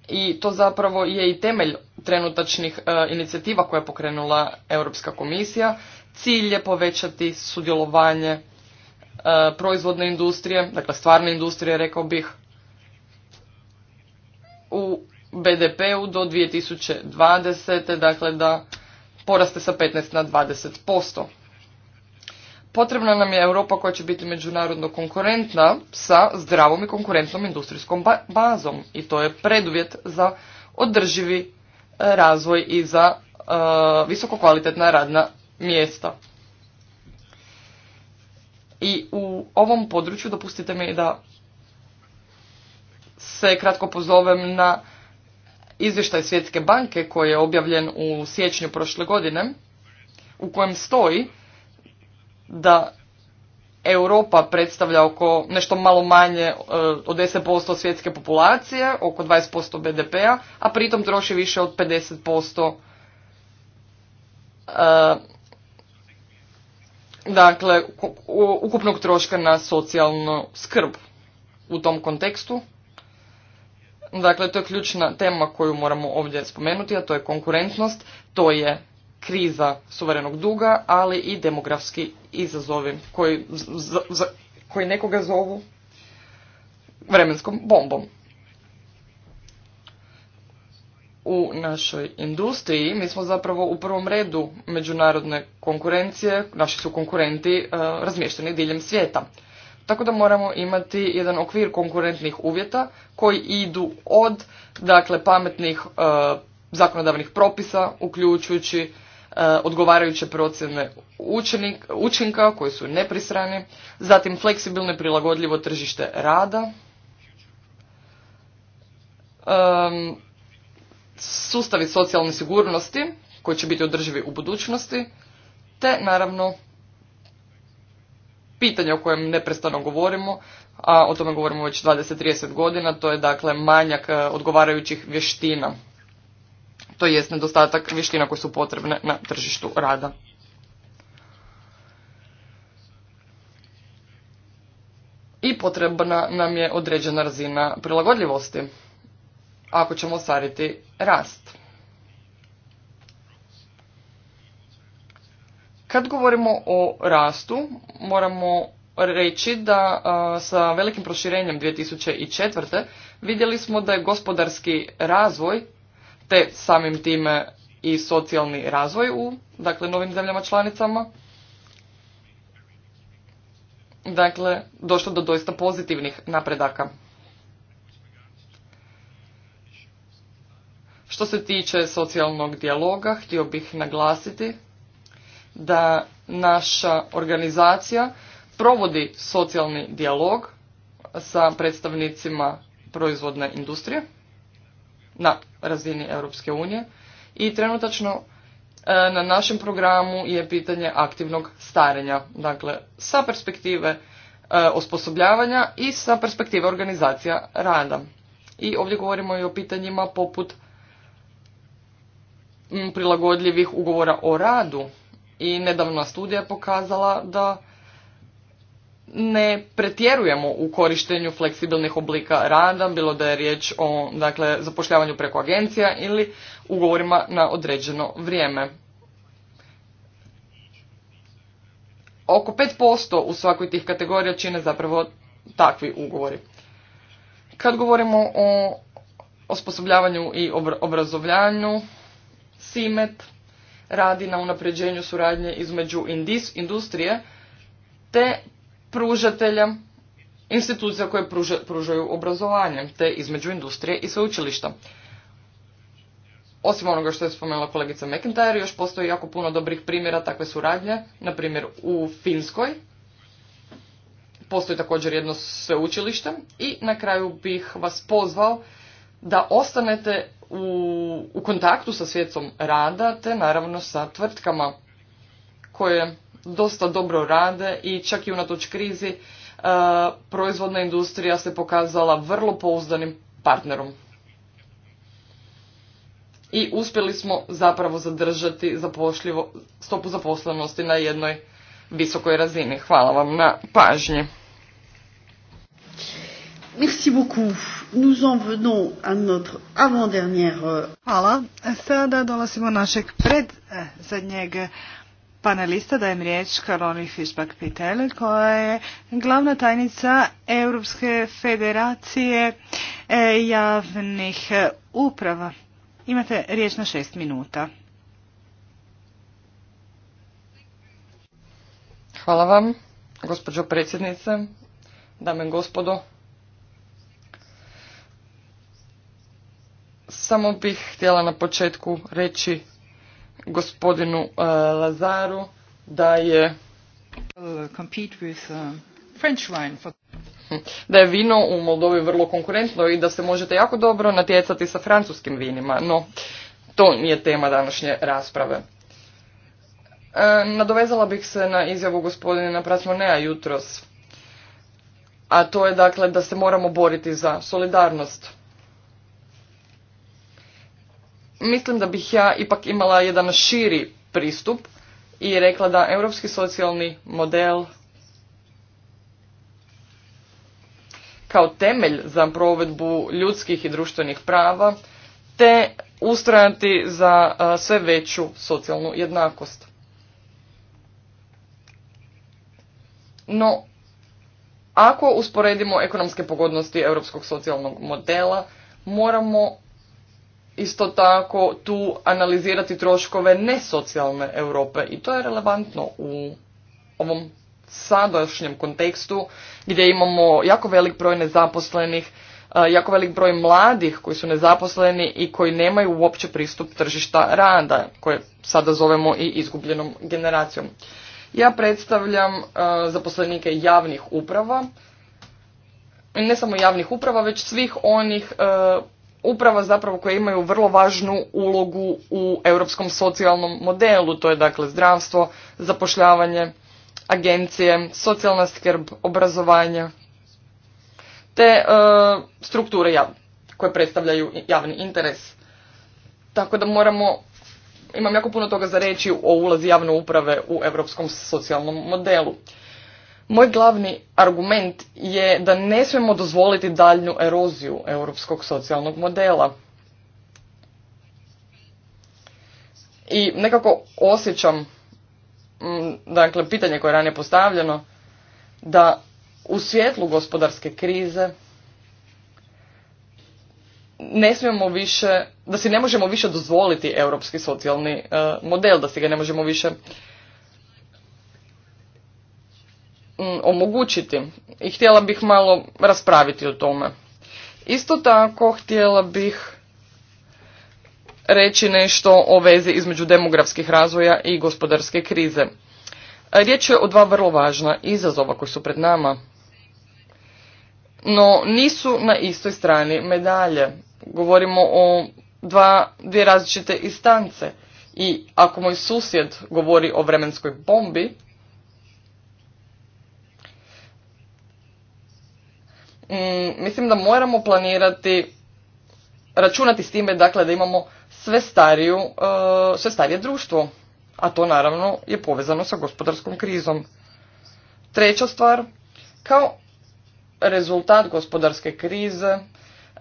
I to zapravo je i temelj trenutačnih e, inicijativa koje je pokrenula Europska komisija. Cilj je povećati sudjelovanje E, proizvodne industrije, dakle stvarne industrije rekao bih, u BDP-u do 2020. dakle da poraste sa 15 na 20%. Potrebna nam je Europa koja će biti međunarodno konkurentna sa zdravom i konkurentnom industrijskom bazom i to je preduvjet za održivi e, razvoj i za e, visoko kvalitetna radna mjesta. I u ovom području dopustite mi da se kratko pozovem na izvještaj Svjetske banke koji je objavljen u siječnju prošle godine u kojem stoji da Europa predstavlja oko nešto malo manje e, od 10% svjetske populacije, oko 20% BDP-a, a pritom troši više od 50% dakle, ukupnog troška na socijalnu skrb u tom kontekstu. Dakle, to je ključna tema koju moramo ovdje spomenuti, a to je konkurentnost, to je kriza suverenog duga, ali i demografski izazovi koji, koji nekoga zovu vremenskom bombom. u našoj industriji, mi smo zapravo u prvom redu međunarodne konkurencije, naši su konkurenti e, razmješteni diljem svijeta. Tako da moramo imati jedan okvir konkurentnih uvjeta koji idu od dakle pametnih e, zakonodavnih propisa uključujući e, odgovarajuće procjene učinka koji su neprisrani, zatim fleksibilno i prilagodljivo tržište rada sustavi socijalne sigurnosti koji će biti održivi u budućnosti, te naravno pitanje o kojem neprestano govorimo, a o tome govorimo već 20-30 godina, to je dakle manjak e, odgovarajućih vještina, to jest nedostatak vještina koje su potrebne na tržištu rada. I potrebna nam je određena razina prilagodljivosti ako ćemo ostvariti rast. Kad govorimo o rastu, moramo reći da sa velikim proširenjem 2004. vidjeli smo da je gospodarski razvoj, te samim time i socijalni razvoj u dakle, novim zemljama članicama, dakle, došlo do doista pozitivnih napredaka. Što se tiče socijalnog dijaloga, htio bih naglasiti da naša organizacija provodi socijalni dijalog sa predstavnicima proizvodne industrije na razini Europske unije i trenutačno e, na našem programu je pitanje aktivnog starenja, dakle sa perspektive e, osposobljavanja i sa perspektive organizacija rada. I ovdje govorimo i o pitanjima poput prilagodljivih ugovora o radu i nedavna studija je pokazala da ne pretjerujemo u korištenju fleksibilnih oblika rada, bilo da je riječ o dakle, zapošljavanju preko agencija ili ugovorima na određeno vrijeme. Oko 5% u svakoj tih kategorija čine zapravo takvi ugovori. Kad govorimo o osposobljavanju i obrazovljanju CIMET radi na unapređenju suradnje između industrije te pružatelja institucija koje pružaju obrazovanje te između industrije i sveučilišta. Osim onoga što je spomenula kolegica McIntyre, još postoji jako puno dobrih primjera takve suradnje. Na primjer, u Finskoj postoji također jedno sveučilište i na kraju bih vas pozvao da ostanete u, u kontaktu sa svijetom rada te naravno sa tvrtkama koje dosta dobro rade i čak i unatoč krizi e, proizvodna industrija se pokazala vrlo pouzdanim partnerom i uspjeli smo zapravo zadržati stopu zaposlenosti na jednoj visokoj razini hvala vam na pažnji
Merci beaucoup. Nous en venons à notre avant-dernière. Euh, Hvala. E, sada dolazimo našeg predzadnjeg panelista, dajem riječ Karoli Fischbach-Pitele, koja je glavna tajnica Europske federacije e, javnih e, uprava. Imate riječ na šest minuta.
Hvala vam, gospođo predsjednice, dame i gospodo, Samo bih htjela na početku reći gospodinu e, Lazaru da je uh, da je vino u Moldovi vrlo konkurentno i da se možete jako dobro natjecati sa francuskim vinima, no to nije tema današnje rasprave. E, nadovezala bih se na izjavu gospodina Prasmonea jutros, a to je dakle da se moramo boriti za solidarnost mislim da bih ja ipak imala jedan širi pristup i rekla da europski socijalni model kao temelj za provedbu ljudskih i društvenih prava te ustrajati za sve veću socijalnu jednakost. No, ako usporedimo ekonomske pogodnosti europskog socijalnog modela, moramo isto tako tu analizirati troškove nesocijalne Europe i to je relevantno u ovom sadašnjem kontekstu gdje imamo jako velik broj nezaposlenih, e, jako velik broj mladih koji su nezaposleni i koji nemaju uopće pristup tržišta rada, koje sada zovemo i izgubljenom generacijom. Ja predstavljam e, zaposlenike javnih uprava, ne samo javnih uprava, već svih onih e, uprava zapravo koje imaju vrlo važnu ulogu u europskom socijalnom modelu, to je dakle zdravstvo, zapošljavanje, agencije, socijalna skrb, obrazovanje, te e, strukture jav, koje predstavljaju javni interes. Tako da moramo, imam jako puno toga za reći o ulazi javne uprave u europskom socijalnom modelu. Moj glavni argument je da ne smijemo dozvoliti daljnju eroziju europskog socijalnog modela. I nekako osjećam, mm, dakle, pitanje koje je ranije postavljeno, da u svjetlu gospodarske krize ne smijemo više, da si ne možemo više dozvoliti europski socijalni e, model, da si ga ne možemo više omogućiti i htjela bih malo raspraviti o tome. Isto tako htjela bih reći nešto o vezi između demografskih razvoja i gospodarske krize. Riječ je o dva vrlo važna izazova koji su pred nama, no nisu na istoj strani medalje. Govorimo o dva, dvije različite istance i ako moj susjed govori o vremenskoj bombi, Mm, mislim da moramo planirati, računati s time dakle da imamo sve, stariju, eh, sve starije društvo, a to naravno je povezano sa gospodarskom krizom. Treća stvar, kao rezultat gospodarske krize,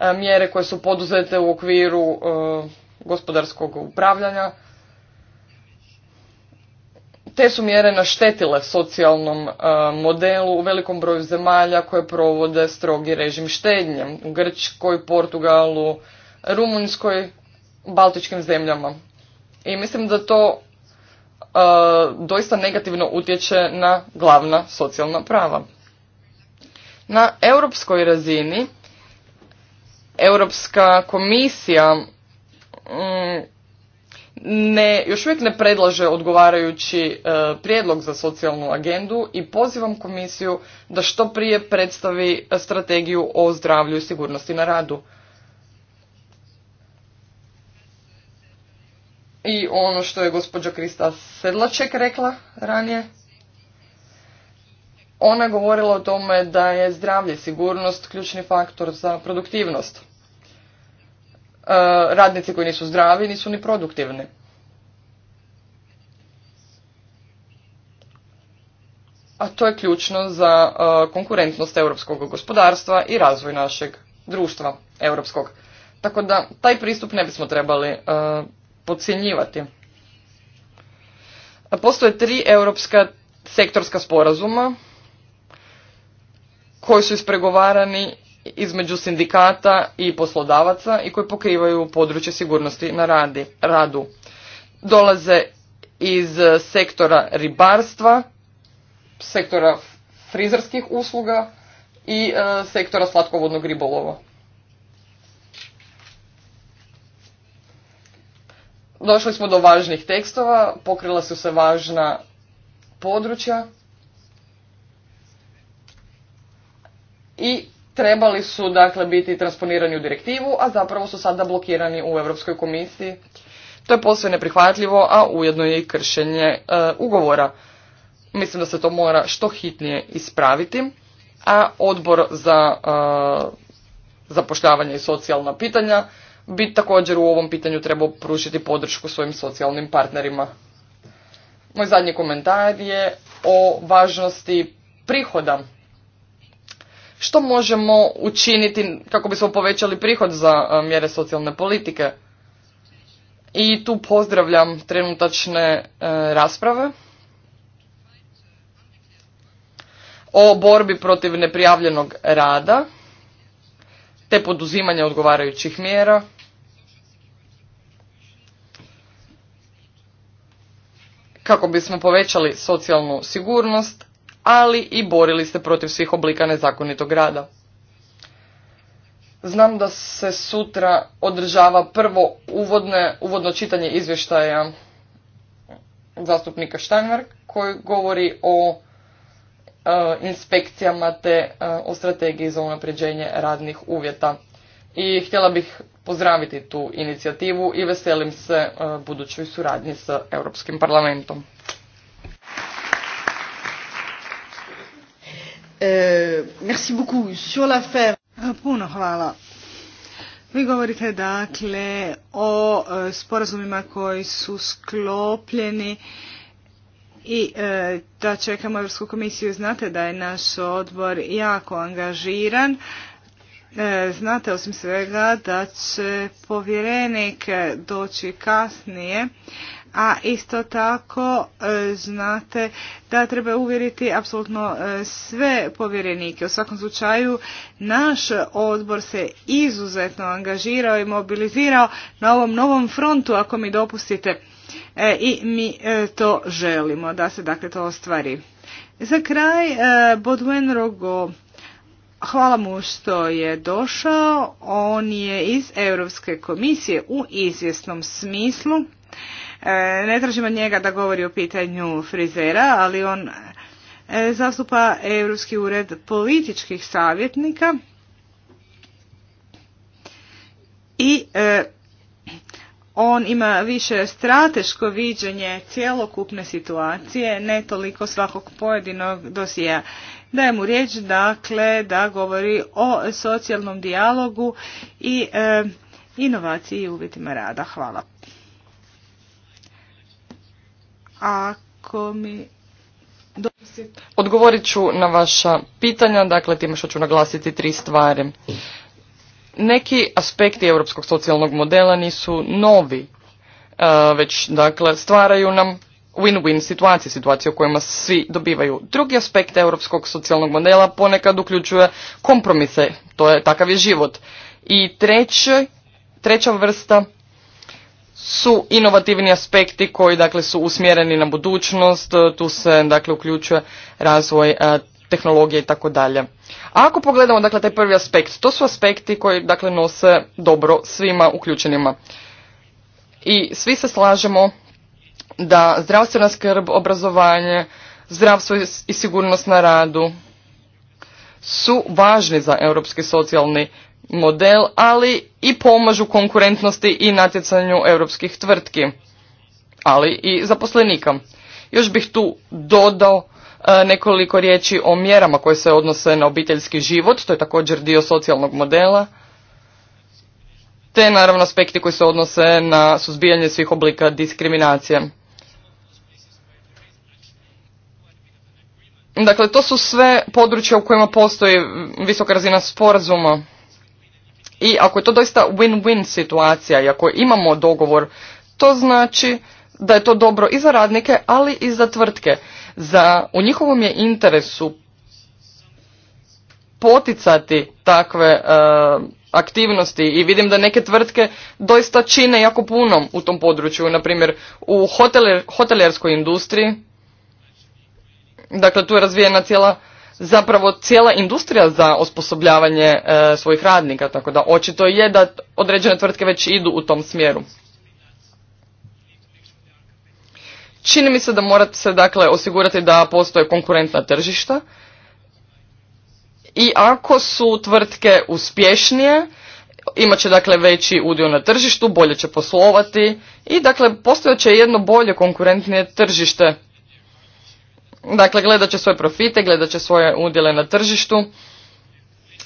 eh, mjere koje su poduzete u okviru eh, gospodarskog upravljanja, te su mjere naštetile socijalnom e, modelu u velikom broju zemalja koje provode strogi režim štednje u Grčkoj, Portugalu, Rumunjskoj, Baltičkim zemljama. I mislim da to e, doista negativno utječe na glavna socijalna prava. Na europskoj razini Europska komisija mm, ne, još uvijek ne predlaže odgovarajući e, prijedlog za socijalnu agendu i pozivam komisiju da što prije predstavi strategiju o zdravlju i sigurnosti na radu. I ono što je gospođa Krista Sedlaček rekla ranije, ona je govorila o tome da je zdravlje i sigurnost ključni faktor za produktivnost. E, radnici koji nisu zdravi nisu ni produktivni. A to je ključno za e, konkurentnost europskog gospodarstva i razvoj našeg društva europskog. Tako da taj pristup ne bismo trebali e, podcjenjivati. Postoje tri europska sektorska sporazuma koji su ispregovarani između sindikata i poslodavaca i koji pokrivaju područje sigurnosti na radi, radu. Dolaze iz sektora ribarstva, sektora frizerskih usluga i e, sektora slatkovodnog ribolova. Došli smo do važnih tekstova, pokrila su se važna područja i trebali su dakle biti transponirani u direktivu, a zapravo su sada blokirani u Europskoj komisiji. To je posve neprihvatljivo, a ujedno je i kršenje e, ugovora. Mislim da se to mora što hitnije ispraviti, a odbor za e, zapošljavanje i socijalna pitanja bi također u ovom pitanju trebao pružiti podršku svojim socijalnim partnerima. Moj zadnji komentar je o važnosti prihoda što možemo učiniti kako bismo povećali prihod za e, mjere socijalne politike? I tu pozdravljam trenutačne e, rasprave o borbi protiv neprijavljenog rada te poduzimanja odgovarajućih mjera. kako bismo povećali socijalnu sigurnost ali i borili se protiv svih oblika nezakonitog rada. Znam da se sutra održava prvo uvodne, uvodno čitanje izvještaja zastupnika Steinberg koji govori o e, inspekcijama te e, o strategiji za unapređenje radnih uvjeta. I htjela bih pozdraviti tu inicijativu i veselim se e, budućoj suradnji s Europskim parlamentom.
Eh, merci beaucoup. Sur eh, Puno hvala. Vi govorite dakle o eh, sporazumima koji su sklopljeni i da čekamo Europsku komisiju. Znate da je naš odbor jako angažiran. Znate osim svega da će povjerenik doći kasnije a isto tako e, znate da treba uvjeriti apsolutno e, sve povjerenike. U svakom slučaju naš odbor se izuzetno angažirao i mobilizirao na ovom novom frontu ako mi dopustite e, i mi to želimo da se dakle to ostvari. Za kraj Bodwen Rogo Hvala mu što je došao. On je iz Europske komisije u izvjesnom smislu E, ne tražim od njega da govori o pitanju frizera, ali on e, zastupa Europski ured političkih savjetnika i e, on ima više strateško viđenje cjelokupne situacije, ne toliko svakog pojedinog dosija. Daje mu riječ dakle da govori o socijalnom dijalogu i inovaciji i uvjetima rada. Hvala. Ako mi...
Odgovorit ću na vaša pitanja, dakle time što ću naglasiti tri stvari. Neki aspekti europskog socijalnog modela nisu novi, e, već dakle stvaraju nam win-win situacije, situacije u kojima svi dobivaju. Drugi aspekt europskog socijalnog modela ponekad uključuje kompromise, to je takav je život. I treća vrsta su inovativni aspekti koji dakle su usmjereni na budućnost, e, tu se dakle uključuje razvoj e, tehnologije i tako dalje. A ako pogledamo dakle taj prvi aspekt, to su aspekti koji dakle nose dobro svima uključenima. I svi se slažemo da zdravstvena skrb, obrazovanje, zdravstvo i sigurnost na radu su važni za europski socijalni model, ali i pomažu konkurentnosti i natjecanju europskih tvrtki, ali i zaposlenika. Još bih tu dodao e, nekoliko riječi o mjerama koje se odnose na obiteljski život, to je također dio socijalnog modela, te naravno aspekti koji se odnose na suzbijanje svih oblika diskriminacije. Dakle, to su sve područja u kojima postoji visoka razina sporazuma i ako je to doista win-win situacija i ako imamo dogovor, to znači da je to dobro i za radnike, ali i za tvrtke. Za, u njihovom je interesu poticati takve e, aktivnosti i vidim da neke tvrtke doista čine jako puno u tom području. Naprimjer, u hoteler, industriji, dakle tu je razvijena cijela zapravo cijela industrija za osposobljavanje e, svojih radnika, tako da očito je da određene tvrtke već idu u tom smjeru. Čini mi se da morate se dakle osigurati da postoje konkurentna tržišta i ako su tvrtke uspješnije, imat će dakle veći udio na tržištu, bolje će poslovati i dakle postojat će jedno bolje konkurentnije tržište Dakle, gledat će svoje profite, gledat će svoje udjele na tržištu.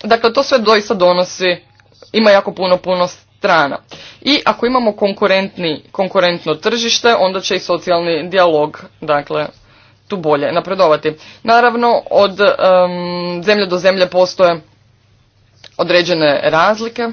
Dakle, to sve doista donosi, ima jako puno, puno strana. I ako imamo konkurentni, konkurentno tržište, onda će i socijalni dijalog, dakle, tu bolje napredovati. Naravno, od zemlje do zemlje postoje određene razlike.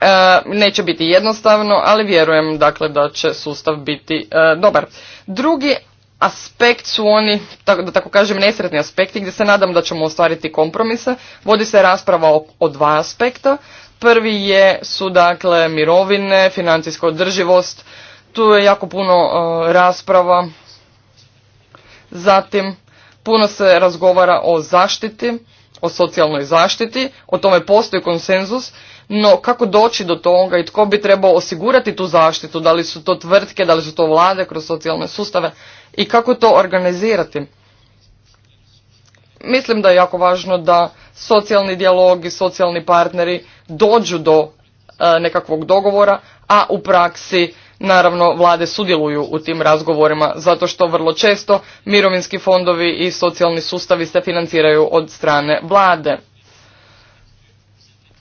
E, neće biti jednostavno, ali vjerujem dakle da će sustav biti e, dobar. Drugi aspekt su oni, da tako kažem, nesretni aspekti gdje se nadam da ćemo ostvariti kompromise. Vodi se rasprava o, dva aspekta. Prvi je, su dakle mirovine, financijska održivost, tu je jako puno e, rasprava. Zatim, puno se razgovara o zaštiti, o socijalnoj zaštiti, o tome postoji konsenzus, no kako doći do toga i tko bi trebao osigurati tu zaštitu, da li su to tvrtke, da li su to vlade kroz socijalne sustave, i kako to organizirati. Mislim da je jako važno da socijalni dijalog i socijalni partneri dođu do e, nekakvog dogovora, a u praksi naravno vlade sudjeluju u tim razgovorima zato što vrlo često mirovinski fondovi i socijalni sustavi se financiraju od strane vlade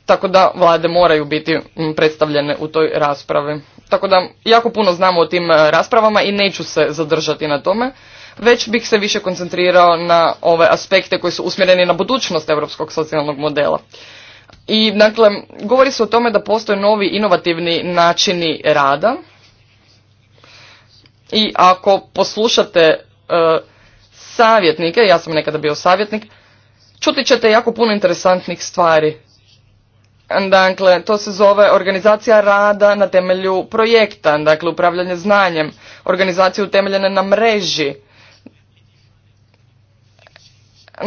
tako da vlade moraju biti mm, predstavljene u toj raspravi. Tako da jako puno znamo o tim e, raspravama i neću se zadržati na tome, već bih se više koncentrirao na ove aspekte koji su usmjereni na budućnost europskog socijalnog modela. I dakle, govori se o tome da postoje novi inovativni načini rada i ako poslušate e, savjetnike, ja sam nekada bio savjetnik, čuti ćete jako puno interesantnih stvari Dakle, to se zove organizacija rada na temelju projekta, dakle upravljanje znanjem, organizacija utemeljena na mreži.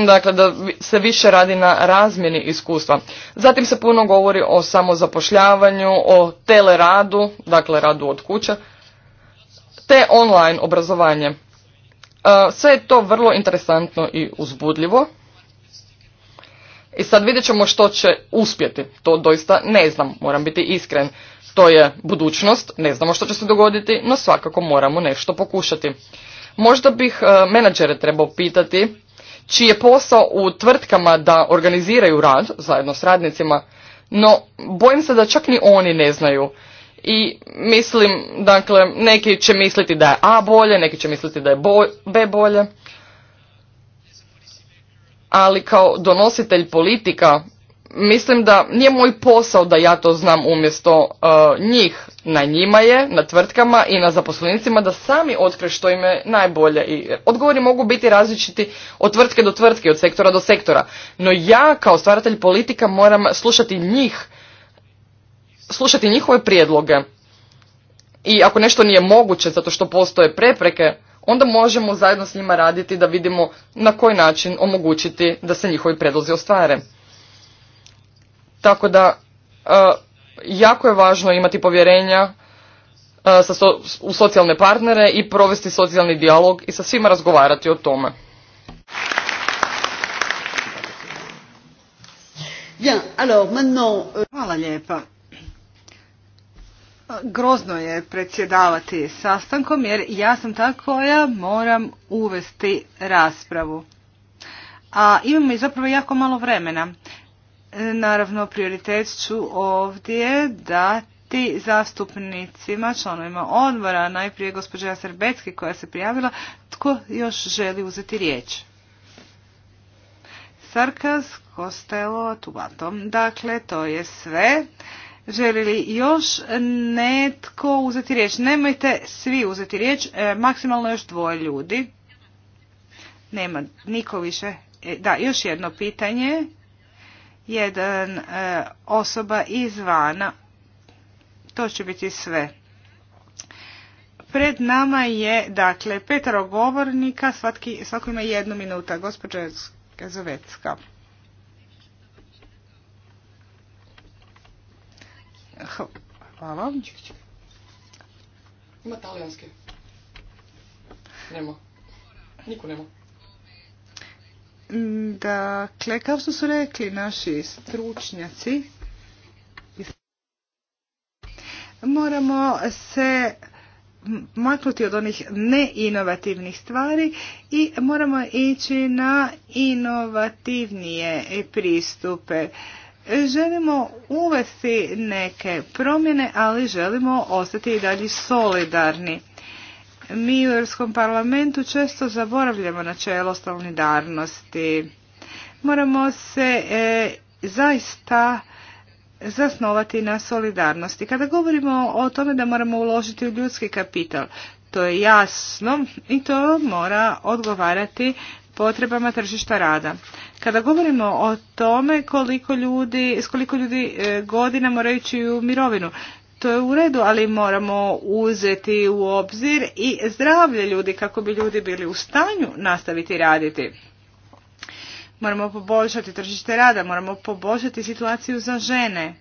Dakle, da se više radi na razmjeni iskustva. Zatim se puno govori o samozapošljavanju, o teleradu, dakle radu od kuća, te online obrazovanje. E, sve je to vrlo interesantno i uzbudljivo. I sad vidjet ćemo što će uspjeti. To doista ne znam, moram biti iskren. To je budućnost, ne znamo što će se dogoditi, no svakako moramo nešto pokušati. Možda bih e, menadžere trebao pitati čiji je posao u tvrtkama da organiziraju rad zajedno s radnicima, no bojim se da čak ni oni ne znaju. I mislim, dakle, neki će misliti da je A bolje, neki će misliti da je B bolje ali kao donositelj politika mislim da nije moj posao da ja to znam umjesto uh, njih. Na njima je, na tvrtkama i na zaposlenicima da sami otkri što im je najbolje. I odgovori mogu biti različiti od tvrtke do tvrtke, od sektora do sektora. No ja kao stvaratelj politika moram slušati njih, slušati njihove prijedloge. I ako nešto nije moguće zato što postoje prepreke, onda možemo zajedno s njima raditi da vidimo na koji način omogućiti da se njihovi predlozi ostvare. Tako da e, jako je važno imati povjerenja e, u socijalne partnere i provesti socijalni dijalog i sa svima razgovarati o tome.
Euh, Hvala lijepa. Grozno je predsjedavati sastankom jer ja sam ta koja moram uvesti raspravu. A imamo i zapravo jako malo vremena. Naravno, prioritet ću ovdje dati zastupnicima, članovima odbora, najprije gospođa Jazarbecki koja se prijavila, tko još želi uzeti riječ. Sarkaz, Kostelo, Tubatom. Dakle, to je sve. Želi li još netko uzeti riječ? Nemojte svi uzeti riječ, e, maksimalno još dvoje ljudi. Nema niko više. E, da, još jedno pitanje. Jedan e, osoba izvana. To će biti sve. Pred nama je, dakle, petero govornika, svatki, svako ima jednu minuta. Gospođa Zovecka. Hvala.
Ima talijanske. Nema. Niko
nema. Dakle, kao što su rekli naši stručnjaci, moramo se maknuti od onih neinovativnih stvari i moramo ići na inovativnije pristupe. Želimo uvesti neke promjene, ali želimo ostati i dalje solidarni. Mi u Europskom parlamentu često zaboravljamo načelo solidarnosti. Moramo se e, zaista zasnovati na solidarnosti. Kada govorimo o tome da moramo uložiti u ljudski kapital, to je jasno i to mora odgovarati potrebama tržišta rada. Kada govorimo o tome koliko ljudi, s koliko ljudi e, godina moraju ići u mirovinu, to je u redu, ali moramo uzeti u obzir i zdravlje ljudi kako bi ljudi bili u stanju nastaviti raditi. Moramo poboljšati tržište rada, moramo poboljšati situaciju za žene.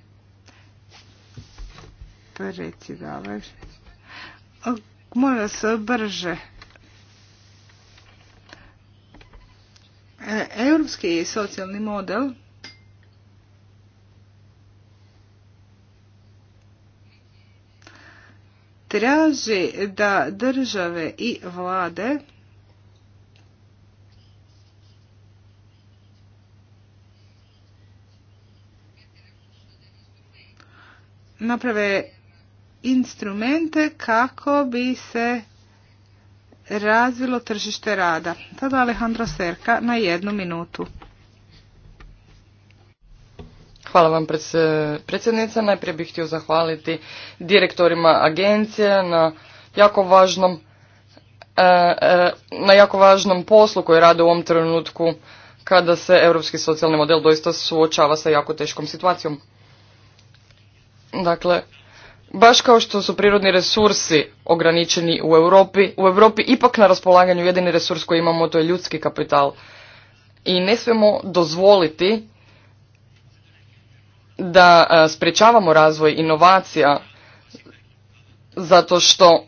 Predsjedavajući. Molim vas brže. E, europski socijalni model traži da države i vlade naprave instrumente kako bi se razvilo tržište rada. Tada Alejandro Serka na jednu minutu.
Hvala vam predsjednica. Najprije bih htio zahvaliti direktorima agencije na jako važnom e, e, na jako važnom poslu koji rade u ovom trenutku kada se europski socijalni model doista suočava sa jako teškom situacijom. Dakle, Baš kao što su prirodni resursi ograničeni u Europi, u Europi ipak na raspolaganju jedini resurs koji imamo to je ljudski kapital. I ne smijemo dozvoliti da e, sprječavamo razvoj inovacija zato što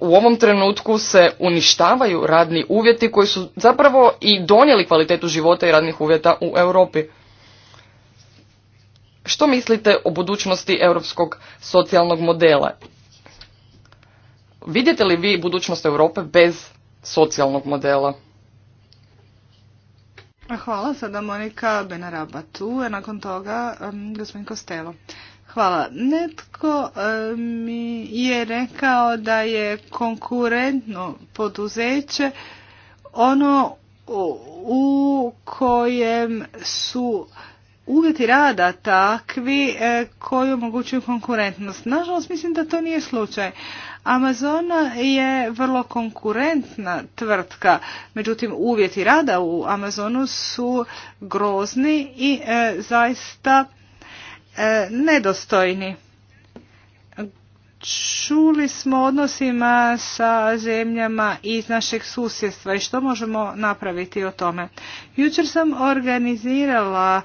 u ovom trenutku se uništavaju radni uvjeti koji su zapravo i donijeli kvalitetu života i radnih uvjeta u Europi. Što mislite o budućnosti europskog socijalnog modela? Vidite li vi budućnost Europe bez socijalnog modela?
Hvala. Sada Monika Benarabatu, a nakon toga um, gospodin Kostelo. Hvala. Netko mi je rekao da je konkurentno poduzeće ono u kojem su uvjeti rada takvi e, koji omogućuju konkurentnost. Nažalost, mislim da to nije slučaj. Amazona je vrlo konkurentna tvrtka, međutim uvjeti rada u Amazonu su grozni i e, zaista e, nedostojni. Čuli smo odnosima sa zemljama iz našeg susjedstva i što možemo napraviti o tome. Jučer sam organizirala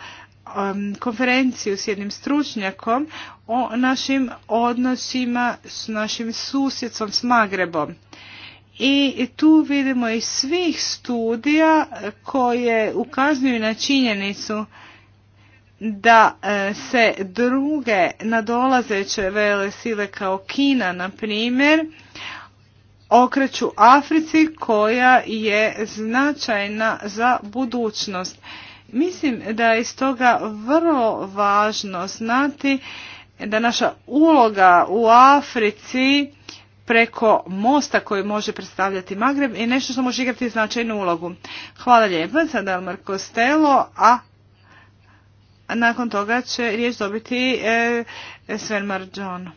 konferenciju s jednim stručnjakom o našim odnosima s našim susjedcom s Magrebom. I tu vidimo iz svih studija koje ukazuju na činjenicu da e, se druge nadolazeće vele sile kao Kina, na primjer, okreću Africi koja je značajna za budućnost Mislim da je iz toga vrlo važno znati da naša uloga u Africi preko mosta koji može predstavljati Magreb i nešto što može igrati značajnu ulogu. Hvala lijepa, sada Costello, a nakon toga će riječ dobiti e, Sven Marđon.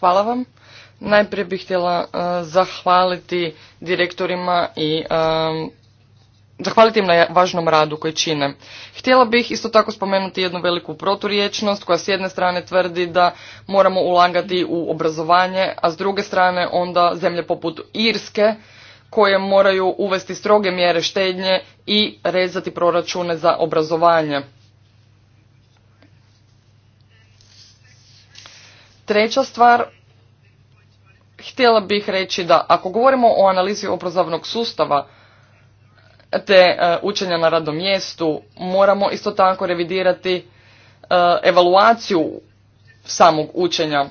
Hvala vam. Najprije bih htjela e, zahvaliti
direktorima i e, zahvaliti im na važnom radu koji čine. Htjela bih isto tako spomenuti jednu veliku proturiječnost, koja s jedne strane tvrdi da moramo ulagati u obrazovanje, a s druge strane onda zemlje poput Irske koje moraju uvesti stroge mjere štednje i rezati proračune za obrazovanje. Treća stvar, htjela bih reći da ako govorimo o analizi obrazovnog sustava, te e, učenja na radnom mjestu. Moramo isto tako revidirati e, evaluaciju samog učenja.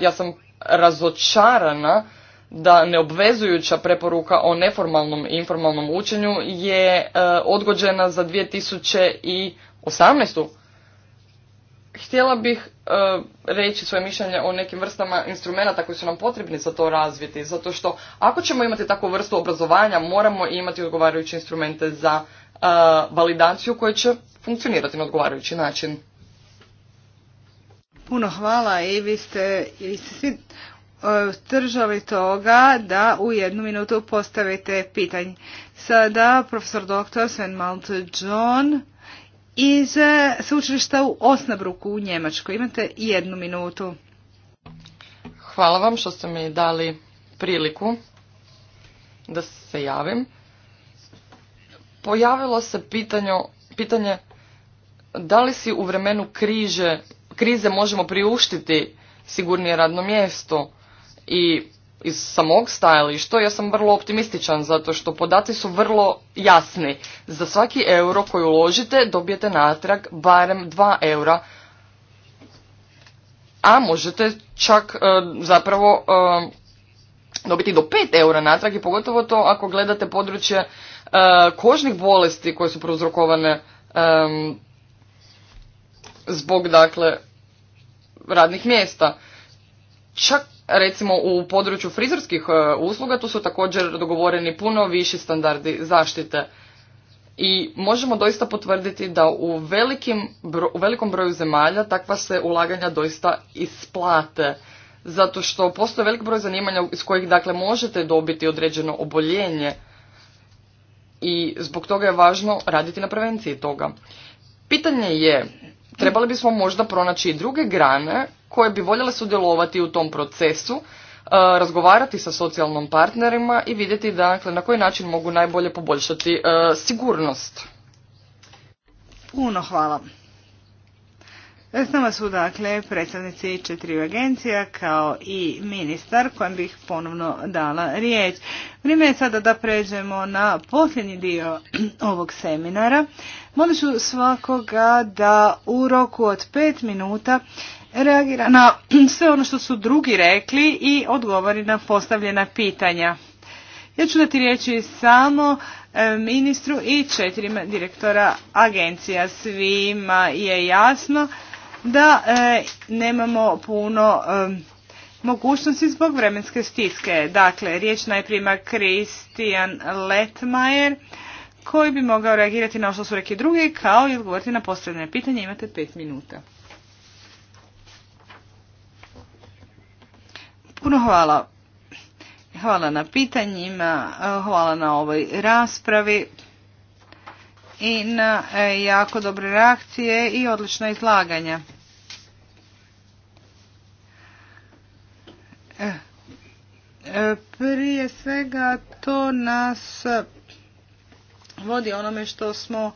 Ja sam razočarana da neobvezujuća preporuka o neformalnom i informalnom učenju je e, odgođena za 2018. Htjela bih uh, reći svoje mišljenje o nekim vrstama instrumenata koji su nam potrebni za to razviti, zato što ako ćemo imati takvu vrstu obrazovanja, moramo imati odgovarajuće instrumente za e, validaciju koje će funkcionirati na odgovarajući način.
Puno hvala i vi ste, svi e, toga da u jednu minutu postavite pitanje. Sada profesor doktor Sven Malte John iz e, sveučilišta u Osnabruku u Njemačkoj. Imate jednu minutu. Hvala vam što ste mi dali priliku
da se javim. Pojavilo se pitanje, pitanje da li si u vremenu križe, krize možemo priuštiti sigurnije radno mjesto i iz samog stajališta ja sam vrlo optimističan zato što podaci su vrlo jasni. Za svaki euro koji uložite dobijete natrag barem 2 eura, a možete čak e, zapravo e, dobiti do 5 eura natrag i pogotovo to ako gledate područje e, kožnih bolesti koje su prouzrokovane zbog dakle radnih mjesta. Čak recimo u području frizerskih e, usluga tu su također dogovoreni puno viši standardi zaštite. I možemo doista potvrditi da u, u velikom broju zemalja takva se ulaganja doista isplate. Zato što postoji velik broj zanimanja iz kojih dakle možete dobiti određeno oboljenje i zbog toga je važno raditi na prevenciji toga. Pitanje je trebali bismo možda pronaći i druge grane koje bi voljele sudjelovati u tom procesu, e, razgovarati sa socijalnim partnerima i vidjeti dakle, na koji način mogu najbolje poboljšati e, sigurnost.
Puno hvala. E, s nama su dakle predstavnici četiri agencija kao i ministar kojem bih ponovno dala riječ. Vrijeme je sada da pređemo na posljednji dio ovog seminara. Molim ću svakoga da u roku od pet minuta reagira na sve ono što su drugi rekli i odgovori na postavljena pitanja. Ja ću dati riječi samo e, ministru i četirima direktora agencija. Svima je jasno da e, nemamo puno e, mogućnosti zbog vremenske stiske. Dakle, riječ najprije ima Kristijan Letmajer koji bi mogao reagirati na što su rekli drugi kao i odgovoriti na posljedne pitanje. Imate pet minuta. Puno hvala. Hvala na pitanjima, hvala na ovoj raspravi i na e, jako dobre reakcije i odlična izlaganja. E, e, prije svega to nas vodi onome što smo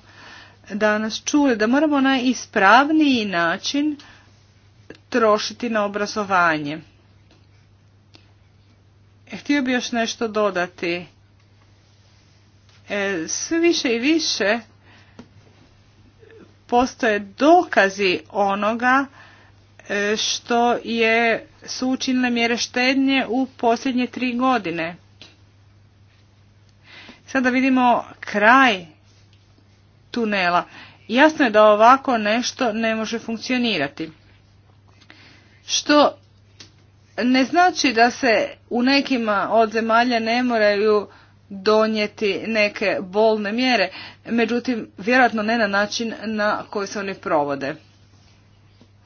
danas čuli, da moramo na ispravniji način trošiti na obrazovanje. Htio bi još nešto dodati. Sve više i više postoje dokazi onoga e, što je, su učinile mjere štednje u posljednje tri godine. Sada vidimo kraj tunela. Jasno je da ovako nešto ne može funkcionirati. Što ne znači da se u nekima od zemalja ne moraju donijeti neke bolne mjere, međutim vjerojatno ne na način na koji se oni provode.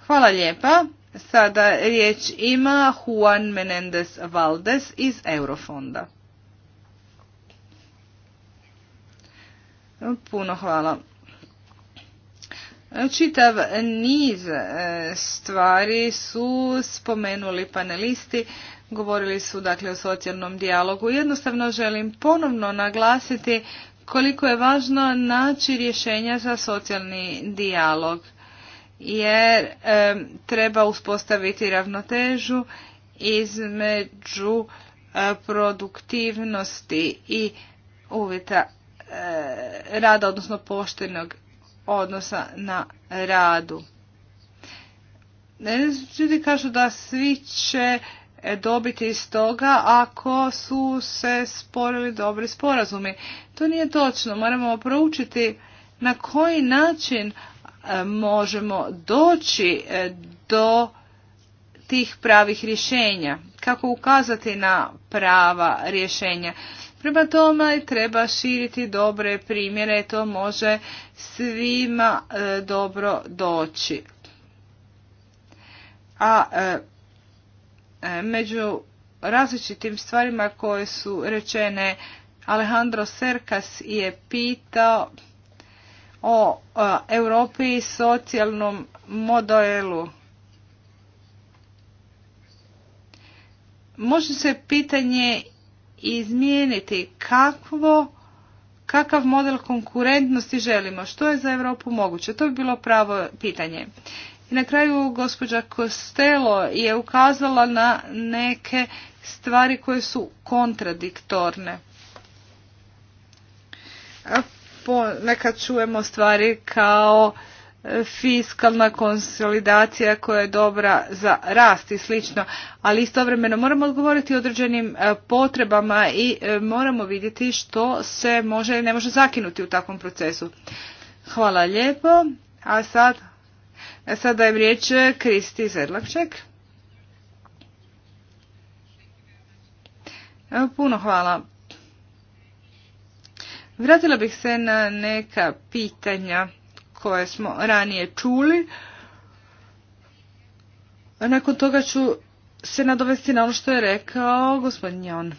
Hvala lijepa. Sada riječ ima Juan Menendez Valdes iz Eurofonda. Puno hvala. Čitav niz e, stvari su spomenuli panelisti Govorili su dakle o socijalnom dijalogu. Jednostavno želim ponovno naglasiti koliko je važno naći rješenja za socijalni dijalog jer treba uspostaviti ravnotežu između e, produktivnosti i uvjeta e, rada, odnosno poštenog odnosa na radu. E, ljudi kažu da svi će dobiti iz toga ako su se sporili dobri sporazumi. To nije točno. Moramo proučiti na koji način e, možemo doći e, do tih pravih rješenja, kako ukazati na prava rješenja. Prema tome treba širiti dobre primjere, to može svima e, dobro doći. A E, među različitim stvarima koje su rečene Alejandro Serkas je pitao o e, Europi i socijalnom modelu. Može se pitanje izmijeniti kakvo, kakav model konkurentnosti želimo, što je za Europu moguće. To bi bilo pravo pitanje. I na kraju gospođa Kostelo je ukazala na neke stvari koje su kontradiktorne. Nekad čujemo stvari kao e, fiskalna konsolidacija koja je dobra za rast i slično, ali istovremeno moramo odgovoriti određenim e, potrebama i e, moramo vidjeti što se može ne može zakinuti u takvom procesu. Hvala lijepo. A sad E, Sada je riječ e, Kristi evo e, Puno hvala. Vratila bih se na neka pitanja koje smo ranije čuli. Nakon toga ću se nadovesti na ono što je rekao gospodin Jon.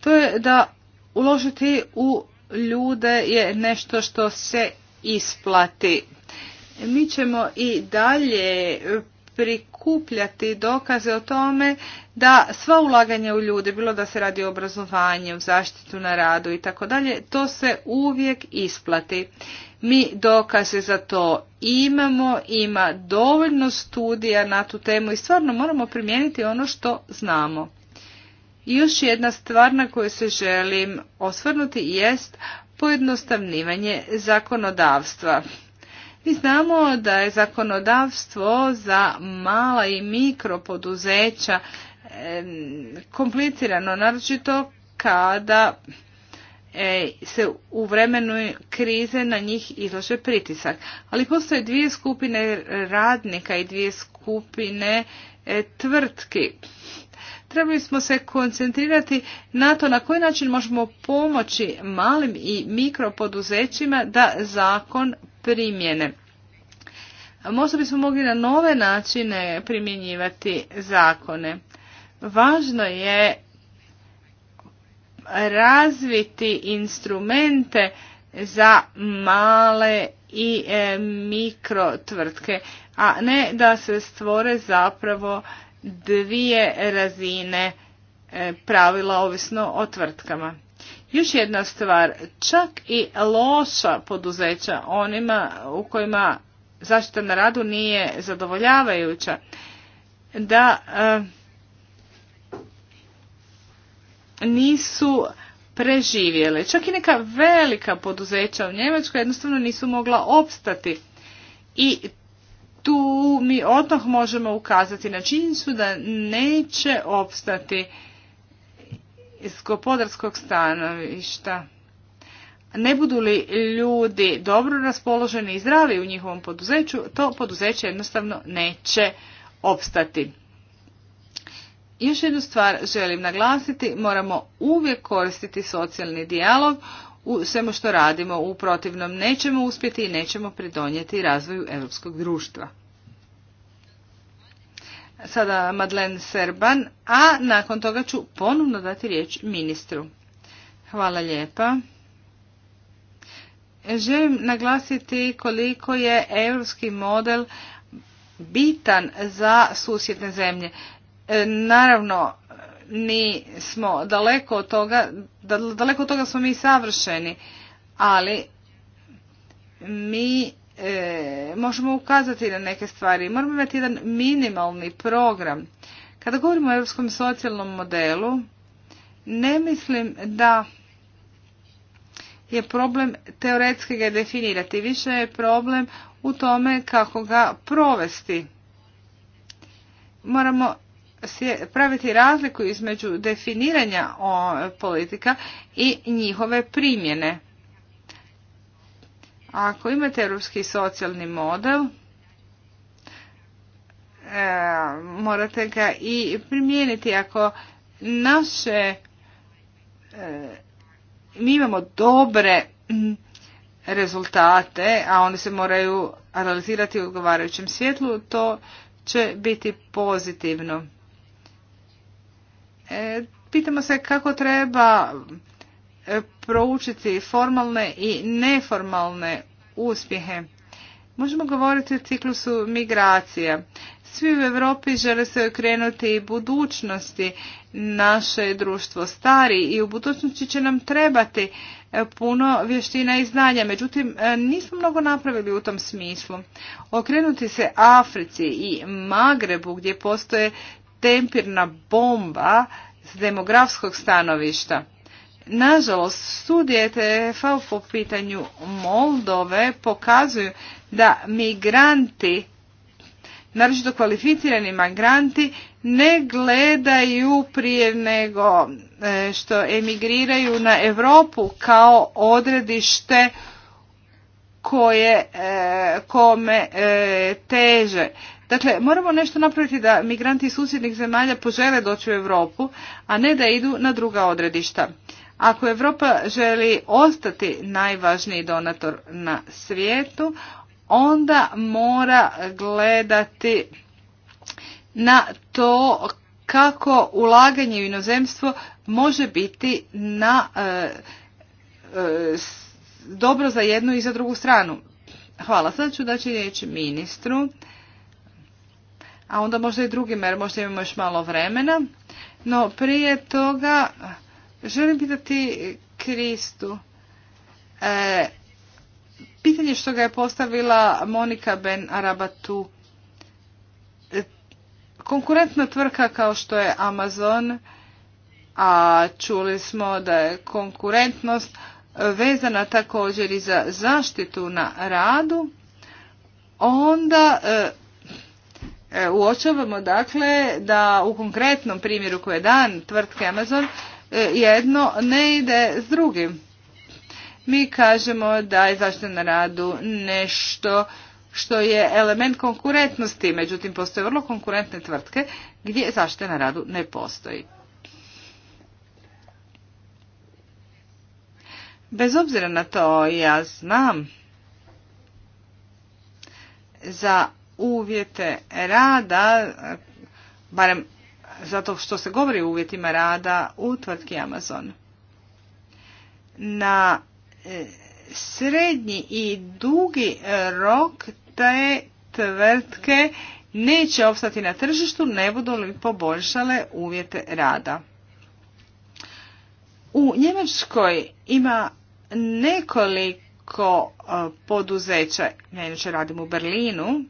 To je da uložiti u ljude je nešto što se isplati. Mi ćemo i dalje prikupljati dokaze o tome da sva ulaganja u ljude, bilo da se radi o obrazovanju, zaštitu na radu i tako dalje, to se uvijek isplati. Mi dokaze za to imamo, ima dovoljno studija na tu temu i stvarno moramo primijeniti ono što znamo. I još jedna stvar na koju se želim osvrnuti jest pojednostavnivanje zakonodavstva. Mi znamo da je zakonodavstvo za mala i mikro poduzeća komplicirano, naročito kada e, se u vremenu krize na njih izlaže pritisak. Ali postoje dvije skupine radnika i dvije skupine e, tvrtki trebali smo se koncentrirati na to na koji način možemo pomoći malim i mikropoduzećima da zakon primjene. Možda bismo mogli na nove načine primjenjivati zakone. Važno je razviti instrumente za male i e, mikro tvrtke, a ne da se stvore zapravo dvije razine e, pravila ovisno o tvrtkama. Još jedna stvar, čak i loša poduzeća onima u kojima zaštita na radu nije zadovoljavajuća, da e, nisu preživjele. Čak i neka velika poduzeća u Njemačkoj jednostavno nisu mogla opstati. I tu mi odmah možemo ukazati na činjenicu da neće opstati iz gospodarskog stanovišta. Ne budu li ljudi dobro raspoloženi i zdravi u njihovom poduzeću, to poduzeće jednostavno neće opstati. Još jednu stvar želim naglasiti, moramo uvijek koristiti socijalni dijalog u svemu što radimo. U protivnom nećemo uspjeti i nećemo pridonijeti razvoju europskog društva. Sada Madlen Serban, a nakon toga ću ponovno dati riječ ministru. Hvala lijepa. Želim naglasiti koliko je europski model bitan za susjedne zemlje. E, naravno, mi smo daleko od toga, daleko od toga smo mi savršeni, ali mi e, možemo ukazati na neke stvari. Moramo imati jedan minimalni program. Kada govorimo o europskom socijalnom modelu, ne mislim da je problem teoretski ga definirati. Više je problem u tome kako ga provesti. Moramo praviti razliku između definiranja o politika i njihove primjene. Ako imate europski socijalni model, e, morate ga i primijeniti. Ako naše e, mi imamo dobre rezultate, a oni se moraju analizirati u odgovarajućem svjetlu, to će biti pozitivno. E, pitamo se kako treba e, proučiti formalne i neformalne uspjehe. Možemo govoriti o ciklusu migracija. Svi u Europi žele se okrenuti i budućnosti. Naše društvo stari i u budućnosti će nam trebati e, puno vještina i znanja. Međutim, nismo mnogo napravili u tom smislu. Okrenuti se Africi i Magrebu gdje postoje tempirna bomba s demografskog stanovišta. Nažalost, studije TF po pitanju Moldove pokazuju da migranti, naročito kvalificirani migranti, ne gledaju prije nego e, što emigriraju na Europu kao odredište koje e, kome e, teže Dakle, moramo nešto napraviti da migranti iz susjednih zemalja požele doći u Europu, a ne da idu na druga odredišta. Ako Europa želi ostati najvažniji donator na svijetu, onda mora gledati na to kako ulaganje u inozemstvo može biti na e, e, dobro za jednu i za drugu stranu. Hvala. Sada ću daći riječ ministru a onda možda i drugima jer možda imamo još malo vremena. No prije toga želim pitati Kristu. E, pitanje što ga je postavila Monika Ben Arabatu. E, konkurentna tvrtka kao što je Amazon, a čuli smo da je konkurentnost vezana također i za zaštitu na radu, onda e, E, uočavamo dakle da u konkretnom primjeru koji je dan tvrtke Amazon e, jedno ne ide s drugim. Mi kažemo da je zaštita na radu nešto što je element konkurentnosti, međutim postoje vrlo konkurentne tvrtke gdje zaštita na radu ne postoji. Bez obzira na to ja znam za uvjete rada, barem zato što se govori o uvjetima rada u tvrtki Amazon. Na e, srednji i dugi e, rok te tvrtke neće opstati na tržištu, ne budu li poboljšale uvjete rada. U Njemačkoj ima nekoliko e, poduzeća, ja inače radim u Berlinu,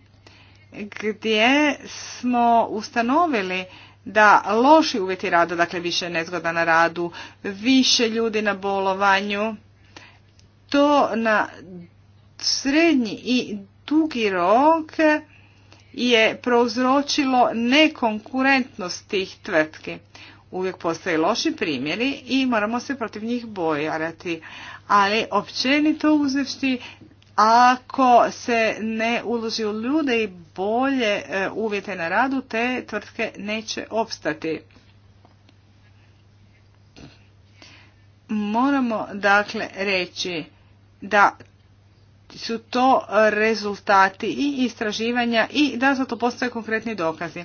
gdje smo ustanovili da loši uvjeti rada, dakle više nezgoda na radu, više ljudi na bolovanju, to na srednji i dugi rok je prouzročilo nekonkurentnost tih tvrtki. Uvijek postoje loši primjeri i moramo se protiv njih bojarati. Ali općenito uzevšti ako se ne uloži u ljude i bolje e, uvjete na radu, te tvrtke neće opstati. Moramo dakle reći da su to rezultati i istraživanja i da za to postoje konkretni dokazi.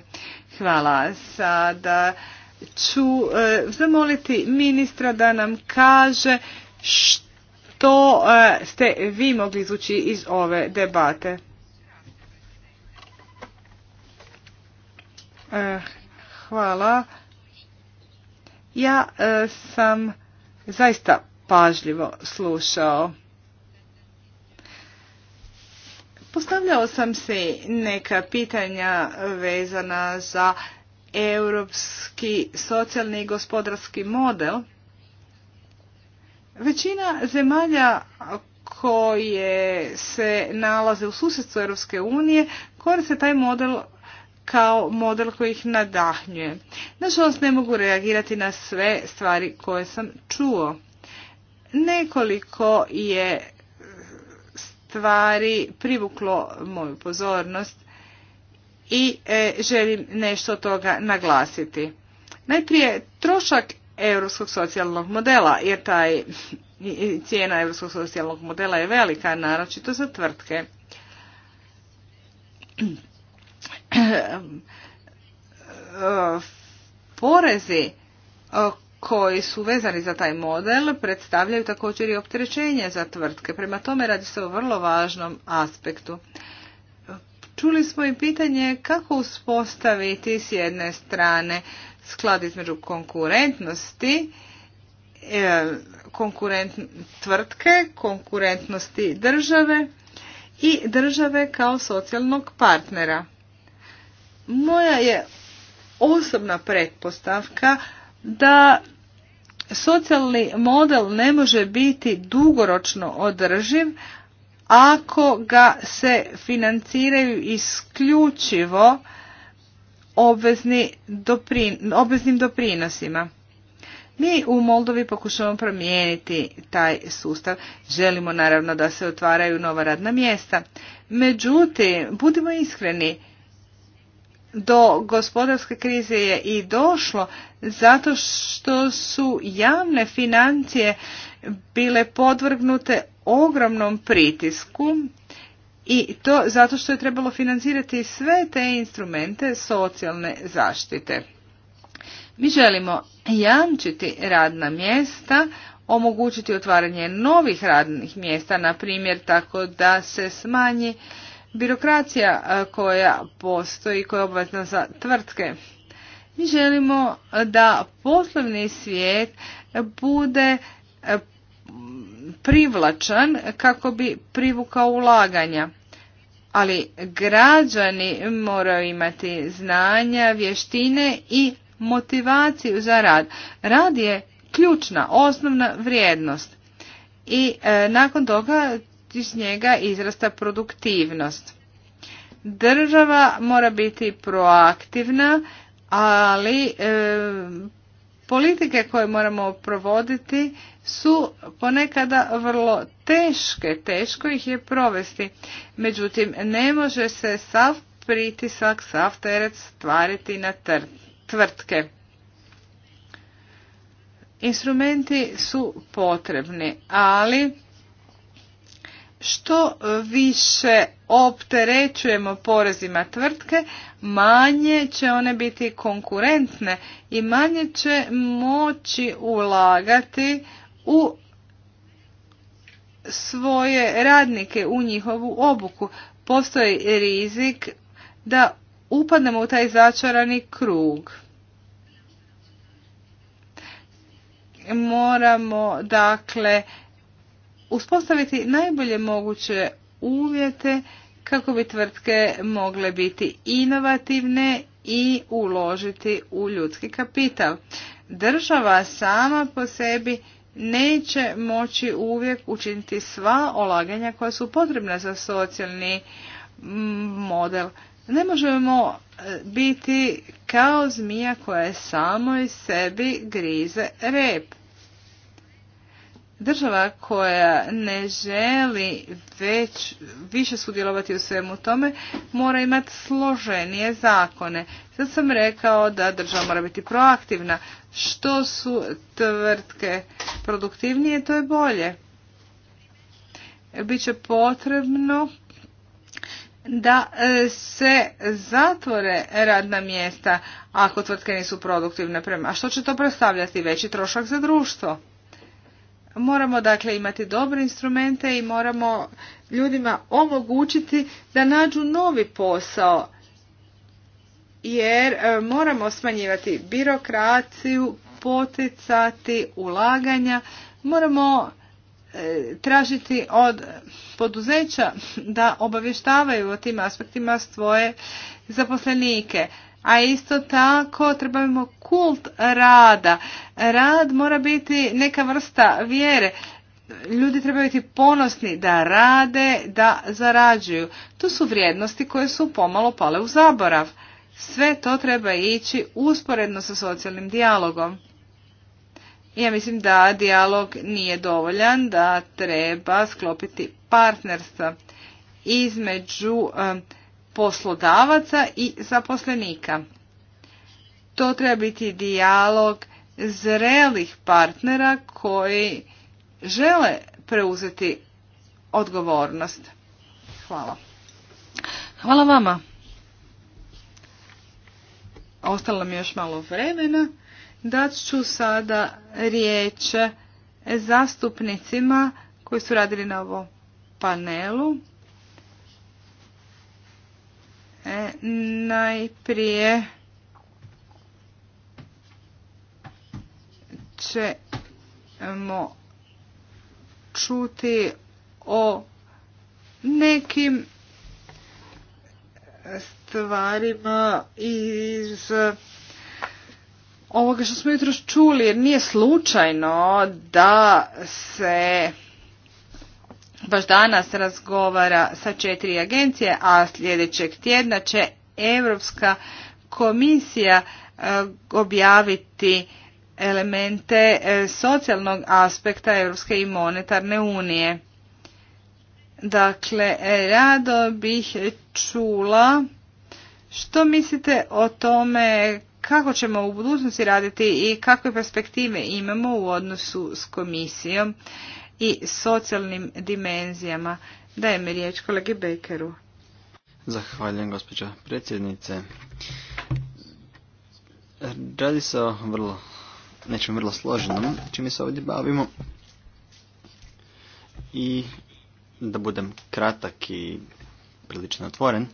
Hvala. Sada ću e, zamoliti ministra da nam kaže što to e, ste vi mogli izvući iz ove debate? E, hvala. Ja e, sam zaista pažljivo slušao. Postavljao sam se neka pitanja vezana za europski socijalni i gospodarski model Većina zemalja koje se nalaze u susjedstvu Europske unije koriste taj model kao model koji ih nadahnjuje. Nažalost ne mogu reagirati na sve stvari koje sam čuo. Nekoliko je stvari privuklo moju pozornost i e, želim nešto od toga naglasiti. Najprije trošak europskog socijalnog modela, jer taj cijena europskog socijalnog modela je velika, naročito za tvrtke. Porezi koji su vezani za taj model predstavljaju također i opterećenje za tvrtke. Prema tome radi se o vrlo važnom aspektu. Čuli smo i pitanje kako uspostaviti s jedne strane sklad između konkurentnosti e, konkurent, tvrtke, konkurentnosti države i države kao socijalnog partnera. Moja je osobna pretpostavka da socijalni model ne može biti dugoročno održiv ako ga se financiraju isključivo obvezni doprin, obveznim doprinosima. Mi u Moldovi pokušavamo promijeniti taj sustav. Želimo naravno da se otvaraju nova radna mjesta. Međutim, budimo iskreni, do gospodarske krize je i došlo zato što su javne financije bile podvrgnute ogromnom pritisku i to zato što je trebalo financirati sve te instrumente socijalne zaštite. Mi želimo jamčiti radna mjesta, omogućiti otvaranje novih radnih mjesta, na primjer tako da se smanji birokracija koja postoji, koja je obvezna za tvrtke. Mi želimo da poslovni svijet bude privlačan kako bi privukao ulaganja. Ali građani moraju imati znanja, vještine i motivaciju za rad. Rad je ključna, osnovna vrijednost i e, nakon toga iz njega izrasta produktivnost. Država mora biti proaktivna, ali e, politike koje moramo provoditi su ponekada vrlo teške, teško ih je provesti. Međutim, ne može se sav pritisak, sav teret stvariti na tvrtke. Instrumenti su potrebni, ali što više opterećujemo porezima tvrtke, manje će one biti konkurentne i manje će moći ulagati u svoje radnike, u njihovu obuku. Postoji rizik da upadnemo u taj začarani krug. Moramo, dakle, uspostaviti najbolje moguće uvjete kako bi tvrtke mogle biti inovativne i uložiti u ljudski kapital. Država sama po sebi neće moći uvijek učiniti sva olaganja koja su potrebna za socijalni mm, model. Ne možemo e, biti kao zmija koja je samo i sebi grize rep. Država koja ne želi već više sudjelovati u svemu tome mora imati složenije zakone. Sad sam rekao da država mora biti proaktivna što su tvrtke produktivnije, to je bolje. Biće potrebno da e, se zatvore radna mjesta ako tvrtke nisu produktivne prema. A što će to predstavljati? Veći trošak za društvo. Moramo dakle imati dobre instrumente i moramo ljudima omogućiti da nađu novi posao jer e, moramo smanjivati birokraciju, poticati ulaganja, moramo e, tražiti od poduzeća da obavještavaju o tim aspektima svoje zaposlenike. A isto tako trebamo kult rada. Rad mora biti neka vrsta vjere. Ljudi trebaju biti ponosni da rade, da zarađuju. To su vrijednosti koje su pomalo pale u zaborav. Sve to treba ići usporedno sa socijalnim dijalogom. Ja mislim da dijalog nije dovoljan, da treba sklopiti partnerstva između poslodavaca i zaposlenika. To treba biti dijalog zrelih partnera koji žele preuzeti odgovornost. Hvala. Hvala vama ostalo mi još malo vremena, dat ću sada riječ zastupnicima koji su radili na ovom panelu. E, najprije ćemo čuti o nekim stvarima iz ovoga što smo jutros čuli, jer nije slučajno da se baš danas razgovara sa četiri agencije, a sljedećeg tjedna će Europska komisija e, objaviti elemente e, socijalnog aspekta Europske i monetarne unije. Dakle, e, rado bih čula što mislite o tome kako ćemo u budućnosti raditi i kakve perspektive imamo u odnosu s komisijom i socijalnim dimenzijama? Dajem riječ kolegi Bekeru.
Zahvaljujem gospođo predsjednice. Radi se o vrlo, nečem vrlo složenom, čime se ovdje bavimo. I da budem kratak i prilično otvoren,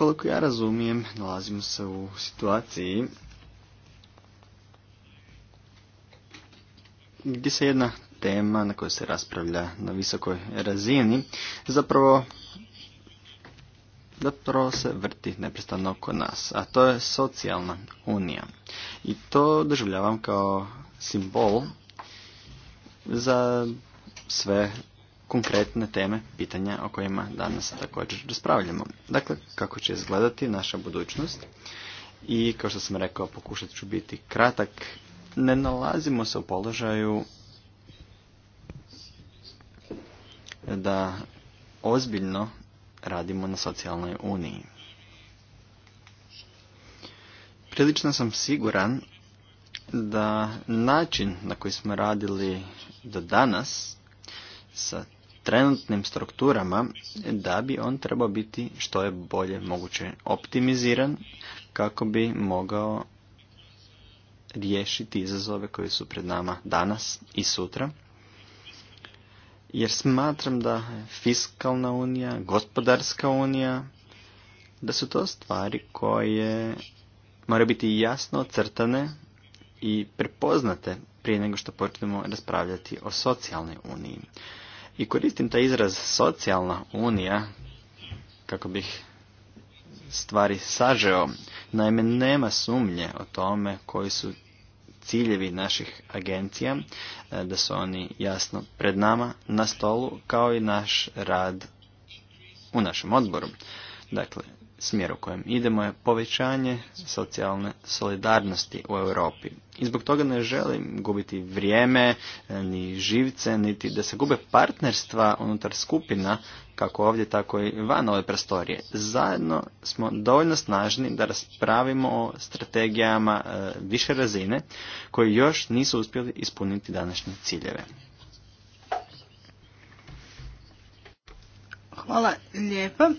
Koliko ja razumijem, nalazimo se u situaciji gdje se jedna tema na kojoj se raspravlja na visokoj razini zapravo zapravo se vrti neprestano oko nas, a to je socijalna unija. I to doživljavam kao simbol za sve konkretne teme, pitanja o kojima danas također raspravljamo. Dakle, kako će izgledati naša budućnost i kao što sam rekao pokušat ću biti kratak, ne nalazimo se u položaju da ozbiljno radimo na socijalnoj uniji. Prilično sam siguran da način na koji smo radili do danas sa trenutnim strukturama da bi on trebao biti što je bolje moguće optimiziran kako bi mogao riješiti izazove koji su pred nama danas i sutra. Jer smatram da fiskalna unija, gospodarska unija, da su to stvari koje moraju biti jasno ocrtane i prepoznate prije nego što počnemo raspravljati o socijalnoj uniji. I koristim taj izraz socijalna unija kako bih stvari sažeo. Naime, nema sumnje o tome koji su ciljevi naših agencija, e, da su oni jasno pred nama na stolu, kao i naš rad u našem odboru. Dakle, smjer u kojem idemo je povećanje socijalne solidarnosti u Europi. I zbog toga ne želim gubiti vrijeme, e, ni živce, niti da se gube partnerstva unutar skupina, kako ovdje, tako i van ove prostorije. Zajedno smo dovoljno snažni da raspravimo o strategijama e, više razine, koji još nisu uspjeli ispuniti današnje ciljeve.
Hvala lijepa.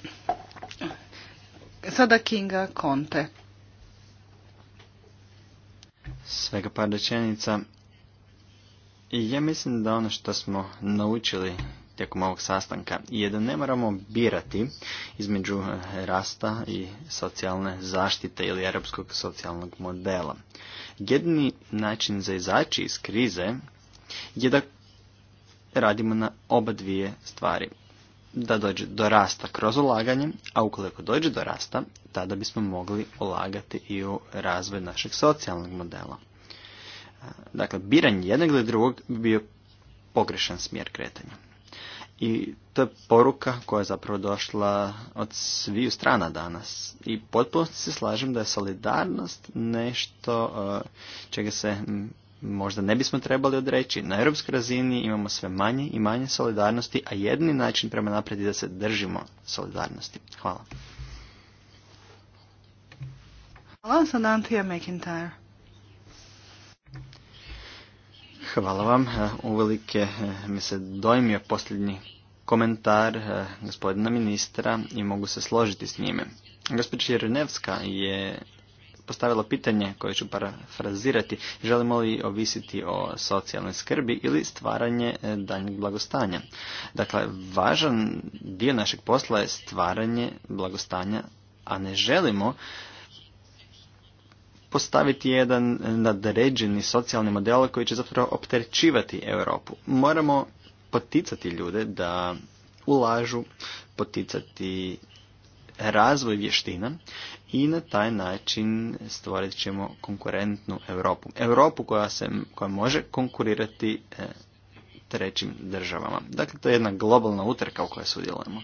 Sada Kinga Konte.
Svega par rečenica. Ja mislim da ono što smo naučili tijekom ovog sastanka je da ne moramo birati između eh, rasta i socijalne zaštite ili europskog socijalnog modela. Jedini način za izaći iz krize je da radimo na oba dvije stvari da dođe do rasta kroz ulaganje, a ukoliko dođe do rasta, tada bismo mogli ulagati i u razvoj našeg socijalnog modela. E, dakle, biranje jednog ili drugog bi bio pogrešan smjer kretanja. I to je poruka koja je zapravo došla od sviju strana danas. I potpuno se slažem da je solidarnost nešto e, čega se možda ne bismo trebali odreći. Na europskoj razini imamo sve manje i manje solidarnosti, a jedni način prema naprijed je da se držimo solidarnosti. Hvala.
Hvala, McIntyre.
Hvala vam. Uvelike eh, mi se dojmio posljednji komentar eh, gospodina ministra i mogu se složiti s njime. Gospođa Jernevska je postavilo pitanje koje ću parafrazirati. Želimo li ovisiti o socijalnoj skrbi ili stvaranje e, daljnjeg blagostanja? Dakle, važan dio našeg posla je stvaranje blagostanja, a ne želimo postaviti jedan nadređeni socijalni model koji će zapravo opterećivati Europu. Moramo poticati ljude da ulažu, poticati razvoj vještina i na taj način stvorit ćemo konkurentnu Europu. Europu koja, se, koja može konkurirati e, trećim državama. Dakle, to je jedna globalna utrka u kojoj sudjelujemo.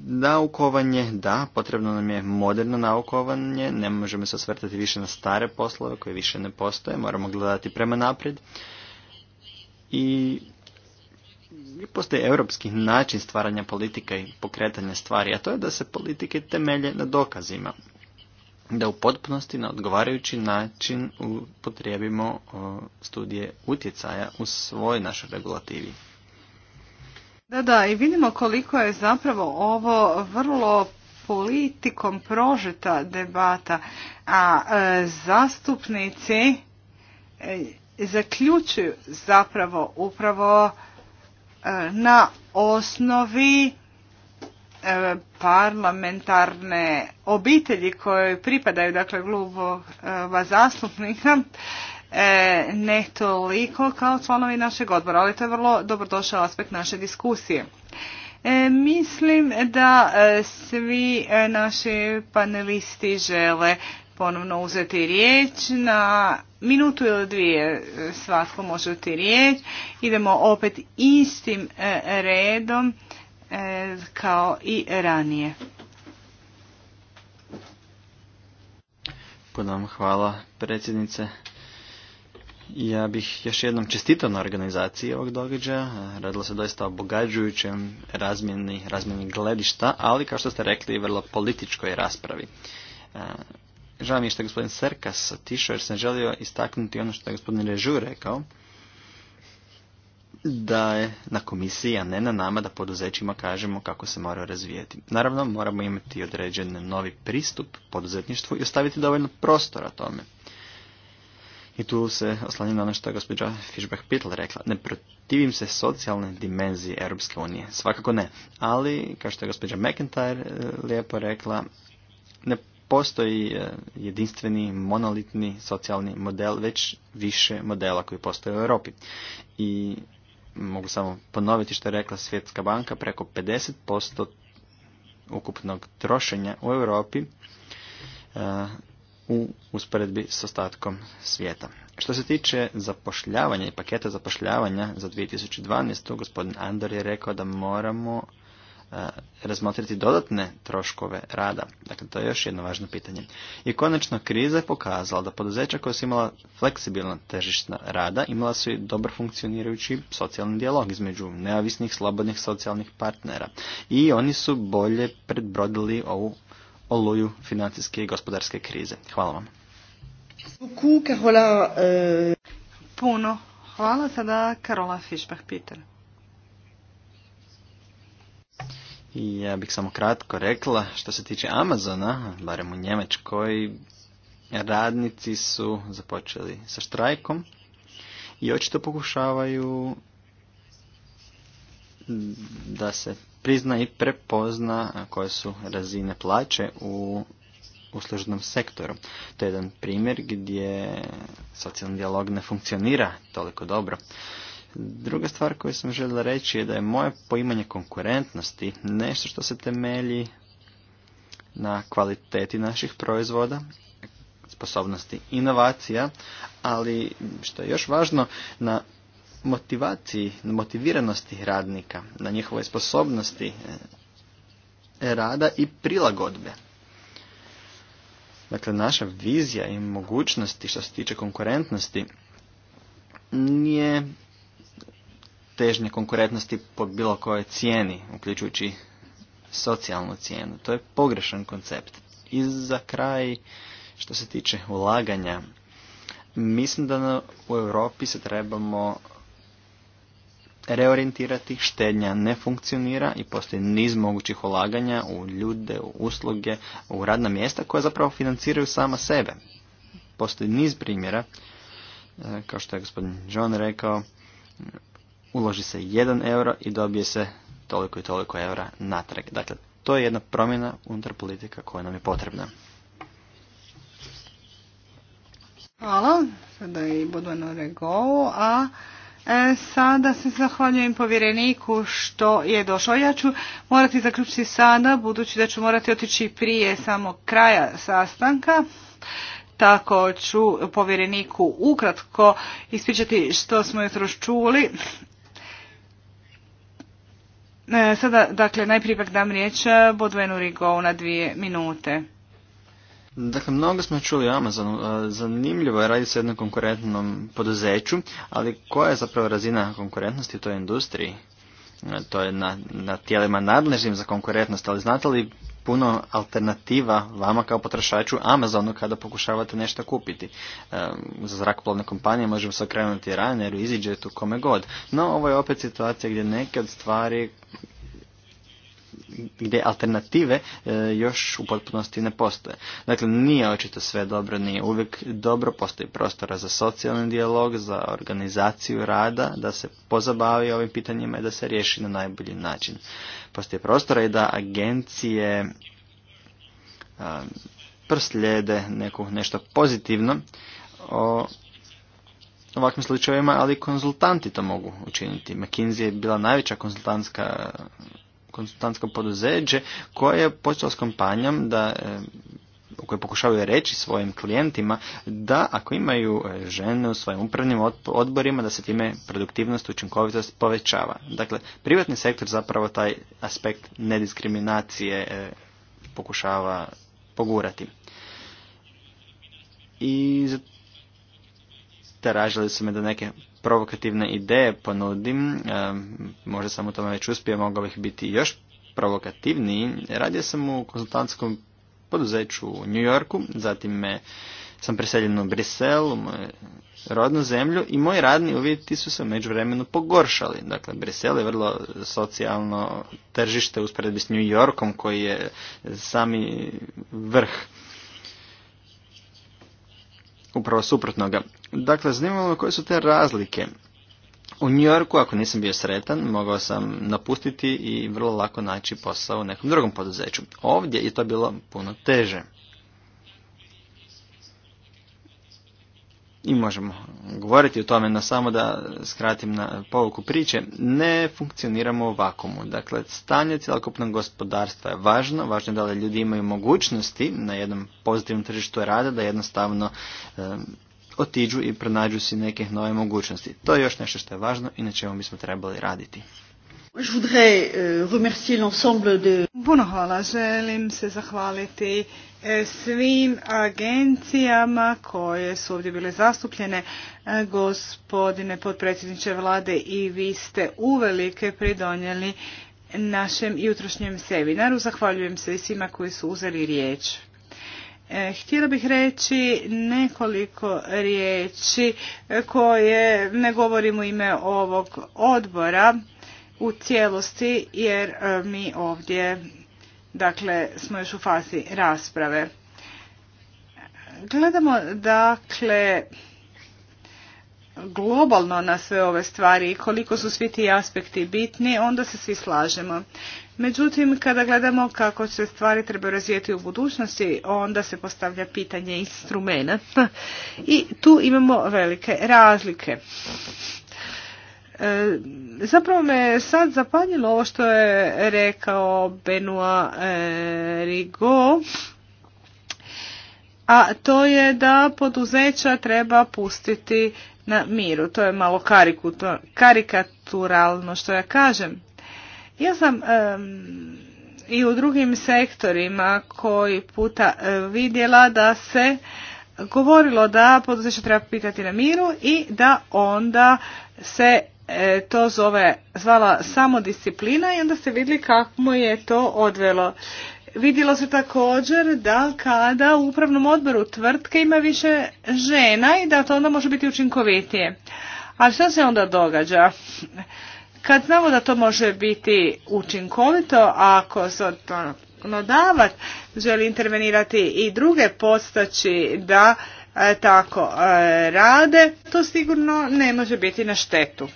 naukovanje, da, potrebno nam je moderno naukovanje, ne možemo se osvrtati više na stare poslove koje više ne postoje, moramo gledati prema naprijed. I postoji europski način stvaranja politika i pokretanja stvari, a to je da se politike temelje na dokazima. Da u potpunosti na odgovarajući način upotrijebimo studije utjecaja u svoj našoj regulativi.
Da, da, i vidimo koliko je zapravo ovo vrlo politikom prožeta debata, a e, zastupnici e, zaključuju zapravo upravo E, na osnovi e, parlamentarne obitelji koje pripadaju dakle klubova zastupnika e, ne toliko kao članovi našeg odbora, ali to je vrlo dobrodošao aspekt naše diskusije. Mislim da svi naši panelisti žele ponovno uzeti riječ na minutu ili dvije e, svatko može ti riječ. Idemo opet istim e, redom e, kao i ranije.
Puno hvala predsjednice. Ja bih još jednom čestitao na organizaciji ovog događaja. Radilo se doista o bogađujućem razmjeni, razmjeni gledišta, ali kao što ste rekli i vrlo političkoj raspravi. Žao mi je što je gospodin Serkas otišao jer sam želio istaknuti ono što je gospodin Režu rekao da je na komisiji, a ne na nama da poduzećima kažemo kako se mora razvijeti. Naravno, moramo imati određen novi pristup poduzetništvu i ostaviti dovoljno prostora tome. I tu se oslanje na ono što je gospođa fishback pittle rekla. Ne protivim se socijalne dimenzije Europske unije. Svakako ne. Ali, kao što je gospođa McIntyre eh, lijepo rekla, ne postoji e, jedinstveni, monolitni socijalni model, već više modela koji postoje u Europi. I mogu samo ponoviti što je rekla Svjetska banka, preko 50% ukupnog trošenja u Europi e, u usporedbi s ostatkom svijeta. Što se tiče zapošljavanja i paketa zapošljavanja za 2012. gospodin Andor je rekao da moramo E, razmotriti dodatne troškove rada. Dakle, to je još jedno važno pitanje. I konačno, kriza je pokazala da poduzeća koja su imala fleksibilna težišna rada imala su i dobro funkcionirajući socijalni dijalog između neovisnih, slobodnih socijalnih partnera. I oni su bolje predbrodili ovu oluju financijske i gospodarske krize. Hvala vam.
Euh, Puno hvala sada Karola Fischbach-Peter.
I Ja bih samo kratko rekla, što se tiče Amazona, barem u Njemačkoj, radnici su započeli sa štrajkom i očito pokušavaju da se prizna i prepozna koje su razine plaće u uslužnom sektoru. To je jedan primjer gdje socijalni dijalog ne funkcionira toliko dobro. Druga stvar koju sam željela reći je da je moje poimanje konkurentnosti nešto što se temelji na kvaliteti naših proizvoda, sposobnosti inovacija, ali što je još važno, na motivaciji, na motiviranosti radnika, na njihovoj sposobnosti eh, rada i prilagodbe. Dakle, naša vizija i mogućnosti što se tiče konkurentnosti nije težnje konkurentnosti po bilo kojoj cijeni, uključujući socijalnu cijenu. To je pogrešan koncept. I za kraj, što se tiče ulaganja, mislim da u Europi se trebamo reorientirati, štednja ne funkcionira i postoji niz mogućih ulaganja u ljude, u usluge, u radna mjesta koja zapravo financiraju sama sebe. Postoji niz primjera, e, kao što je gospodin John rekao, uloži se 1 euro i dobije se toliko i toliko eura natrag. Dakle, to je jedna promjena unutar politika koja nam je potrebna.
Hvala. Sada je i Budvano a e, sada se zahvaljujem povjereniku što je došao. Ja ću morati zaključiti sada, budući da ću morati otići prije samog kraja sastanka. Tako ću povjereniku ukratko ispričati što smo jutro čuli, E, sada, dakle, najprije pak dam riječ e, Bodvenu Rigou na dvije minute.
Dakle, mnogo smo čuli o Amazonu. E, zanimljivo je radi se o jednom konkurentnom poduzeću, ali koja je zapravo razina konkurentnosti u toj industriji? To je na, na tijelima nadležnim za konkurentnost, ali znate li puno alternativa vama kao potrošaču Amazonu kada pokušavate nešto kupiti. E, za zrakoplovne kompanije možemo se okrenuti Ryanairu, EasyJetu, kome god. No, ovo je opet situacija gdje neke od stvari gdje alternative e, još u potpunosti ne postoje. Dakle, nije očito sve dobro, nije uvijek dobro, postoji prostora za socijalni dijalog, za organizaciju rada, da se pozabavi ovim pitanjima i da se riješi na najbolji način. Postoji prostora i da agencije e, prslijede neku nešto pozitivno o ovakvim slučajevima, ali konzultanti to mogu učiniti. McKinsey je bila najveća konzultantska konsultantsko poduzeće koje je počelo s kompanjom da e, u kojoj pokušavaju reći svojim klijentima da ako imaju e, žene u svojim upravnim odborima da se time produktivnost, i učinkovitost povećava. Dakle, privatni sektor zapravo taj aspekt nediskriminacije e, pokušava pogurati. I tražili su me da neke provokativne ideje ponudim, možda sam u tome već uspio, mogao bih biti još provokativniji. Radio sam u konzultantskom poduzeću u New Yorku, zatim me sam preseljen u Brisel, u moju rodnu zemlju i moji radni uvjeti su se među vremenu pogoršali. Dakle, Brisel je vrlo socijalno tržište usporedbi s New Yorkom koji je sami vrh upravo suprotnoga. Dakle, zanima koje su te razlike. U New Yorku, ako nisam bio sretan, mogao sam napustiti i vrlo lako naći posao u nekom drugom poduzeću. Ovdje je to bilo puno teže. i možemo govoriti o tome, no samo da skratim na povuku priče, ne funkcioniramo u vakumu. Dakle, stanje cjelokupnog gospodarstva je važno, važno je da li ljudi imaju mogućnosti na jednom pozitivnom tržištu rada da jednostavno otiđu i pronađu si neke nove mogućnosti. To je još nešto što je važno i na čemu bismo trebali raditi.
Euh, Puno hvala. Želim se zahvaliti e, svim agencijama koje su ovdje bile zastupljene. E, gospodine potpredsjedniče vlade i vi ste uvelike pridonijeli našem jutrošnjem seminaru. Zahvaljujem se i svima koji su uzeli riječ. E, htjela bih reći nekoliko riječi koje ne govorim u ime ovog odbora u cijelosti jer e, mi ovdje dakle smo još u fazi rasprave. Gledamo dakle globalno na sve ove stvari i koliko su svi ti aspekti bitni, onda se svi slažemo. Međutim, kada gledamo kako se stvari treba razvijeti u budućnosti, onda se postavlja pitanje instrumenta i tu imamo velike razlike. E, zapravo me sad zapanjilo ovo što je rekao Benoit e, Rigaud, a to je da poduzeća treba pustiti na miru. To je malo karikaturalno što ja kažem. Ja sam i u drugim sektorima koji puta e, vidjela da se govorilo da poduzeće treba pitati na miru i da onda se e, to zove, zvala samodisciplina i onda ste vidjeli kako mu je to odvelo. Vidjelo se također da kada u upravnom odboru tvrtke ima više žena i da to onda može biti učinkovitije. Ali što se onda događa? Kad znamo da to može biti učinkovito, ako zakonodavac želi intervenirati i druge postaći da e, tako e, rade, to sigurno ne može biti na štetu.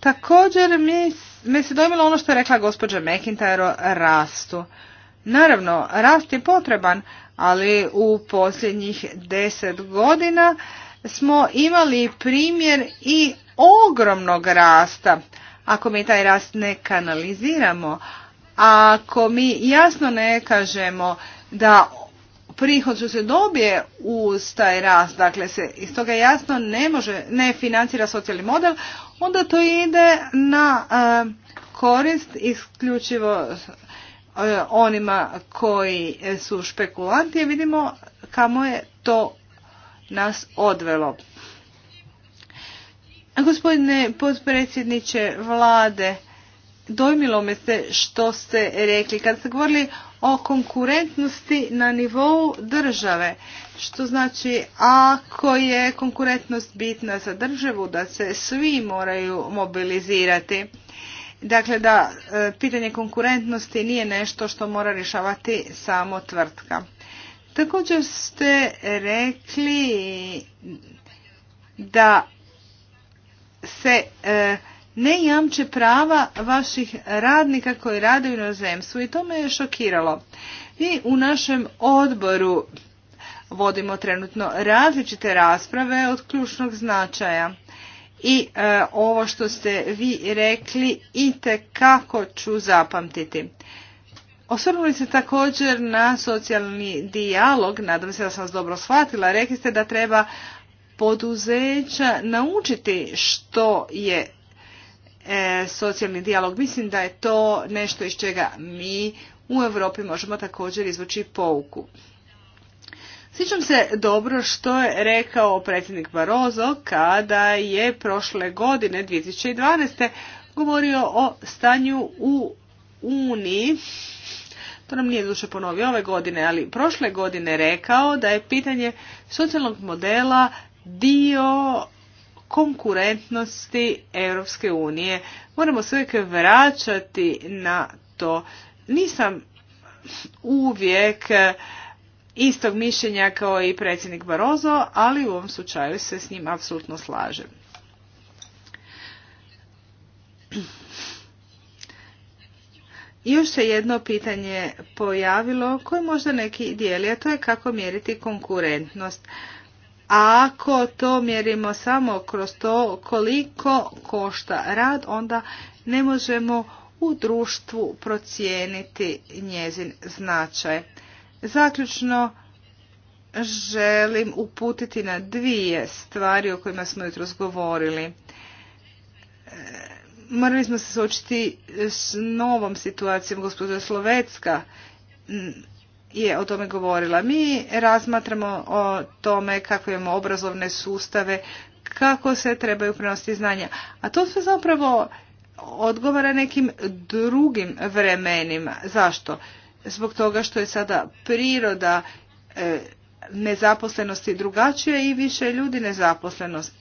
Također mi me se dojmilo ono što je rekla gospođa McIntyre o rastu. Naravno, rast je potreban, ali u posljednjih deset godina smo imali primjer i ogromnog rasta. Ako mi taj rast ne kanaliziramo, ako mi jasno ne kažemo da prihod što se dobije uz taj rast, dakle se iz toga jasno ne može, ne financira socijalni model, onda to ide na e, korist isključivo e, onima koji su špekulanti i vidimo kamo je to nas odvelo. Gospodine potpredsjedniče vlade, dojmilo me se što ste rekli. Kad ste govorili o konkurentnosti na nivou države, što znači ako je konkurentnost bitna za državu, da se svi moraju mobilizirati. Dakle, da e, pitanje konkurentnosti nije nešto što mora rješavati samo tvrtka. Također ste rekli da se e, ne jamče prava vaših radnika koji rade u inozemstvu i to me je šokiralo. Mi u našem odboru vodimo trenutno različite rasprave od ključnog značaja. I e, ovo što ste vi rekli i kako ću zapamtiti. Osvrnuli se također na socijalni dijalog, nadam se da sam vas dobro shvatila, rekli ste da treba poduzeća naučiti što je E, socijalni dijalog. Mislim da je to nešto iz čega mi u Europi možemo također izvući pouku. Sjećam se dobro što je rekao predsjednik Barozo kada je prošle godine 2012. govorio o stanju u Uniji. To nam nije duše ponovio ove godine, ali prošle godine rekao da je pitanje socijalnog modela dio konkurentnosti Europske unije. Moramo se uvijek vraćati na to. Nisam uvijek istog mišljenja kao i predsjednik Barozo, ali u ovom slučaju se s njim apsolutno slažem. Još se jedno pitanje pojavilo koje možda neki dijeli, a to je kako mjeriti konkurentnost. A ako to mjerimo samo kroz to koliko košta rad, onda ne možemo u društvu procijeniti njezin značaj. Zaključno želim uputiti na dvije stvari o kojima smo jutros govorili. E, morali smo se suočiti s novom situacijom gospođa Slovecka je o tome govorila. Mi razmatramo o tome kako imamo obrazovne sustave, kako se trebaju prenositi znanja. A to sve zapravo odgovara nekim drugim vremenima. Zašto? Zbog toga što je sada priroda e, nezaposlenosti drugačija i više ljudi nezaposlenost.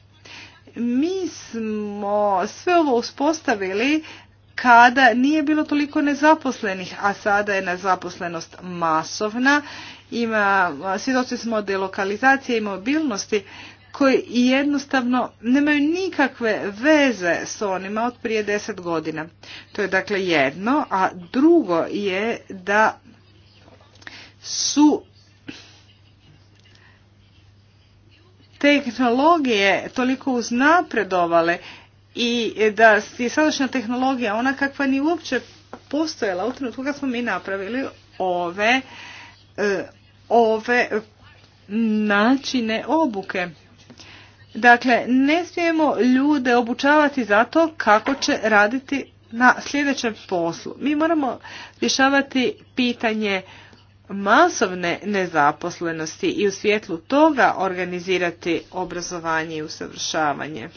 Mi smo sve ovo uspostavili kada nije bilo toliko nezaposlenih, a sada je nezaposlenost masovna. Ima, svjedoci smo delokalizacije i mobilnosti koji jednostavno nemaju nikakve veze s onima od prije deset godina. To je dakle jedno, a drugo je da su tehnologije toliko uznapredovale i da je sadašnja tehnologija ona kakva ni uopće postojala u trenutku kad smo mi napravili ove, e, ove načine obuke. Dakle, ne smijemo ljude obučavati zato kako će raditi na sljedećem poslu. Mi moramo rješavati pitanje masovne nezaposlenosti i u svjetlu toga organizirati obrazovanje i usavršavanje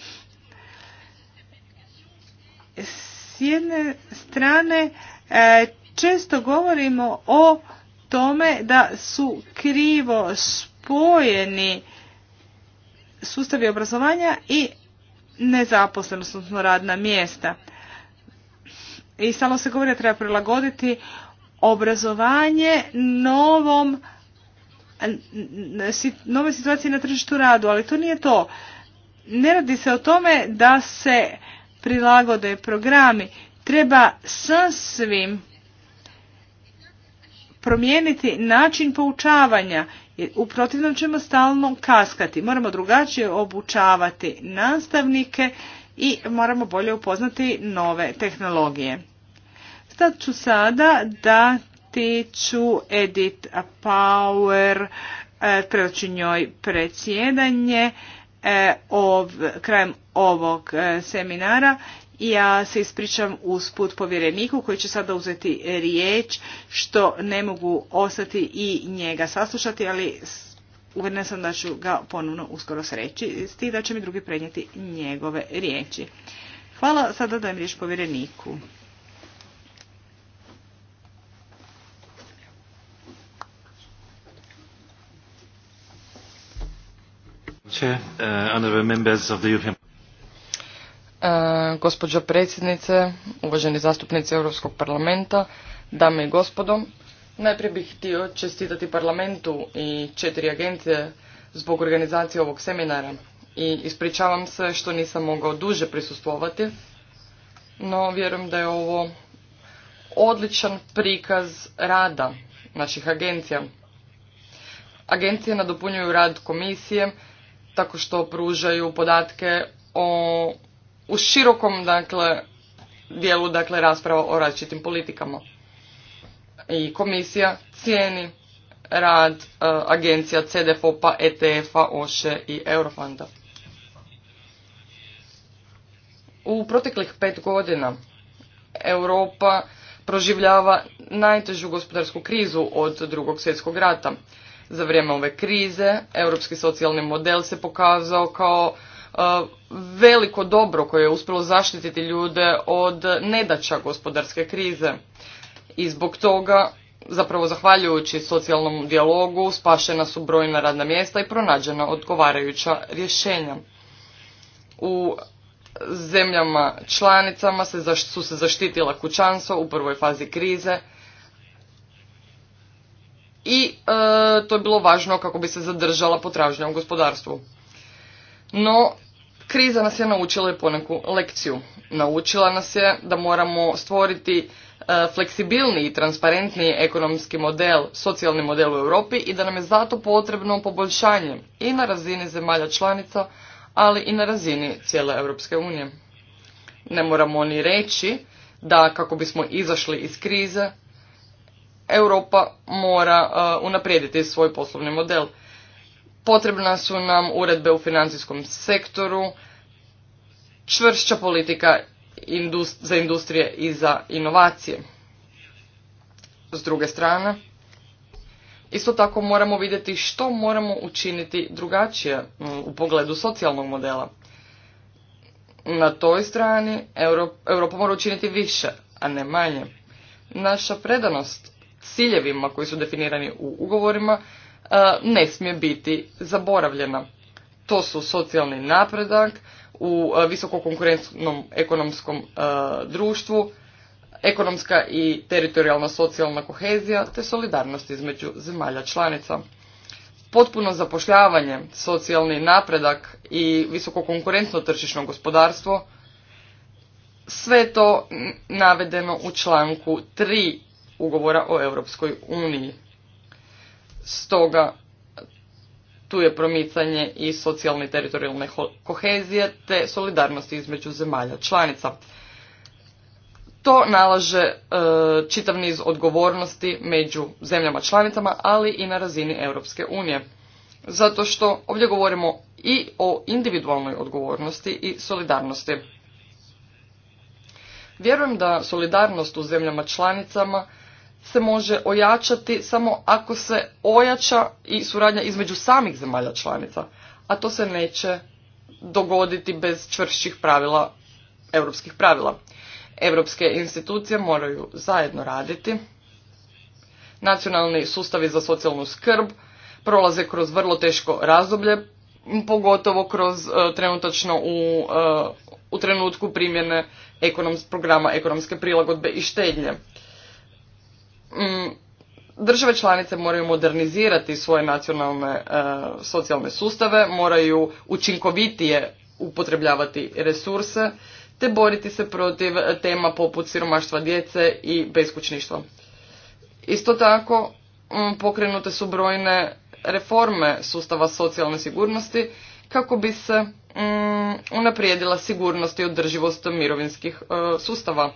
s jedne strane e, često govorimo o tome da su krivo spojeni sustavi obrazovanja i nezaposlenost, odnosno radna mjesta. I samo se govori da treba prilagoditi obrazovanje novom nove situacije na tržištu radu, ali to nije to. Ne radi se o tome da se prilagode programi. Treba svim promijeniti način poučavanja. Jer u protivnom ćemo stalno kaskati. Moramo drugačije obučavati nastavnike i moramo bolje upoznati nove tehnologije. Sad ću sada dati ću Edit Power, eh, preoći njoj predsjedanje. E, ov, krajem ovog e, seminara. Ja se ispričam usput povjereniku koji će sada uzeti riječ što ne mogu ostati i njega saslušati, ali uvjerena sam da ću ga ponovno uskoro sreći, s tim da će mi drugi prenijeti njegove riječi. Hvala, sada dajem riječ povjereniku. Eh,
eh, gospođo predsjednice, uvaženi zastupnici Europskog parlamenta, dame i gospodo, najprije bih htio čestitati parlamentu i četiri agencije zbog organizacije ovog seminara i ispričavam se što nisam mogao duže prisustvovati, no vjerujem da je ovo odličan prikaz rada naših agencija. Agencije nadopunjuju rad komisije tako što pružaju podatke o, u širokom dakle, dijelu dakle, rasprava o različitim politikama. I komisija cijeni rad e, agencija CDFOPA, ETF-a, OŠE i Eurofonda. U proteklih pet godina Europa proživljava najtežu gospodarsku krizu od drugog svjetskog rata za vrijeme ove krize. Europski socijalni model se pokazao kao e, veliko dobro koje je uspjelo zaštititi ljude od nedaća gospodarske krize. I zbog toga, zapravo zahvaljujući socijalnom dijalogu, spašena su brojna radna mjesta i pronađena odgovarajuća rješenja. U zemljama članicama se su se zaštitila kućanstva u prvoj fazi krize, i e, to je bilo važno kako bi se zadržala potražnja u gospodarstvu. No, kriza nas je naučila i poneku lekciju. Naučila nas je da moramo stvoriti e, fleksibilniji i transparentniji ekonomski model, socijalni model u Europi i da nam je zato potrebno poboljšanje i na razini zemalja članica, ali i na razini cijele Europske unije. Ne moramo ni reći da kako bismo izašli iz krize Europa mora e, unaprijediti svoj poslovni model. Potrebna su nam uredbe u financijskom sektoru, čvršća politika za industrije i za inovacije. S druge strane, isto tako moramo vidjeti što moramo učiniti drugačije mm, u pogledu socijalnog modela. Na toj strani Europa mora učiniti više, a ne manje. Naša predanost ciljevima koji su definirani u ugovorima e, ne smije biti zaboravljena. To su socijalni napredak u e, visokokonkurentnom ekonomskom e, društvu, ekonomska i teritorijalna socijalna kohezija te solidarnost između zemalja članica. Potpuno zapošljavanje, socijalni napredak i visokokonkurentno tržišno gospodarstvo sve to navedeno u članku 3 ugovora o Europskoj uniji. Stoga tu je promicanje i socijalne i teritorijalne kohezije te solidarnosti između zemalja članica. To nalaže e, čitav niz odgovornosti među zemljama članicama, ali i na razini Europske unije. Zato što ovdje govorimo i o individualnoj odgovornosti i solidarnosti. Vjerujem da solidarnost u zemljama članicama se može ojačati samo ako se ojača i suradnja između samih zemalja članica, a to se neće dogoditi bez čvršćih pravila, europskih pravila. Europske institucije moraju zajedno raditi. Nacionalni sustavi za socijalnu skrb prolaze kroz vrlo teško razdoblje, pogotovo kroz e, trenutačno u, e, u trenutku primjene ekonoms, programa ekonomske prilagodbe i štednje. Mm, države članice moraju modernizirati svoje nacionalne e, socijalne sustave, moraju učinkovitije upotrebljavati resurse te boriti se protiv tema poput siromaštva djece i beskućništva. Isto tako mm, pokrenute su brojne reforme sustava socijalne sigurnosti kako bi se mm, unaprijedila sigurnost i održivost mirovinskih e, sustava.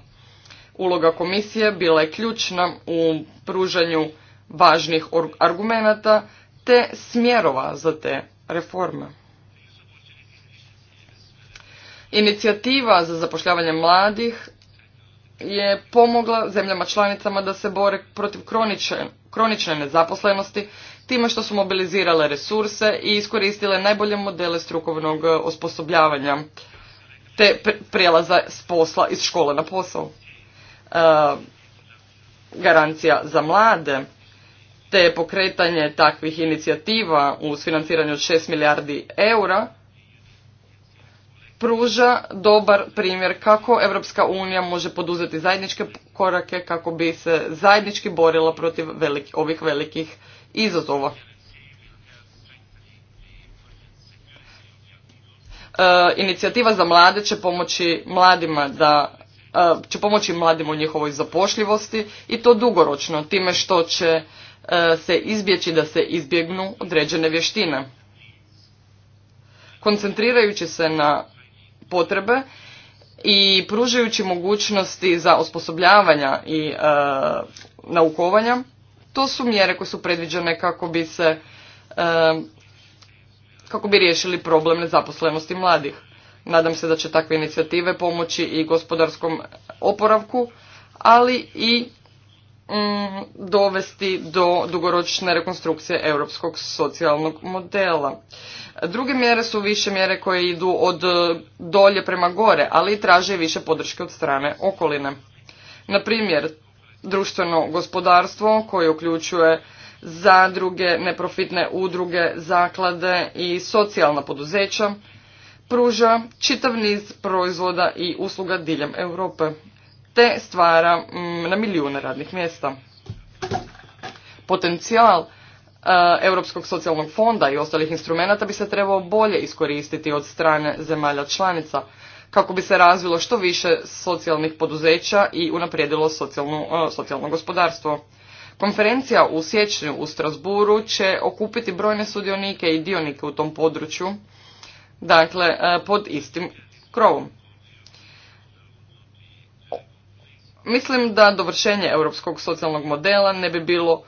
Uloga komisije bila je ključna u pružanju važnih argumenata te smjerova za te reforme. Inicijativa za zapošljavanje mladih je pomogla zemljama članicama da se bore protiv kronične, kronične nezaposlenosti time što su mobilizirale resurse i iskoristile najbolje modele strukovnog e, osposobljavanja te prijelaza s posla iz škole na posao. Eh, garancija za mlade, te pokretanje takvih inicijativa u financiranje od 6 milijardi eura, pruža dobar primjer kako Europska unija može poduzeti zajedničke korake kako bi se zajednički borila protiv ovih velikih izazova. Eh, inicijativa za mlade će pomoći mladima da će pomoći mladim u njihovoj zapošljivosti i to dugoročno, time što će se izbjeći da se izbjegnu određene vještine. Koncentrirajući se na potrebe i pružajući mogućnosti za osposobljavanja i naukovanja, to su mjere koje su predviđene kako bi se kako bi riješili problem nezaposlenosti mladih. Nadam se da će takve inicijative pomoći i gospodarskom oporavku, ali i mm, dovesti do dugoročne rekonstrukcije europskog socijalnog modela. Druge mjere su više mjere koje idu od e, dolje prema gore, ali i traže više podrške od strane okoline. Na primjer, društveno gospodarstvo koje uključuje zadruge, neprofitne udruge, zaklade i socijalna poduzeća, pruža čitav niz proizvoda i usluga diljem Europe, te stvara mm, na milijune radnih mjesta. Potencijal eh, Europskog socijalnog fonda i ostalih instrumenata bi se trebao bolje iskoristiti od strane zemalja članica kako bi se razvilo što više socijalnih poduzeća i unaprijedilo eh, socijalno gospodarstvo. Konferencija u siječnju u Strasburu će okupiti brojne sudionike i dionike u tom području dakle e, pod istim krovom. Mislim da dovršenje europskog socijalnog modela ne bi bilo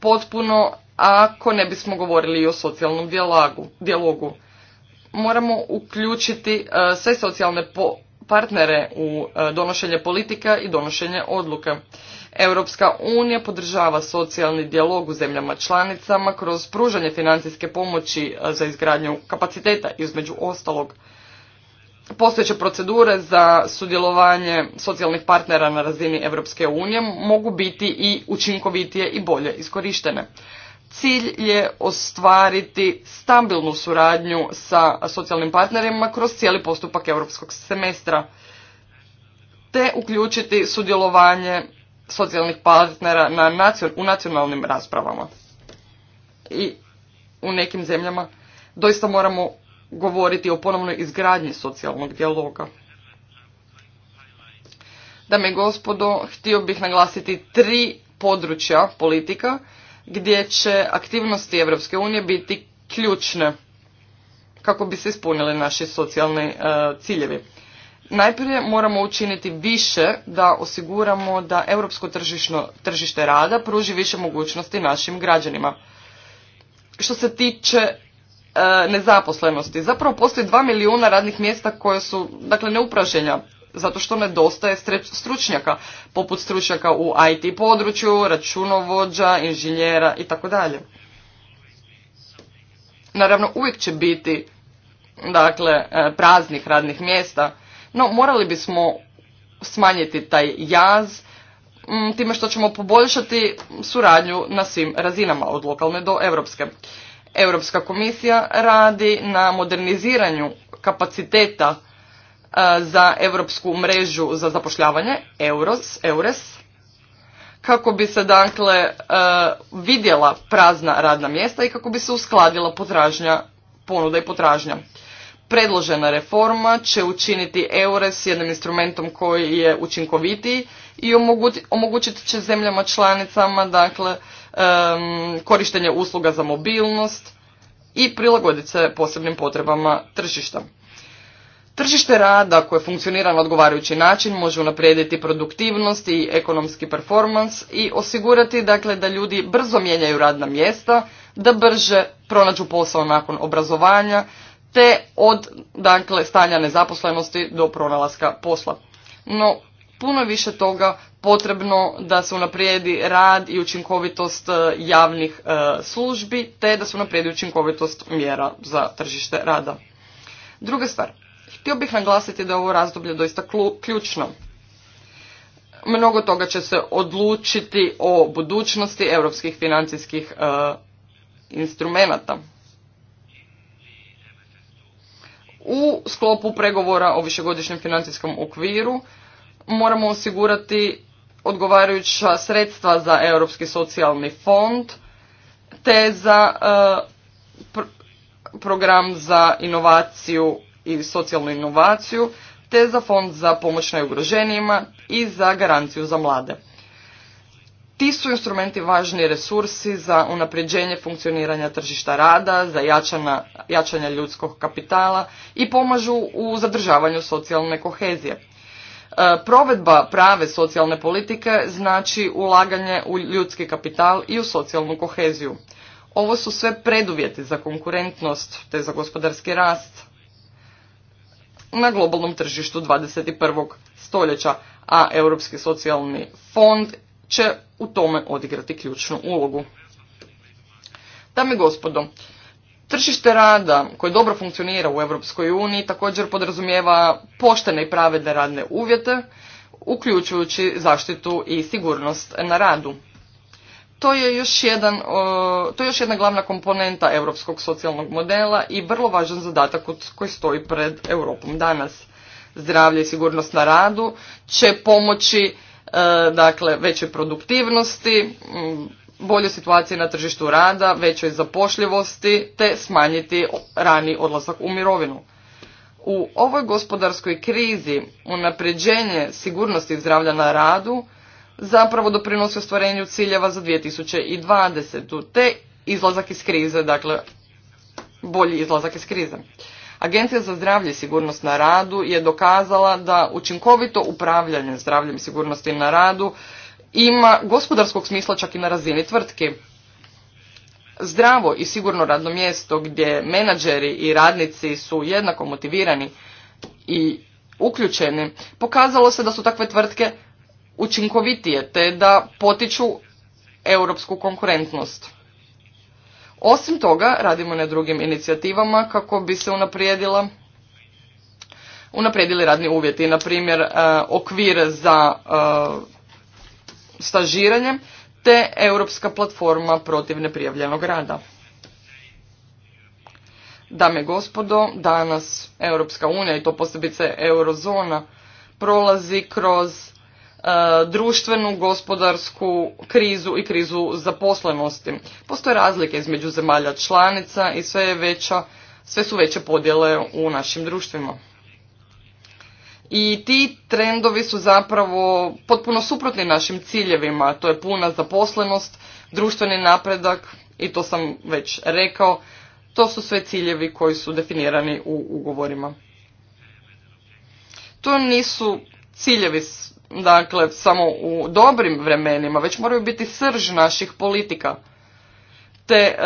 potpuno ako ne bismo govorili i o socijalnom dijalogu. Moramo uključiti e, sve socijalne po partnere u e, donošenje politika i donošenje odluka. Europska unija podržava socijalni dijalog u zemljama članicama kroz pružanje financijske pomoći e, za izgradnju kapaciteta između ostalog. Postojeće procedure za sudjelovanje socijalnih partnera na razini Europske unije mogu biti i učinkovitije i bolje iskorištene. Cilj je ostvariti stabilnu suradnju sa socijalnim partnerima kroz cijeli postupak europskog semestra, te uključiti sudjelovanje socijalnih partnera na u nacionalnim raspravama. I u nekim zemljama doista moramo govoriti o ponovnoj izgradnji socijalnog dijaloga. Dame i gospodo, htio bih naglasiti tri područja politika gdje će aktivnosti Europske unije biti ključne kako bi se ispunili naši socijalni e, ciljevi. Najprije moramo učiniti više da osiguramo da europsko tržište rada pruži više mogućnosti našim građanima. Što se tiče e, nezaposlenosti, zapravo postoji dva milijuna radnih mjesta koje su dakle neupraženja zato što nedostaje stručnjaka, poput stručnjaka u IT području, računovođa, inženjera i tako dalje. Naravno, uvijek će biti dakle, e, praznih radnih mjesta, no morali bismo smanjiti taj jaz, time što ćemo poboljšati suradnju na svim razinama, od lokalne do europske. Europska komisija radi na moderniziranju kapaciteta za europsku mrežu za zapošljavanje, EUROS, EURES, kako bi se dakle vidjela prazna radna mjesta i kako bi se uskladila potražnja, ponuda i potražnja. Predložena reforma će učiniti EURES jednim instrumentom koji je učinkovitiji i omogućiti će zemljama članicama dakle, korištenje usluga za mobilnost i prilagoditi se posebnim potrebama tržišta. Tržište rada koje funkcionira na odgovarajući način može unaprijediti produktivnost i ekonomski performans i osigurati dakle da ljudi brzo mijenjaju radna mjesta, da brže pronađu posao nakon obrazovanja, te od dakle stanja nezaposlenosti do pronalaska posla. No puno više toga potrebno da se unaprijedi rad i učinkovitost e, javnih e, službi, te da se unaprijedi učinkovitost mjera za tržište rada. Druga stvar, Htio bih naglasiti da je ovo razdoblje doista ključno. Mnogo toga će se odlučiti o budućnosti europskih financijskih e, instrumenata. U sklopu pregovora o višegodišnjem financijskom okviru moramo osigurati odgovarajuća sredstva za Europski socijalni fond te za e, program za inovaciju i socijalnu inovaciju, te za fond za pomoć najugroženijima i za garanciju za mlade. Ti su instrumenti važni resursi za unapređenje funkcioniranja tržišta rada, za jačanje ljudskog kapitala i pomažu u zadržavanju socijalne kohezije. E, provedba prave socijalne politike znači ulaganje u ljudski kapital i u socijalnu koheziju. Ovo su sve preduvjeti za konkurentnost te za gospodarski rast na globalnom tržištu 21. stoljeća, a Europski socijalni fond će u tome odigrati ključnu ulogu. Dame i gospodo, tržište rada koje dobro funkcionira u Europskoj uniji također podrazumijeva poštene i pravedne radne uvjete, uključujući zaštitu i sigurnost na radu to je još jedan, to je još jedna glavna komponenta europskog socijalnog modela i vrlo važan zadatak koji stoji pred Europom danas. Zdravlje i sigurnost na radu će pomoći e, dakle većoj produktivnosti, bolje situacije na tržištu rada, većoj zapošljivosti te smanjiti rani odlazak u mirovinu. U ovoj gospodarskoj krizi unapređenje sigurnosti zdravlja na radu zapravo doprinosi ostvarenju ciljeva za 2020. te izlazak iz krize, dakle bolji izlazak iz krize. Agencija za zdravlje i sigurnost na radu je dokazala da učinkovito upravljanje zdravljem i sigurnosti na radu ima gospodarskog smisla čak i na razini tvrtke. Zdravo i sigurno radno mjesto gdje menadžeri i radnici su jednako motivirani i uključeni, pokazalo se da su takve tvrtke učinkovitije te da potiču europsku konkurentnost. Osim toga, radimo na drugim inicijativama kako bi se unaprijedila unaprijedili radni uvjeti, na primjer e, okvir za e, stažiranje te europska platforma protiv neprijavljenog rada. Dame i gospodo, danas Europska unija i to posebice eurozona prolazi kroz E, društvenu, gospodarsku krizu i krizu zaposlenosti. Postoje razlike između zemalja članica i sve, je veća, sve su veće podjele u našim društvima. I ti trendovi su zapravo potpuno suprotni našim ciljevima, to je puna zaposlenost, društveni napredak i to sam već rekao, to su sve ciljevi koji su definirani u ugovorima. To nisu ciljevi dakle samo u dobrim vremenima, već moraju biti srž naših politika te e,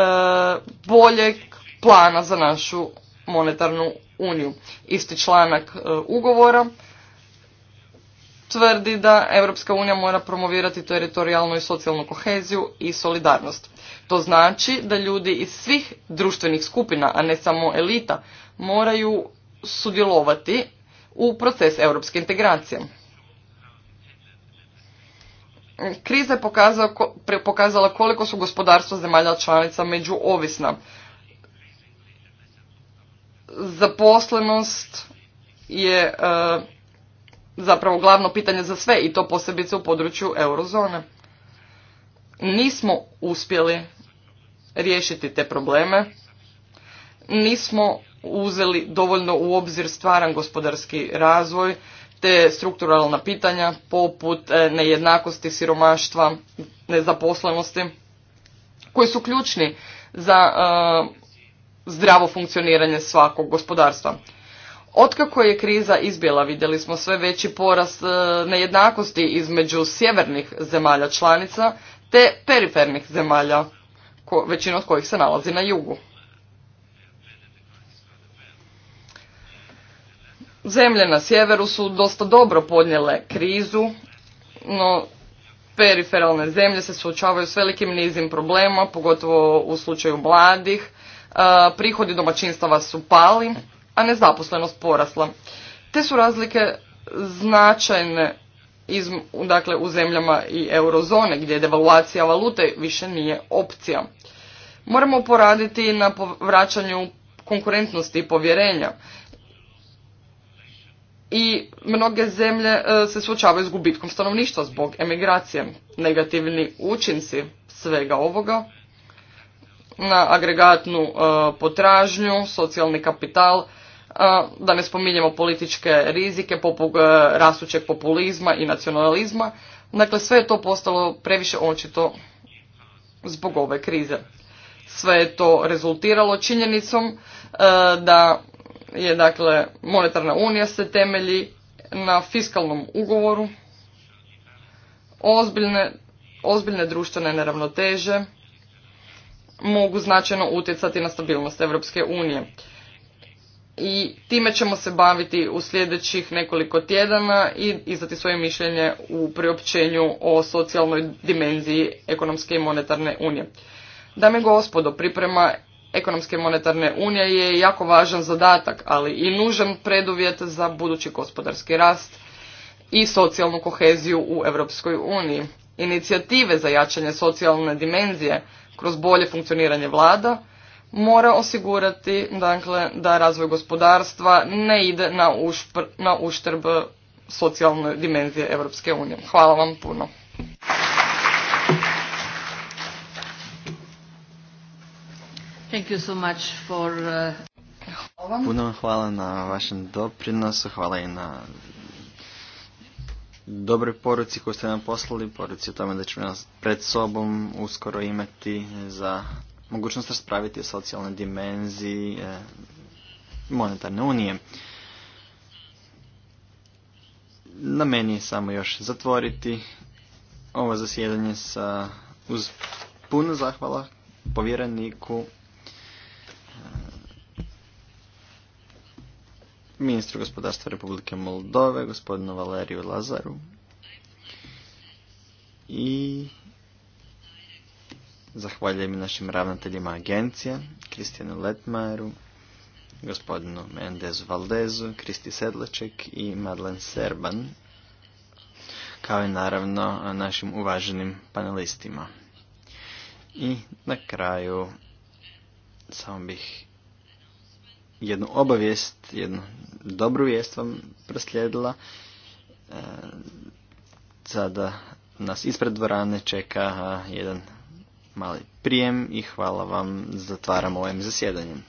boljeg plana za našu monetarnu uniju. Isti članak e, ugovora tvrdi da Europska unija mora promovirati teritorijalnu i socijalnu koheziju i solidarnost. To znači da ljudi iz svih društvenih skupina, a ne samo elita, moraju sudjelovati u proces europske integracije kriza je pokazala koliko su gospodarstva zemalja članica međuovisna. Zaposlenost je e, zapravo glavno pitanje za sve i to posebice u području eurozone. Nismo uspjeli riješiti te probleme, nismo uzeli dovoljno u obzir stvaran gospodarski razvoj, te strukturalna pitanja poput e, nejednakosti, siromaštva, nezaposlenosti, koji su ključni za e, zdravo funkcioniranje svakog gospodarstva. Otkako je kriza izbjela, vidjeli smo sve veći porast e, nejednakosti između sjevernih zemalja članica te perifernih zemalja, ko, većina od kojih se nalazi na jugu. Zemlje na sjeveru su dosta dobro podnijele krizu, no periferalne zemlje se suočavaju s velikim nizim problema, pogotovo u slučaju mladih. E, prihodi domaćinstava su pali, a nezaposlenost porasla. Te su razlike značajne iz, dakle, u zemljama i eurozone gdje devaluacija valute više nije opcija. Moramo poraditi na povraćanju konkurentnosti i povjerenja i mnoge zemlje e, se suočavaju s gubitkom stanovništva zbog emigracije. Negativni učinci svega ovoga na agregatnu e, potražnju, socijalni kapital, e, da ne spominjemo političke rizike poput rasućeg populizma i nacionalizma. Dakle, sve je to postalo previše očito zbog ove krize. Sve je to rezultiralo činjenicom da je dakle monetarna unija se temelji na fiskalnom ugovoru, ozbiljne, ozbiljne društvene neravnoteže mogu značajno utjecati na stabilnost Europske unije. I time ćemo se baviti u sljedećih nekoliko tjedana i izdati svoje mišljenje u priopćenju o socijalnoj dimenziji ekonomske i monetarne unije. Dame gospodo, priprema ekonomske i monetarne unije je jako važan zadatak, ali i nužan preduvjet za budući gospodarski rast i socijalnu koheziju u Europskoj uniji. Inicijative za jačanje socijalne dimenzije kroz bolje funkcioniranje vlada mora osigurati dakle, da razvoj gospodarstva ne ide na, na uštrb socijalne dimenzije Europske unije. Hvala vam puno.
Thank uh, hvala. Puno
hvala na vašem doprinosu, hvala i na dobroj poruci koju ste nam poslali, poruci o tome da ćemo nas pred sobom uskoro imati za mogućnost raspraviti o socijalnoj dimenziji e, monetarne unije. Na meni je samo još zatvoriti ovo zasjedanje sa, uz puno zahvala povjereniku ministru gospodarstva Republike Moldove, gospodinu Valeriju Lazaru i zahvaljujem našim ravnateljima agencija, Kristijanu Letmajeru, gospodinu Mendezu Valdezu, Kristi Sedlaček i Madlen Serban, kao i naravno našim uvaženim panelistima. I na kraju samo bih jednu obavijest, jednu dobru vijest vam proslijedila. E, sada nas ispred dvorane čeka jedan mali prijem i hvala vam, zatvaram ovim zasjedanjem.